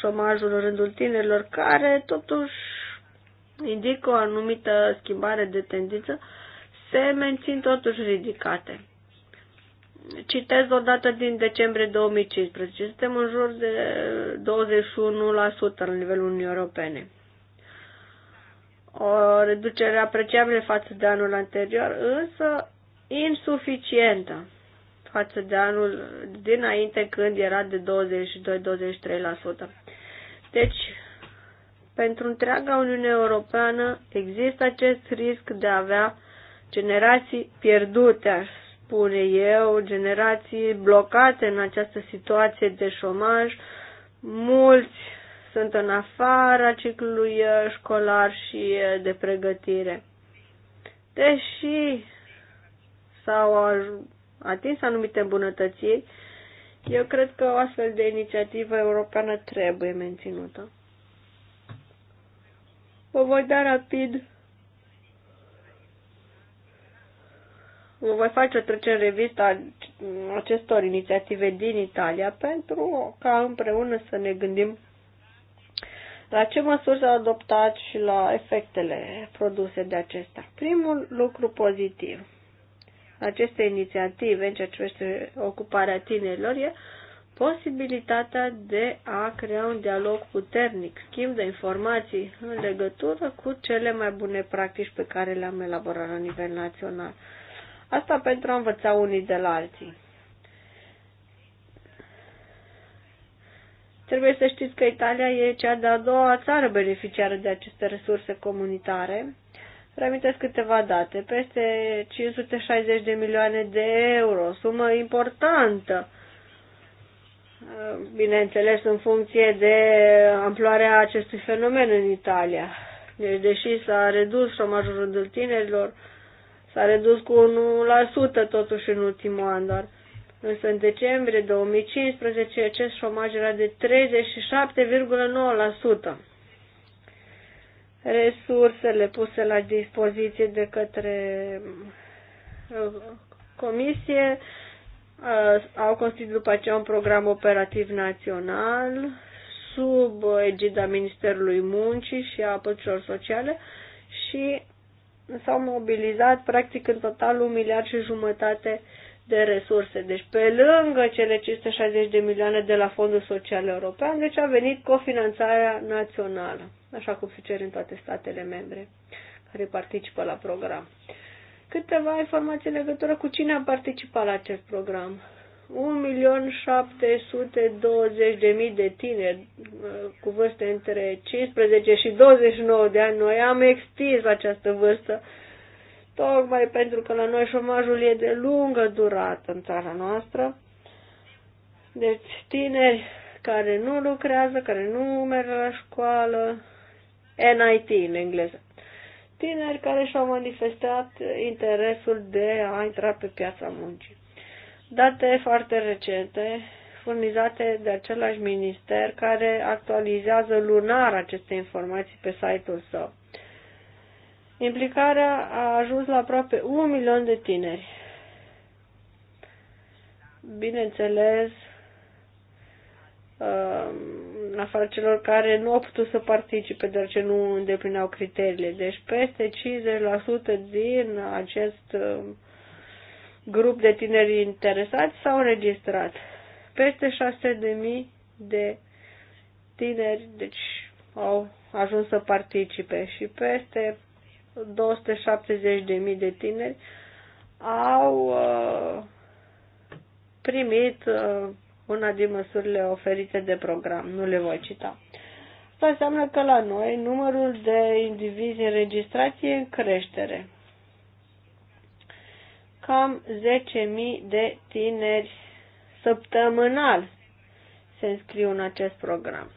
șomajul în rândul tinerilor, care totuși indică o anumită schimbare de tendință, se mențin totuși ridicate. Citez o dată din decembrie 2015. Suntem în jur de 21% la nivelul Uniunii Europene. O reducere apreciabilă față de anul anterior, însă insuficientă față de anul dinainte când era de 22-23%. Deci, pentru întreaga Uniune Europeană există acest risc de a avea generații pierdute, aș spune eu, generații blocate în această situație de șomaj. Mulți sunt în afara ciclului uh, școlar și uh, de pregătire. Deși s-au atins anumite îmbunătățiri, eu cred că o astfel de inițiativă europeană trebuie menținută. Vă voi da rapid. Vă voi face o trece în revista acestor inițiative din Italia pentru ca împreună să ne gândim la ce măsuri s-au adoptat și la efectele produse de acestea. Primul lucru pozitiv aceste inițiative în ceea ce privește ocuparea tinerilor e posibilitatea de a crea un dialog puternic, schimb de informații în legătură cu cele mai bune practici pe care le-am elaborat la nivel național. Asta pentru a învăța unii de la alții. Trebuie să știți că Italia e cea de-a doua țară beneficiară de aceste resurse comunitare. Reamintesc câteva date. Peste 560 de milioane de euro, sumă importantă bineînțeles în funcție de amploarea acestui fenomen în Italia. Deci, deși s-a redus șomajul rândul tinerilor, s-a redus cu 1% totuși în ultimul an doar. Însă în decembrie 2015 acest șomaj era de 37,9%. Resursele puse la dispoziție de către uh, comisie Uh, au constituit după aceea un program operativ național sub egida Ministerului Muncii și a Păcilor Sociale și s-au mobilizat practic în total un miliard și jumătate de resurse. Deci pe lângă cele 560 de milioane de la Fondul Social European, deci a venit cofinanțarea națională, așa cum se cere în toate statele membre care participă la program câteva informații în legătură cu cine a participat la acest program. 1.720.000 de tineri cu vârste între 15 și 29 de ani. Noi am extins această vârstă tocmai pentru că la noi șomajul e de lungă durată în țara noastră. Deci tineri care nu lucrează, care nu merg la școală, NIT în engleză tineri care și-au manifestat interesul de a intra pe piața muncii. Date foarte recente, furnizate de același minister care actualizează lunar aceste informații pe site-ul său. Implicarea a ajuns la aproape un milion de tineri. Bineînțeles, um, în afară celor care nu au putut să participe, dar ce nu îndeplineau criteriile. Deci peste 50% din acest uh, grup de tineri interesați s-au înregistrat. Peste 6.000 de tineri deci, au ajuns să participe și peste 270.000 de tineri au uh, primit uh, una din măsurile oferite de program. Nu le voi cita. Asta înseamnă că la noi numărul de indivizi înregistrați e în creștere. Cam 10.000 de tineri săptămânal se înscriu în acest program.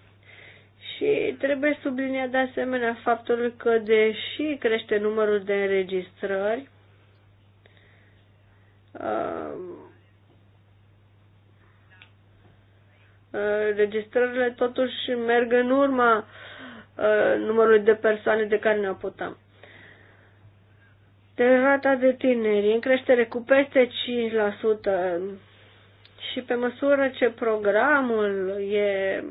Și trebuie subliniat de asemenea faptul că deși crește numărul de înregistrări, uh, Eh, registrările totuși merg în urma eh, numărului de persoane de care ne apotăm. De deci, rata de tineri în creștere cu peste 5% și pe măsură ce programul e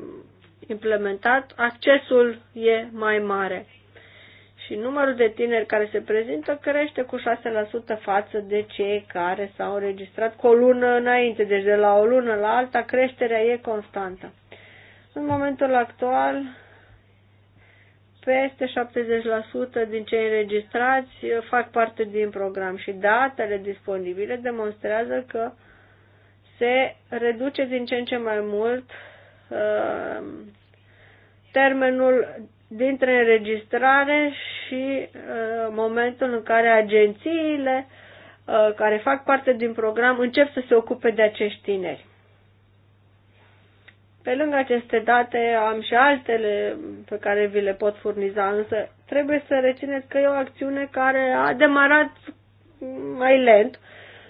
implementat, accesul e mai mare și numărul de tineri care se prezintă crește cu 6% față de cei care s-au înregistrat cu o lună înainte, deci de la o lună la alta creșterea e constantă. În momentul actual, peste 70% din cei înregistrați fac parte din program și datele disponibile demonstrează că se reduce din ce în ce mai mult uh, termenul dintre înregistrare și uh, momentul în care agențiile uh, care fac parte din program încep să se ocupe de acești tineri. Pe lângă aceste date am și altele pe care vi le pot furniza, însă trebuie să rețineți că e o acțiune care a demarat mai lent,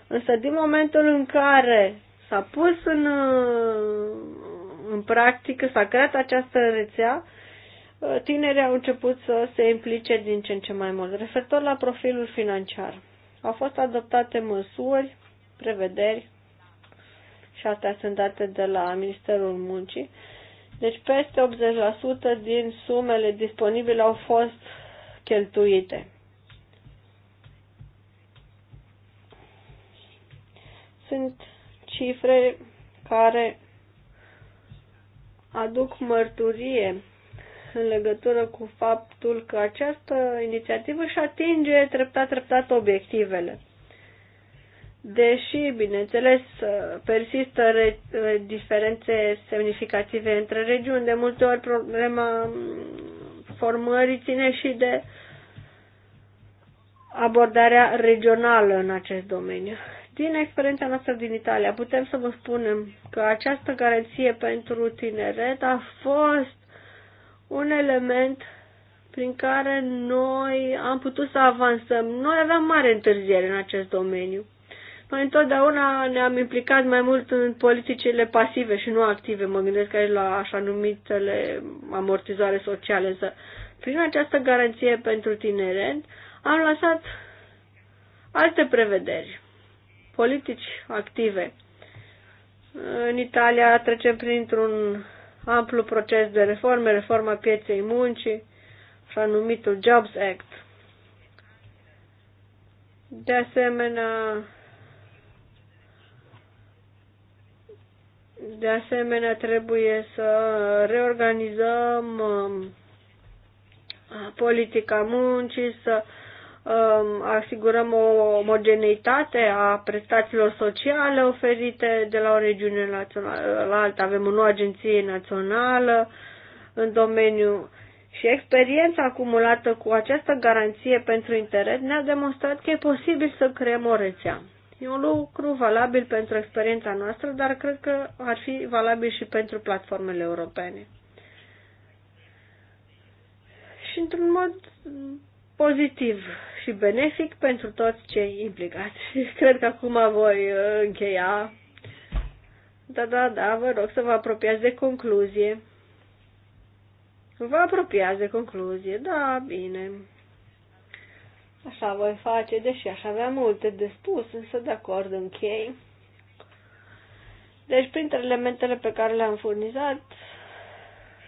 însă din momentul în care s-a pus în, uh, în practică, s-a creat această rețea, Uh, tinerii au început să se implice din ce în ce mai mult. Referitor la profilul financiar, au fost adoptate măsuri, prevederi, și astea sunt date de la Ministerul Muncii, deci peste 80% din sumele disponibile au fost cheltuite. Sunt cifre care aduc mărturie în legătură cu faptul că această inițiativă își atinge treptat treptat obiectivele. Deși, bineînțeles, persistă re- diferențe semnificative între regiuni, de multe ori problema formării ține și de abordarea regională în acest domeniu. Din experiența noastră din Italia, putem să vă spunem că această garanție pentru tineret a fost un element prin care noi am putut să avansăm. Noi aveam mare întârziere în acest domeniu. Noi întotdeauna ne-am implicat mai mult în politicile pasive și nu active, mă gândesc aici la așa numitele amortizoare sociale, însă prin această garanție pentru tineret am lăsat alte prevederi, politici active. În Italia trecem printr-un amplu proces de reforme, reforma pieței muncii, așa numitul Jobs Act. De asemenea, de asemenea trebuie să reorganizăm um, politica muncii, să uh, Um, asigurăm o omogeneitate a prestațiilor sociale oferite de la o regiune națională la alta. Avem o nouă agenție națională în domeniu și experiența acumulată cu această garanție pentru internet ne-a demonstrat că e posibil să creăm o rețea. E un lucru valabil pentru experiența noastră, dar cred că ar fi valabil și pentru platformele europene. Și într-un mod pozitiv și benefic pentru toți cei implicați. [LAUGHS] Cred că acum voi uh, încheia. Da, da, da, vă rog să vă apropiați de concluzie. Vă apropiați de concluzie, da, bine. Așa voi face, deși aș avea multe de spus, însă de acord închei. Deci, printre elementele pe care le-am furnizat,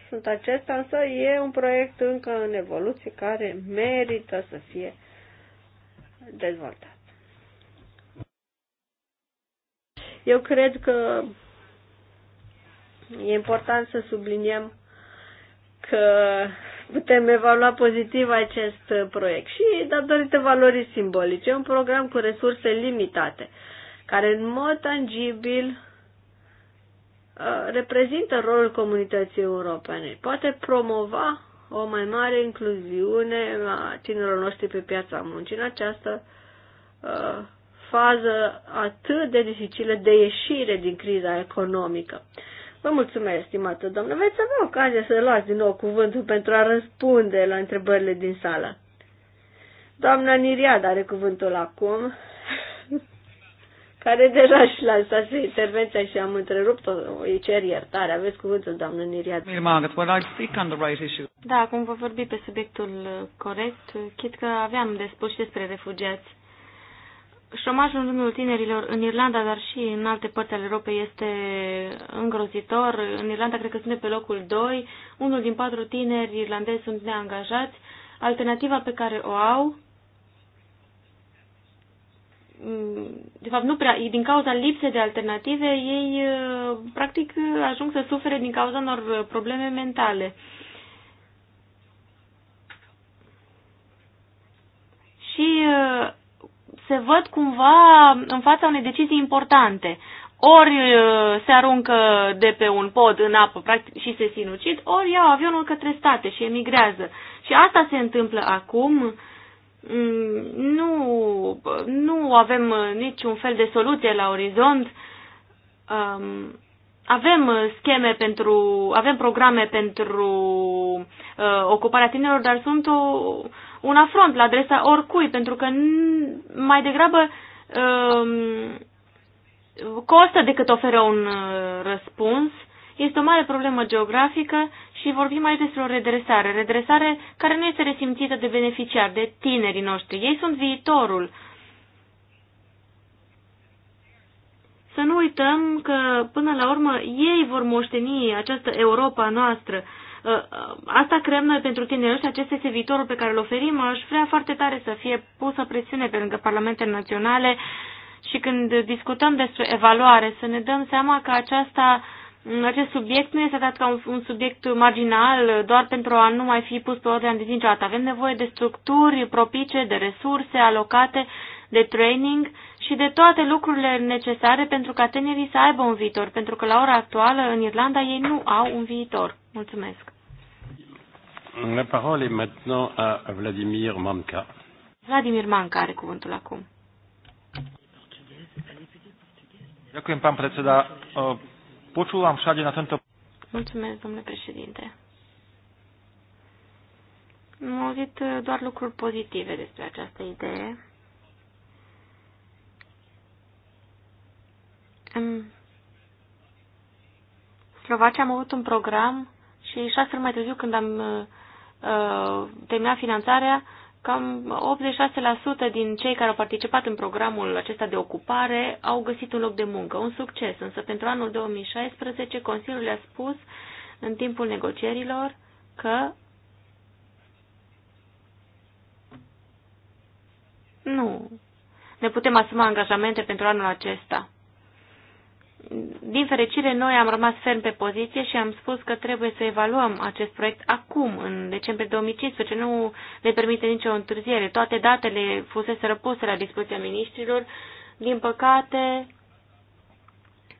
sunt acestea, însă e un proiect încă în evoluție care merită să fie dezvoltat. Eu cred că e important să subliniem că putem evalua pozitiv acest proiect și datorită valorii simbolice. E un program cu resurse limitate, care în mod tangibil Uh, reprezintă rolul comunității europene. Poate promova o mai mare incluziune a tinerilor noștri pe piața muncii în această uh, fază atât de dificilă de ieșire din criza economică. Vă mulțumesc, stimată doamnă. Veți avea ocazia să luați din nou cuvântul pentru a răspunde la întrebările din sală. Doamna Niriad are cuvântul acum care deja și lansase intervenția și am întrerupt-o, îi cer iertare. Aveți cuvântul, doamnă Niriad. Da, acum vă vorbi pe subiectul uh, corect. Chit că aveam de spus și despre refugiați. Șomajul în rândul tinerilor în Irlanda, dar și în alte părți ale Europei este îngrozitor. În Irlanda cred că suntem pe locul 2. Unul din patru tineri irlandezi sunt neangajați. Alternativa pe care o au Mm, de fapt nu prea, din cauza lipsei de alternative, ei uh, practic ajung să sufere din cauza unor probleme mentale. Și uh, se văd cumva în fața unei decizii importante. Ori uh, se aruncă de pe un pod în apă practic, și se sinucid, ori iau avionul către state și emigrează. Și asta se întâmplă acum Mm, nu, nu avem uh, niciun fel de soluție la orizont. Um, avem uh, scheme pentru, avem programe pentru uh, ocuparea tinerilor, dar sunt o, un afront la adresa oricui, pentru că mai degrabă uh, costă decât oferă un uh, răspuns. Este o mare problemă geografică și vorbim mai despre o redresare. Redresare care nu este resimțită de beneficiari, de tinerii noștri. Ei sunt viitorul. Să nu uităm că, până la urmă, ei vor moșteni această Europa noastră. Uh, uh, asta creăm noi pentru tineri ăștia, acesta este viitorul pe care îl oferim. Aș vrea foarte tare să fie pusă presiune pe lângă parlamentele naționale și când discutăm despre evaluare, să ne dăm seama că aceasta uh, acest subiect nu este dat ca un, un subiect marginal doar pentru a nu mai fi pus pe ordine de zi niciodată. Avem nevoie de structuri propice, de resurse alocate, de training și de toate lucrurile necesare pentru ca tinerii să aibă un viitor, pentru că la ora actuală în Irlanda ei nu au un viitor. Mulțumesc. La parole est maintenant à Vladimir Manka. Vladimir Manka are cuvântul acum. Ďakujem, pan predseda. Počúvam všade na tento... Mulțumesc, domnule președinte. Am auzit doar lucruri pozitive despre această idee. În Slovacia am avut un program și șase luni mai târziu, când am uh, terminat finanțarea, Cam 86% din cei care au participat în programul acesta de ocupare au găsit un loc de muncă, un succes, însă pentru anul 2016 Consiliul le-a spus în timpul negocierilor că nu ne putem asuma angajamente pentru anul acesta din fericire, noi am rămas ferm pe poziție și am spus că trebuie să evaluăm acest proiect acum, în decembrie 2015. Nu ne permite nicio întârziere. Toate datele fusese răpuse la dispoziția miniștrilor. Din păcate,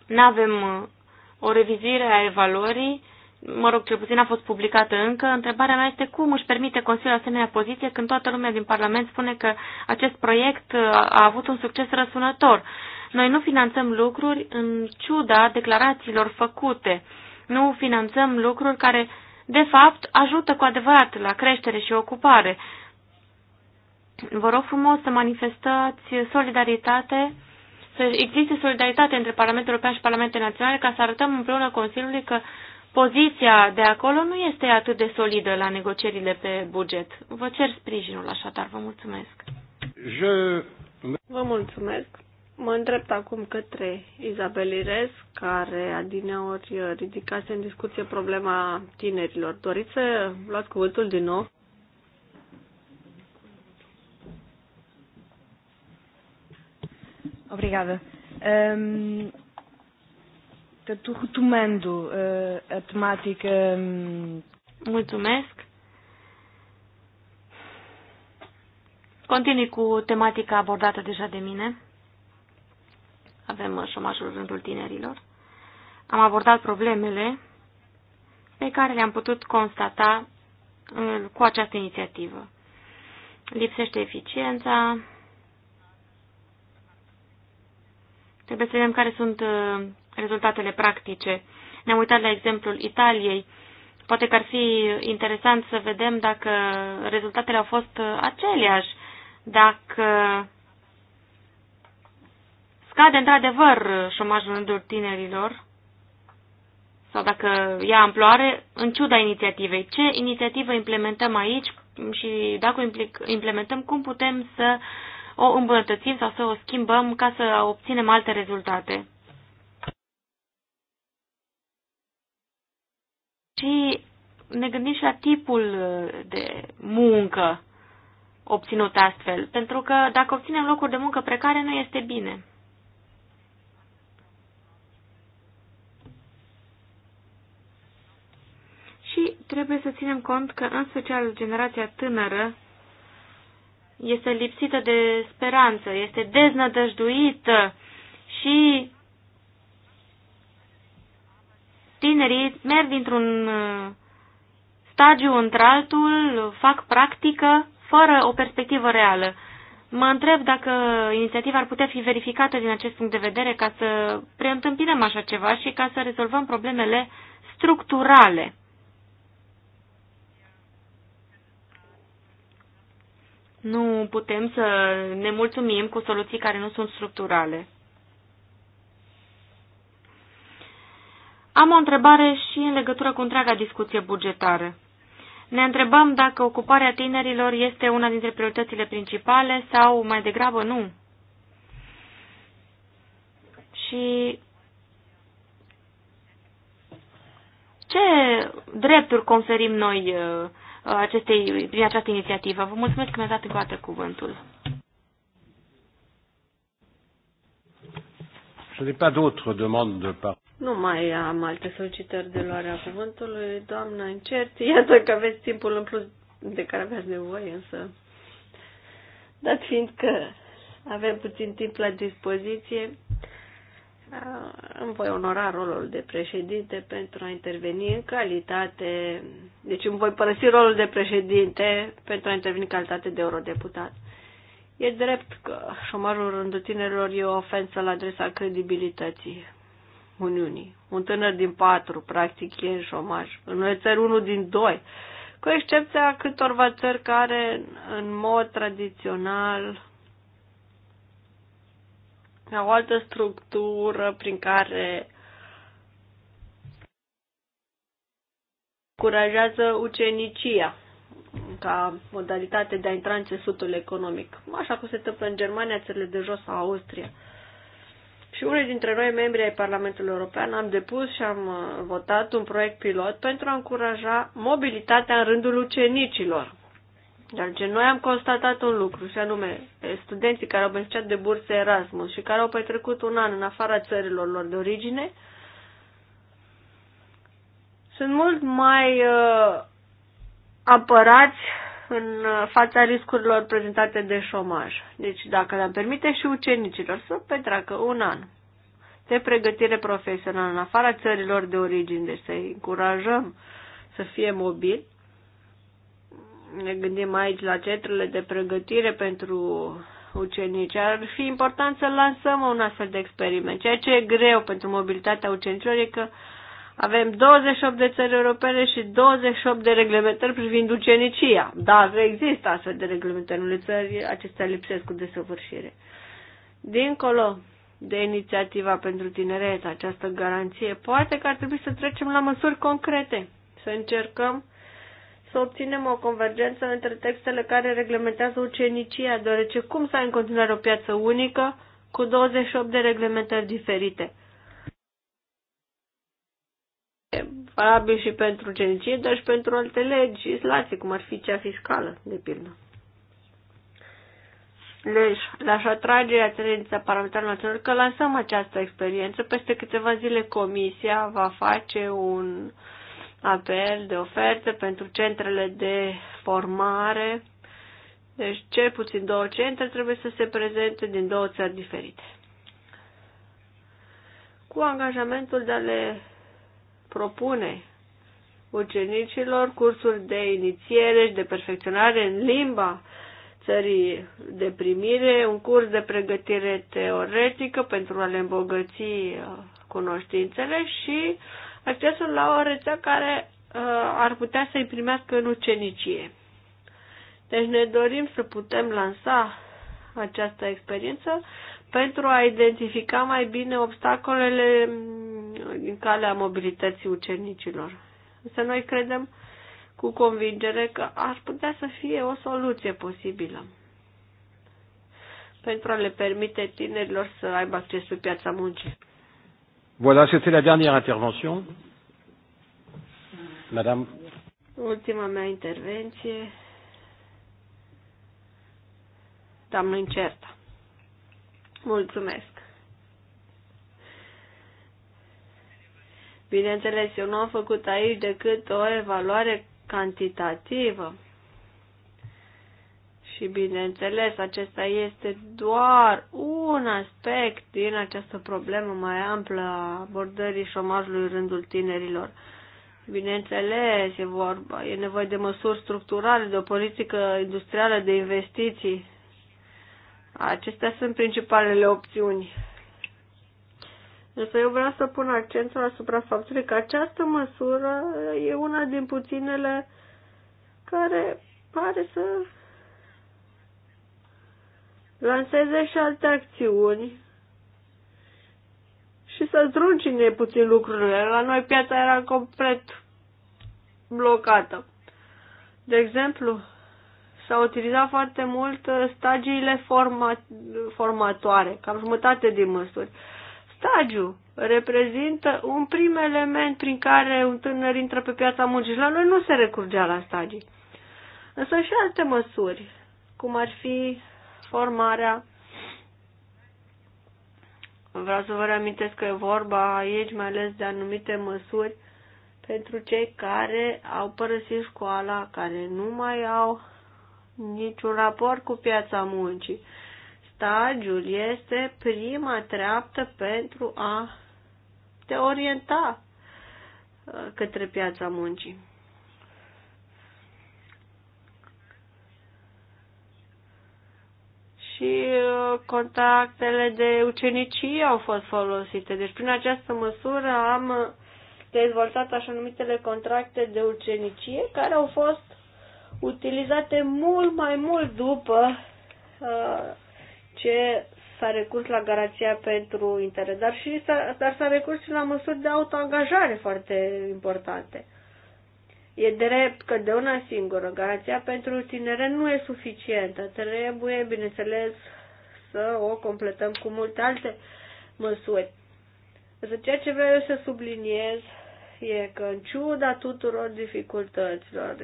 nu avem uh, o revizuire a evaluării. Mă rog, cel puțin a fost publicată încă. Întrebarea mea este cum își permite Consiliul asemenea poziție când toată lumea din Parlament spune că acest proiect uh, a avut un succes răsunător. Noi nu finanțăm lucruri în ciuda declarațiilor făcute. Nu finanțăm lucruri care, de fapt, ajută cu adevărat la creștere și ocupare. Vă rog frumos să manifestați solidaritate, să existe solidaritate între Parlamentul European și Parlamentele Naționale ca să arătăm împreună Consiliului că poziția de acolo nu este atât de solidă la negocierile pe buget. Vă cer sprijinul așadar, vă mulțumesc. Je... Vă mulțumesc. Mă îndrept acum către Izabel Ires, care adineori ridicase în discuție problema tinerilor. Doriți să luați cuvântul din nou? Obrigada. Um, ehm, portanto, retomando uh, a temática. Um... Mulțumesc. Continui cu tematica abordată deja de mine avem uh, șomajul în rândul tinerilor. Am abordat problemele pe care le-am putut constata uh, cu această inițiativă. Lipsește eficiența, trebuie să vedem care sunt uh, rezultatele practice. Ne-am uitat la exemplul Italiei. Poate că ar fi interesant să vedem dacă rezultatele au fost aceleași, dacă scade într-adevăr șomajul în rândul tinerilor, sau dacă ia amploare, în ciuda inițiativei. Ce inițiativă implementăm aici și dacă o implementăm, cum putem să o îmbunătățim sau să o schimbăm ca să obținem alte rezultate? Și ne gândim și la tipul de muncă obținut astfel, pentru că dacă obținem locuri de muncă precare, nu este bine. și trebuie să ținem cont că, în special, generația tânără este lipsită de speranță, este deznădăjduită și tinerii merg dintr-un uh, stagiu într-altul, fac practică, fără o perspectivă reală. Mă întreb dacă inițiativa ar putea fi verificată din acest punct de vedere ca să preîntâmpinăm așa ceva și ca să rezolvăm problemele structurale. Nu putem să ne mulțumim cu soluții care nu sunt structurale. Am o întrebare și în legătură cu întreaga discuție bugetară. Ne întrebăm dacă ocuparea tinerilor este una dintre prioritățile principale sau mai degrabă nu. Și ce drepturi conferim noi uh, Uh, acestei, din această inițiativă. Vă mulțumesc că mi-ați dat încă o dată cuvântul. Nu mai am alte solicitări de luare a cuvântului. Doamna, încerci. Iată că aveți timpul în plus de care aveați nevoie, însă... Dat fiind că avem puțin timp la dispoziție, Uh, îmi voi onora rolul de președinte pentru a interveni în calitate, deci îmi voi părăsi rolul de președinte pentru a interveni în calitate de eurodeputat. E drept că șomajul rândul tinerilor e o ofensă la adresa credibilității Uniunii. Un tânăr din patru, practic, e în șomaj. În noi țări, unul din doi. Cu excepția câtorva țări care, în mod tradițional, o altă structură prin care încurajează ucenicia ca modalitate de a intra în țesutul economic, așa cum se întâmplă în Germania, țările de jos sau Austria. Și unul dintre noi, membri ai Parlamentului European, am depus și am uh, votat un proiect pilot pentru a încuraja mobilitatea în rândul ucenicilor, dar ce noi am constatat un lucru, și anume, studenții care au beneficiat de burse Erasmus și care au petrecut un an în afara țărilor lor de origine, sunt mult mai uh, apărați în fața riscurilor prezentate de șomaj. Deci dacă le-am permite și ucenicilor să petreacă un an de pregătire profesională în afara țărilor de origine, deci să-i încurajăm să fie mobili, ne gândim aici la centrele de pregătire pentru ucenici. Ar fi important să lansăm un astfel de experiment. Ceea ce e greu pentru mobilitatea ucenicilor e că avem 28 de țări europene și 28 de reglementări privind ucenicia. Dar există astfel de reglementări în țări, acestea lipsesc cu desăvârșire. Dincolo de inițiativa pentru tineret, această garanție, poate că ar trebui să trecem la măsuri concrete, să încercăm să obținem o convergență între textele care reglementează ucenicia, deoarece cum să ai în continuare o piață unică cu 28 de reglementări diferite? valabil și pentru ucenicie, dar și pentru alte legislații, cum ar fi cea fiscală, de pildă. Deci, la aș atrage atenția parlamentarilor națională că lansăm această experiență. Peste câteva zile comisia va face un apel de oferte pentru centrele de formare. Deci cel puțin două centre trebuie să se prezente din două țări diferite. Cu angajamentul de a le propune ucenicilor cursuri de inițiere și de perfecționare în limba țării de primire, un curs de pregătire teoretică pentru a le îmbogăți uh, cunoștințele și uh, accesul la o rețea care uh, ar putea să-i primească în ucenicie. Deci ne dorim să putem lansa această experiență pentru a identifica mai bine obstacolele mm, din calea mobilității ucenicilor. Însă noi credem cu convingere că ar putea să fie o soluție posibilă pentru a le permite tinerilor să aibă acces pe piața muncii. Voilà, c'était la dernière intervention. Madame. Ultima mea intervenție. Doamnă Incerta. Mulțumesc. Bineînțeles, eu nu am făcut aici decât o evaluare cantitativă și bineînțeles, acesta este doar un aspect din această problemă mai amplă a abordării șomajului în rândul tinerilor. Bineînțeles, e, vorba, e nevoie de măsuri structurale, de o politică industrială de investiții. Acestea sunt principalele opțiuni. Însă eu vreau să pun accentul asupra faptului că această măsură e una din puținele care pare să lanseze și alte acțiuni și să zdruncine puțin lucrurile. La noi piața era complet blocată. De exemplu, s-au utilizat foarte mult uh, stagiile forma, formatoare, cam jumătate din măsuri. Stagiul reprezintă un prim element prin care un tânăr intră pe piața muncii. La noi nu se recurgea la stagii. Însă și alte măsuri, cum ar fi formarea. Vreau să vă reamintesc că e vorba aici mai ales de anumite măsuri pentru cei care au părăsit școala, care nu mai au niciun raport cu piața muncii. Stagiul este prima treaptă pentru a te orienta uh, către piața muncii. și uh, contactele de ucenicie au fost folosite. Deci prin această măsură am dezvoltat așa numitele contracte de ucenicie care au fost utilizate mult mai mult după uh, ce s-a recurs la garanția pentru interes, dar, și s-a, dar s-a recurs și la măsuri de autoangajare foarte importante. E drept că de una singură garanția pentru tinere nu e suficientă. Trebuie, bineînțeles, să o completăm cu multe alte măsuri. Însă ceea ce vreau să subliniez e că în ciuda tuturor dificultăților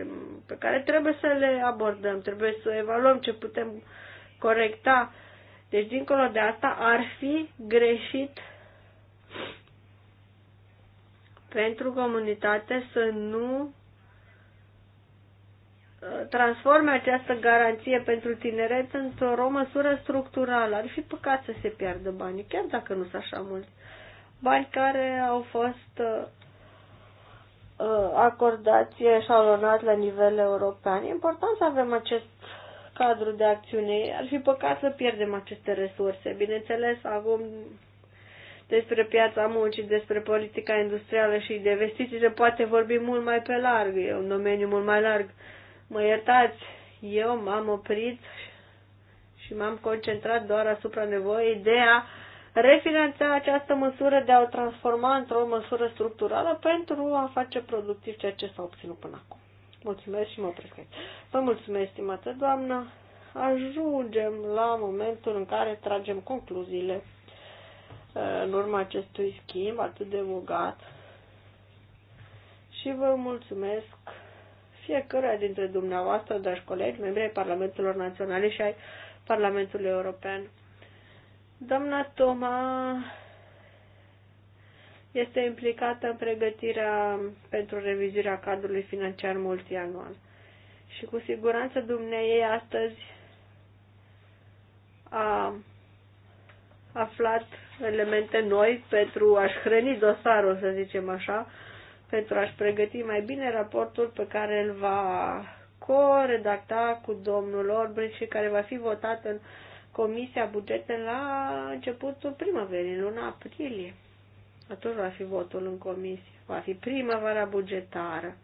pe care trebuie să le abordăm, trebuie să evaluăm ce putem corecta, deci dincolo de asta ar fi greșit pentru comunitate să nu transforme această garanție pentru tineret într-o măsură structurală. Ar fi păcat să se piardă banii, chiar dacă nu sunt așa mulți. Bani care au fost uh, uh, acordați și alonat la nivel european. E important să avem acest cadru de acțiune. Ar fi păcat să pierdem aceste resurse. Bineînțeles, acum despre piața muncii, despre politica industrială și de investiții se poate vorbi mult mai pe larg. E un domeniu mult mai larg. Uh, Mă iertați, eu m-am oprit și m-am concentrat doar asupra nevoii de a refinanța această măsură, de a o transforma într-o măsură structurală pentru a face productiv ceea ce s-a obținut până acum. Mulțumesc și mă opresc aici. Vă mulțumesc, estimată doamnă. Ajungem la momentul în care tragem concluziile uh, în urma acestui schimb atât de bogat și vă mulțumesc fiecăruia dintre dumneavoastră, dragi colegi, membri ai Parlamentelor Naționale și ai Parlamentului European. Doamna Toma este implicată în pregătirea pentru revizuirea cadrului financiar multianual. Și cu siguranță dumneiei astăzi a aflat elemente noi pentru a-și hrăni dosarul, să zicem așa, pentru a-și pregăti mai bine raportul pe care îl va co-redacta cu domnul Orbric și care va fi votat în Comisia Bugete la începutul primăverii, în luna aprilie. Atunci va fi votul în comisie. Va fi primăvara bugetară.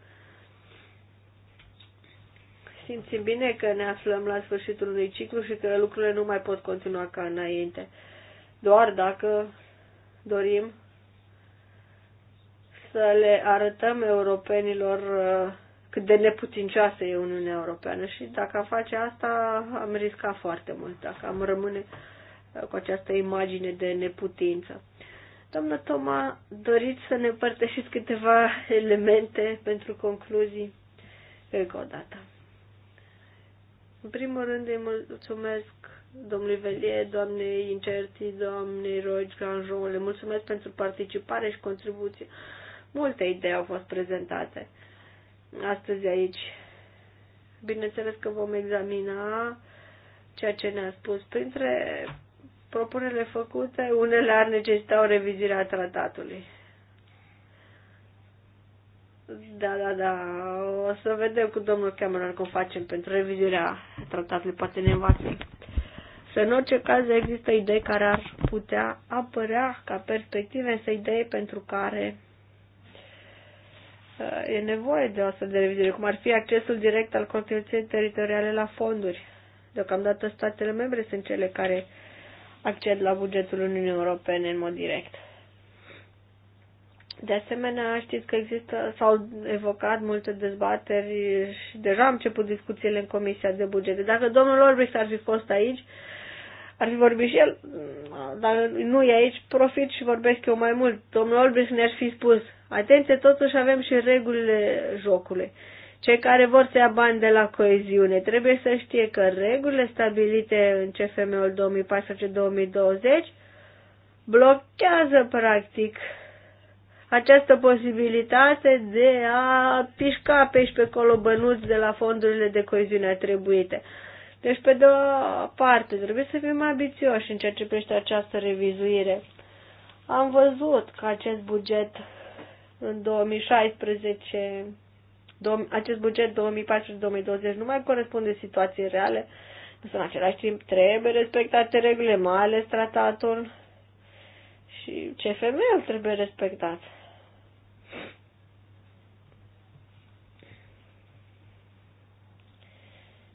Simțim bine că ne aflăm la sfârșitul unui ciclu și că lucrurile nu mai pot continua ca înainte. Doar dacă dorim să le arătăm europenilor uh, cât de neputincioasă e Uniunea Europeană și dacă am face asta am riscat foarte mult, dacă am rămâne uh, cu această imagine de neputință. Doamnă Toma, doriți să ne împărtășiți câteva [LAUGHS] elemente pentru concluzii? Încă o dată. În primul rând îi mulțumesc domnului Velie, doamnei Incerti, doamnei Roig, Granjon, le mulțumesc pentru participare și contribuție. Multe idei au fost prezentate astăzi aici. Bineînțeles că vom examina ceea ce ne-a spus. Printre propunerile făcute, unele ar necesita o revizire a tratatului. Da, da, da. O să vedem cu domnul Cameron cum facem pentru revizuirea tratatului. Poate ne învață. Să în orice caz există idei care ar putea apărea ca perspective, însă idei pentru care Uh, e nevoie de o astfel de revizuire, cum ar fi accesul direct al contribuției teritoriale la fonduri. Deocamdată statele membre sunt cele care acced la bugetul Uniunii Europene în mod direct. De asemenea, știți că există, s-au evocat multe dezbateri și deja am început discuțiile în Comisia de Bugete. Dacă domnul Orbis ar fi fost aici, ar fi vorbit și el, mm, dar nu e aici, profit și vorbesc eu mai mult. Domnul Olbrich ne-ar fi spus, Atenție, totuși avem și regulile jocului. Cei care vor să ia bani de la coeziune trebuie să știe că regulile stabilite în CFM-ul 2014-2020 blochează practic această posibilitate de a pișca pe și pe colo bănuți de la fondurile de coeziune atribuite. Deci, pe de o parte, trebuie să fim ambițioși în ceea ce privește această revizuire. Am văzut că acest buget în 2016 acest buget 2014-2020 nu mai corespunde situației reale, însă în același timp trebuie respectate regulile, mai ales tratatul și CFM-ul trebuie respectat.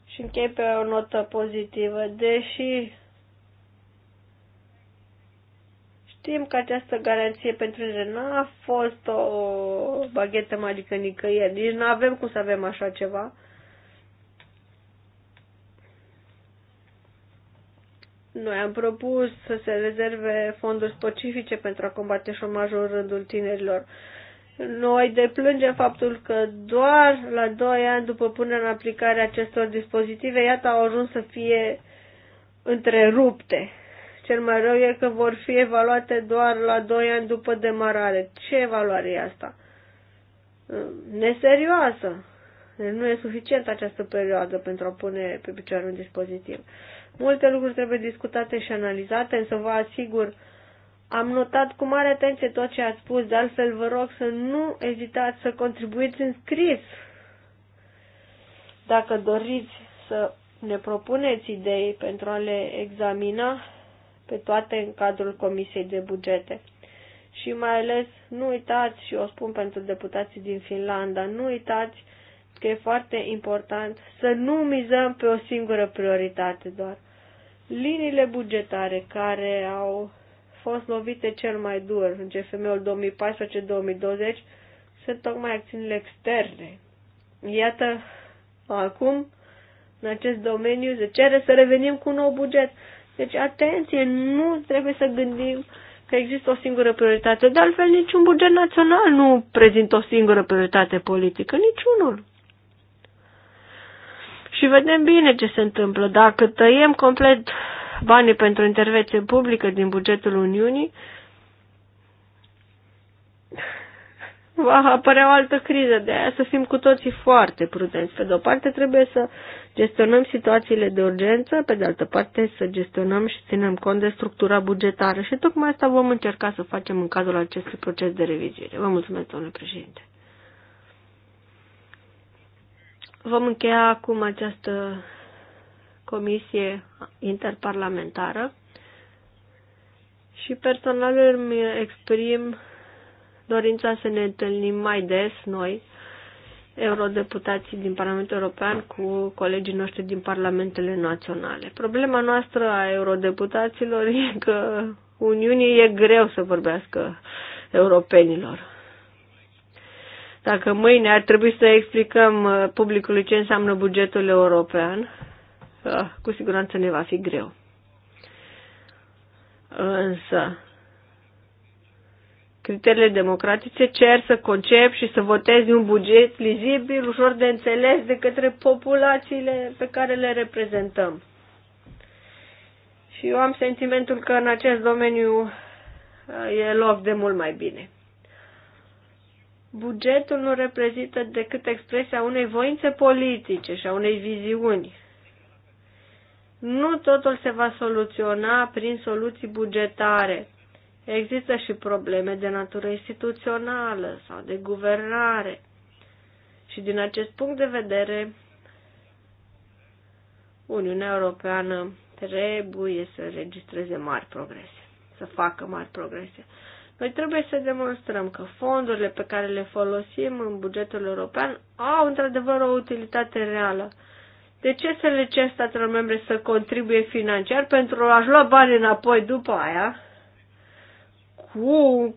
Și închei pe o notă pozitivă, deși Știm că această garanție pentru ele nu a fost o baghetă magică nicăieri, nici nu avem cum să avem așa ceva. Noi am propus să se rezerve fonduri specifice pentru a combate șomajul în rândul tinerilor. Noi deplângem faptul că doar la 2 ani după punerea în aplicare acestor dispozitive, iată, au ajuns să fie întrerupte cel mai rău e că vor fi evaluate doar la 2 ani după demarare. Ce evaluare e asta? Ă, neserioasă. Deci nu e suficient această perioadă pentru a pune pe picioare un dispozitiv. Multe lucruri trebuie discutate și analizate, însă vă asigur, am notat cu mare atenție tot ce ați spus, de altfel vă rog să nu ezitați să contribuiți în scris. Dacă doriți să ne propuneți idei pentru a le examina, pe toate în cadrul Comisiei de Bugete. Și mai ales, nu uitați, și o spun pentru deputații din Finlanda, nu uitați că e foarte important să nu mizăm pe o singură prioritate doar. Liniile bugetare care au fost lovite cel mai dur în gfm ul 2014-2020 sunt tocmai acțiunile externe. Iată, acum, în acest domeniu, se cere să revenim cu un nou buget. Deci, atenție, nu trebuie să gândim că există o singură prioritate. De altfel, niciun buget național nu prezintă o singură prioritate politică, niciunul. Și vedem bine ce se întâmplă. Dacă tăiem complet banii pentru intervenție publică din bugetul Uniunii, va apărea o altă criză. De aia să fim cu toții foarte prudenți. Pe de-o parte trebuie să gestionăm situațiile de urgență, pe de altă parte să gestionăm și ținem cont de structura bugetară și tocmai asta vom încerca să facem în cazul acestui proces de revizuire. Vă mulțumesc, domnule președinte. Vom încheia acum această comisie interparlamentară și personal îmi exprim dorința să ne întâlnim mai des noi eurodeputații din Parlamentul European cu colegii noștri din parlamentele naționale. Problema noastră a eurodeputaților e că Uniunii e greu să vorbească europenilor. Dacă mâine ar trebui să explicăm uh, publicului ce înseamnă bugetul european, uh, cu siguranță ne va fi greu. Însă, criteriile democratice cer să concep și să votezi un buget lizibil, ușor de înțeles de către populațiile pe care le reprezentăm. Și eu am sentimentul că în acest domeniu uh, e loc de mult mai bine. Bugetul nu reprezintă decât expresia unei voințe politice și a unei viziuni. Nu totul se va soluționa prin soluții bugetare Există și probleme de natură instituțională sau de guvernare. Și din acest punct de vedere, Uniunea Europeană trebuie să registreze mari progrese, să facă mari progrese. Noi trebuie să demonstrăm că fondurile pe care le folosim în bugetul european au într-adevăr o utilitate reală. De ce să le cer statelor membre să contribuie financiar pentru a-și lua bani înapoi după aia? cu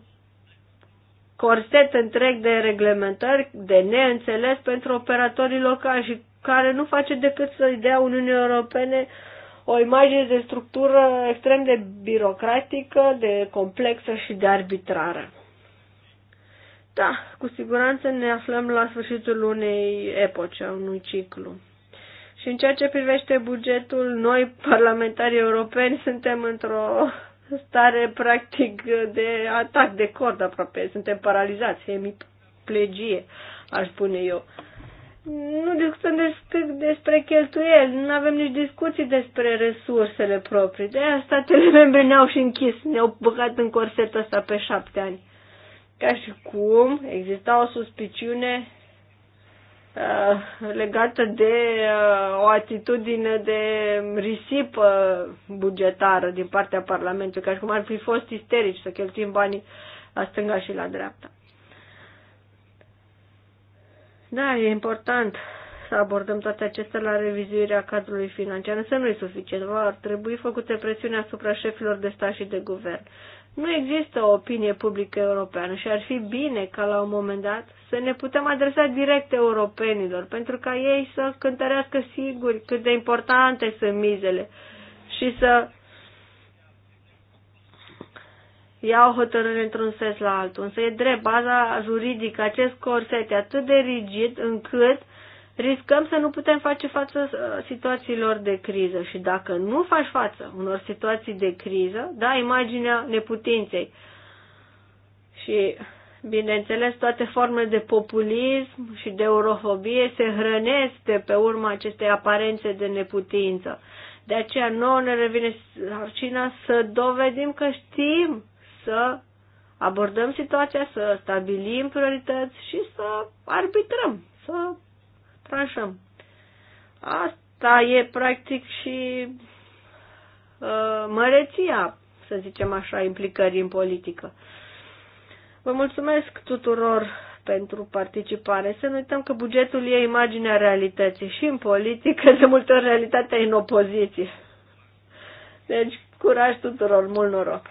corset întreg de reglementări, de neînțeles pentru operatorii locali și care nu face decât să-i dea Uniunii Europene o imagine de structură extrem de birocratică, de complexă și de arbitrară. Da, cu siguranță ne aflăm la sfârșitul unei epoce, a unui ciclu. Și în ceea ce privește bugetul, noi, [LAUGHS] parlamentarii europeni, suntem într-o stare practic de atac de cord aproape. Suntem paralizați, hemiplegie, aș spune eu. Nu discutăm despre, despre cheltuieli, nu avem nici discuții despre resursele proprii. De aia statele membre ne-au și închis, ne-au băgat în corsetul ăsta pe șapte ani. Ca și cum exista o suspiciune Uh, legată de uh, o atitudine de risipă bugetară din partea Parlamentului, ca și cum ar fi fost isterici să cheltuim banii la stânga și la dreapta. Da, e important să abordăm toate acestea la revizuirea cadrului financiar, însă nu e suficient. Ar trebui făcute presiune asupra șefilor de stat și de guvern. Nu există o opinie publică europeană și ar fi bine ca la un moment dat să ne putem adresa direct europenilor, pentru ca ei să cântărească siguri cât de importante sunt mizele și să ia o într-un sens la altul. Însă e drept, baza juridică, acest corset e atât de rigid încât uh, riscăm să nu putem face față uh, situațiilor de criză și dacă nu faci față unor situații de criză, da imaginea neputinței. Și, bineînțeles, toate formele de populism și de eurofobie se hrănesc de pe urma acestei aparențe de neputință. De aceea nouă ne revine sarcina să dovedim că știm să abordăm situația, să stabilim priorități și să arbitrăm, să tranșăm. Asta e practic și uh, măreția, să zicem așa, implicării în politică. Vă mulțumesc tuturor pentru participare. Să nu uităm că bugetul e imaginea realității și în politică, de multe ori realitatea e în opoziție. Deci, curaj tuturor, mult noroc!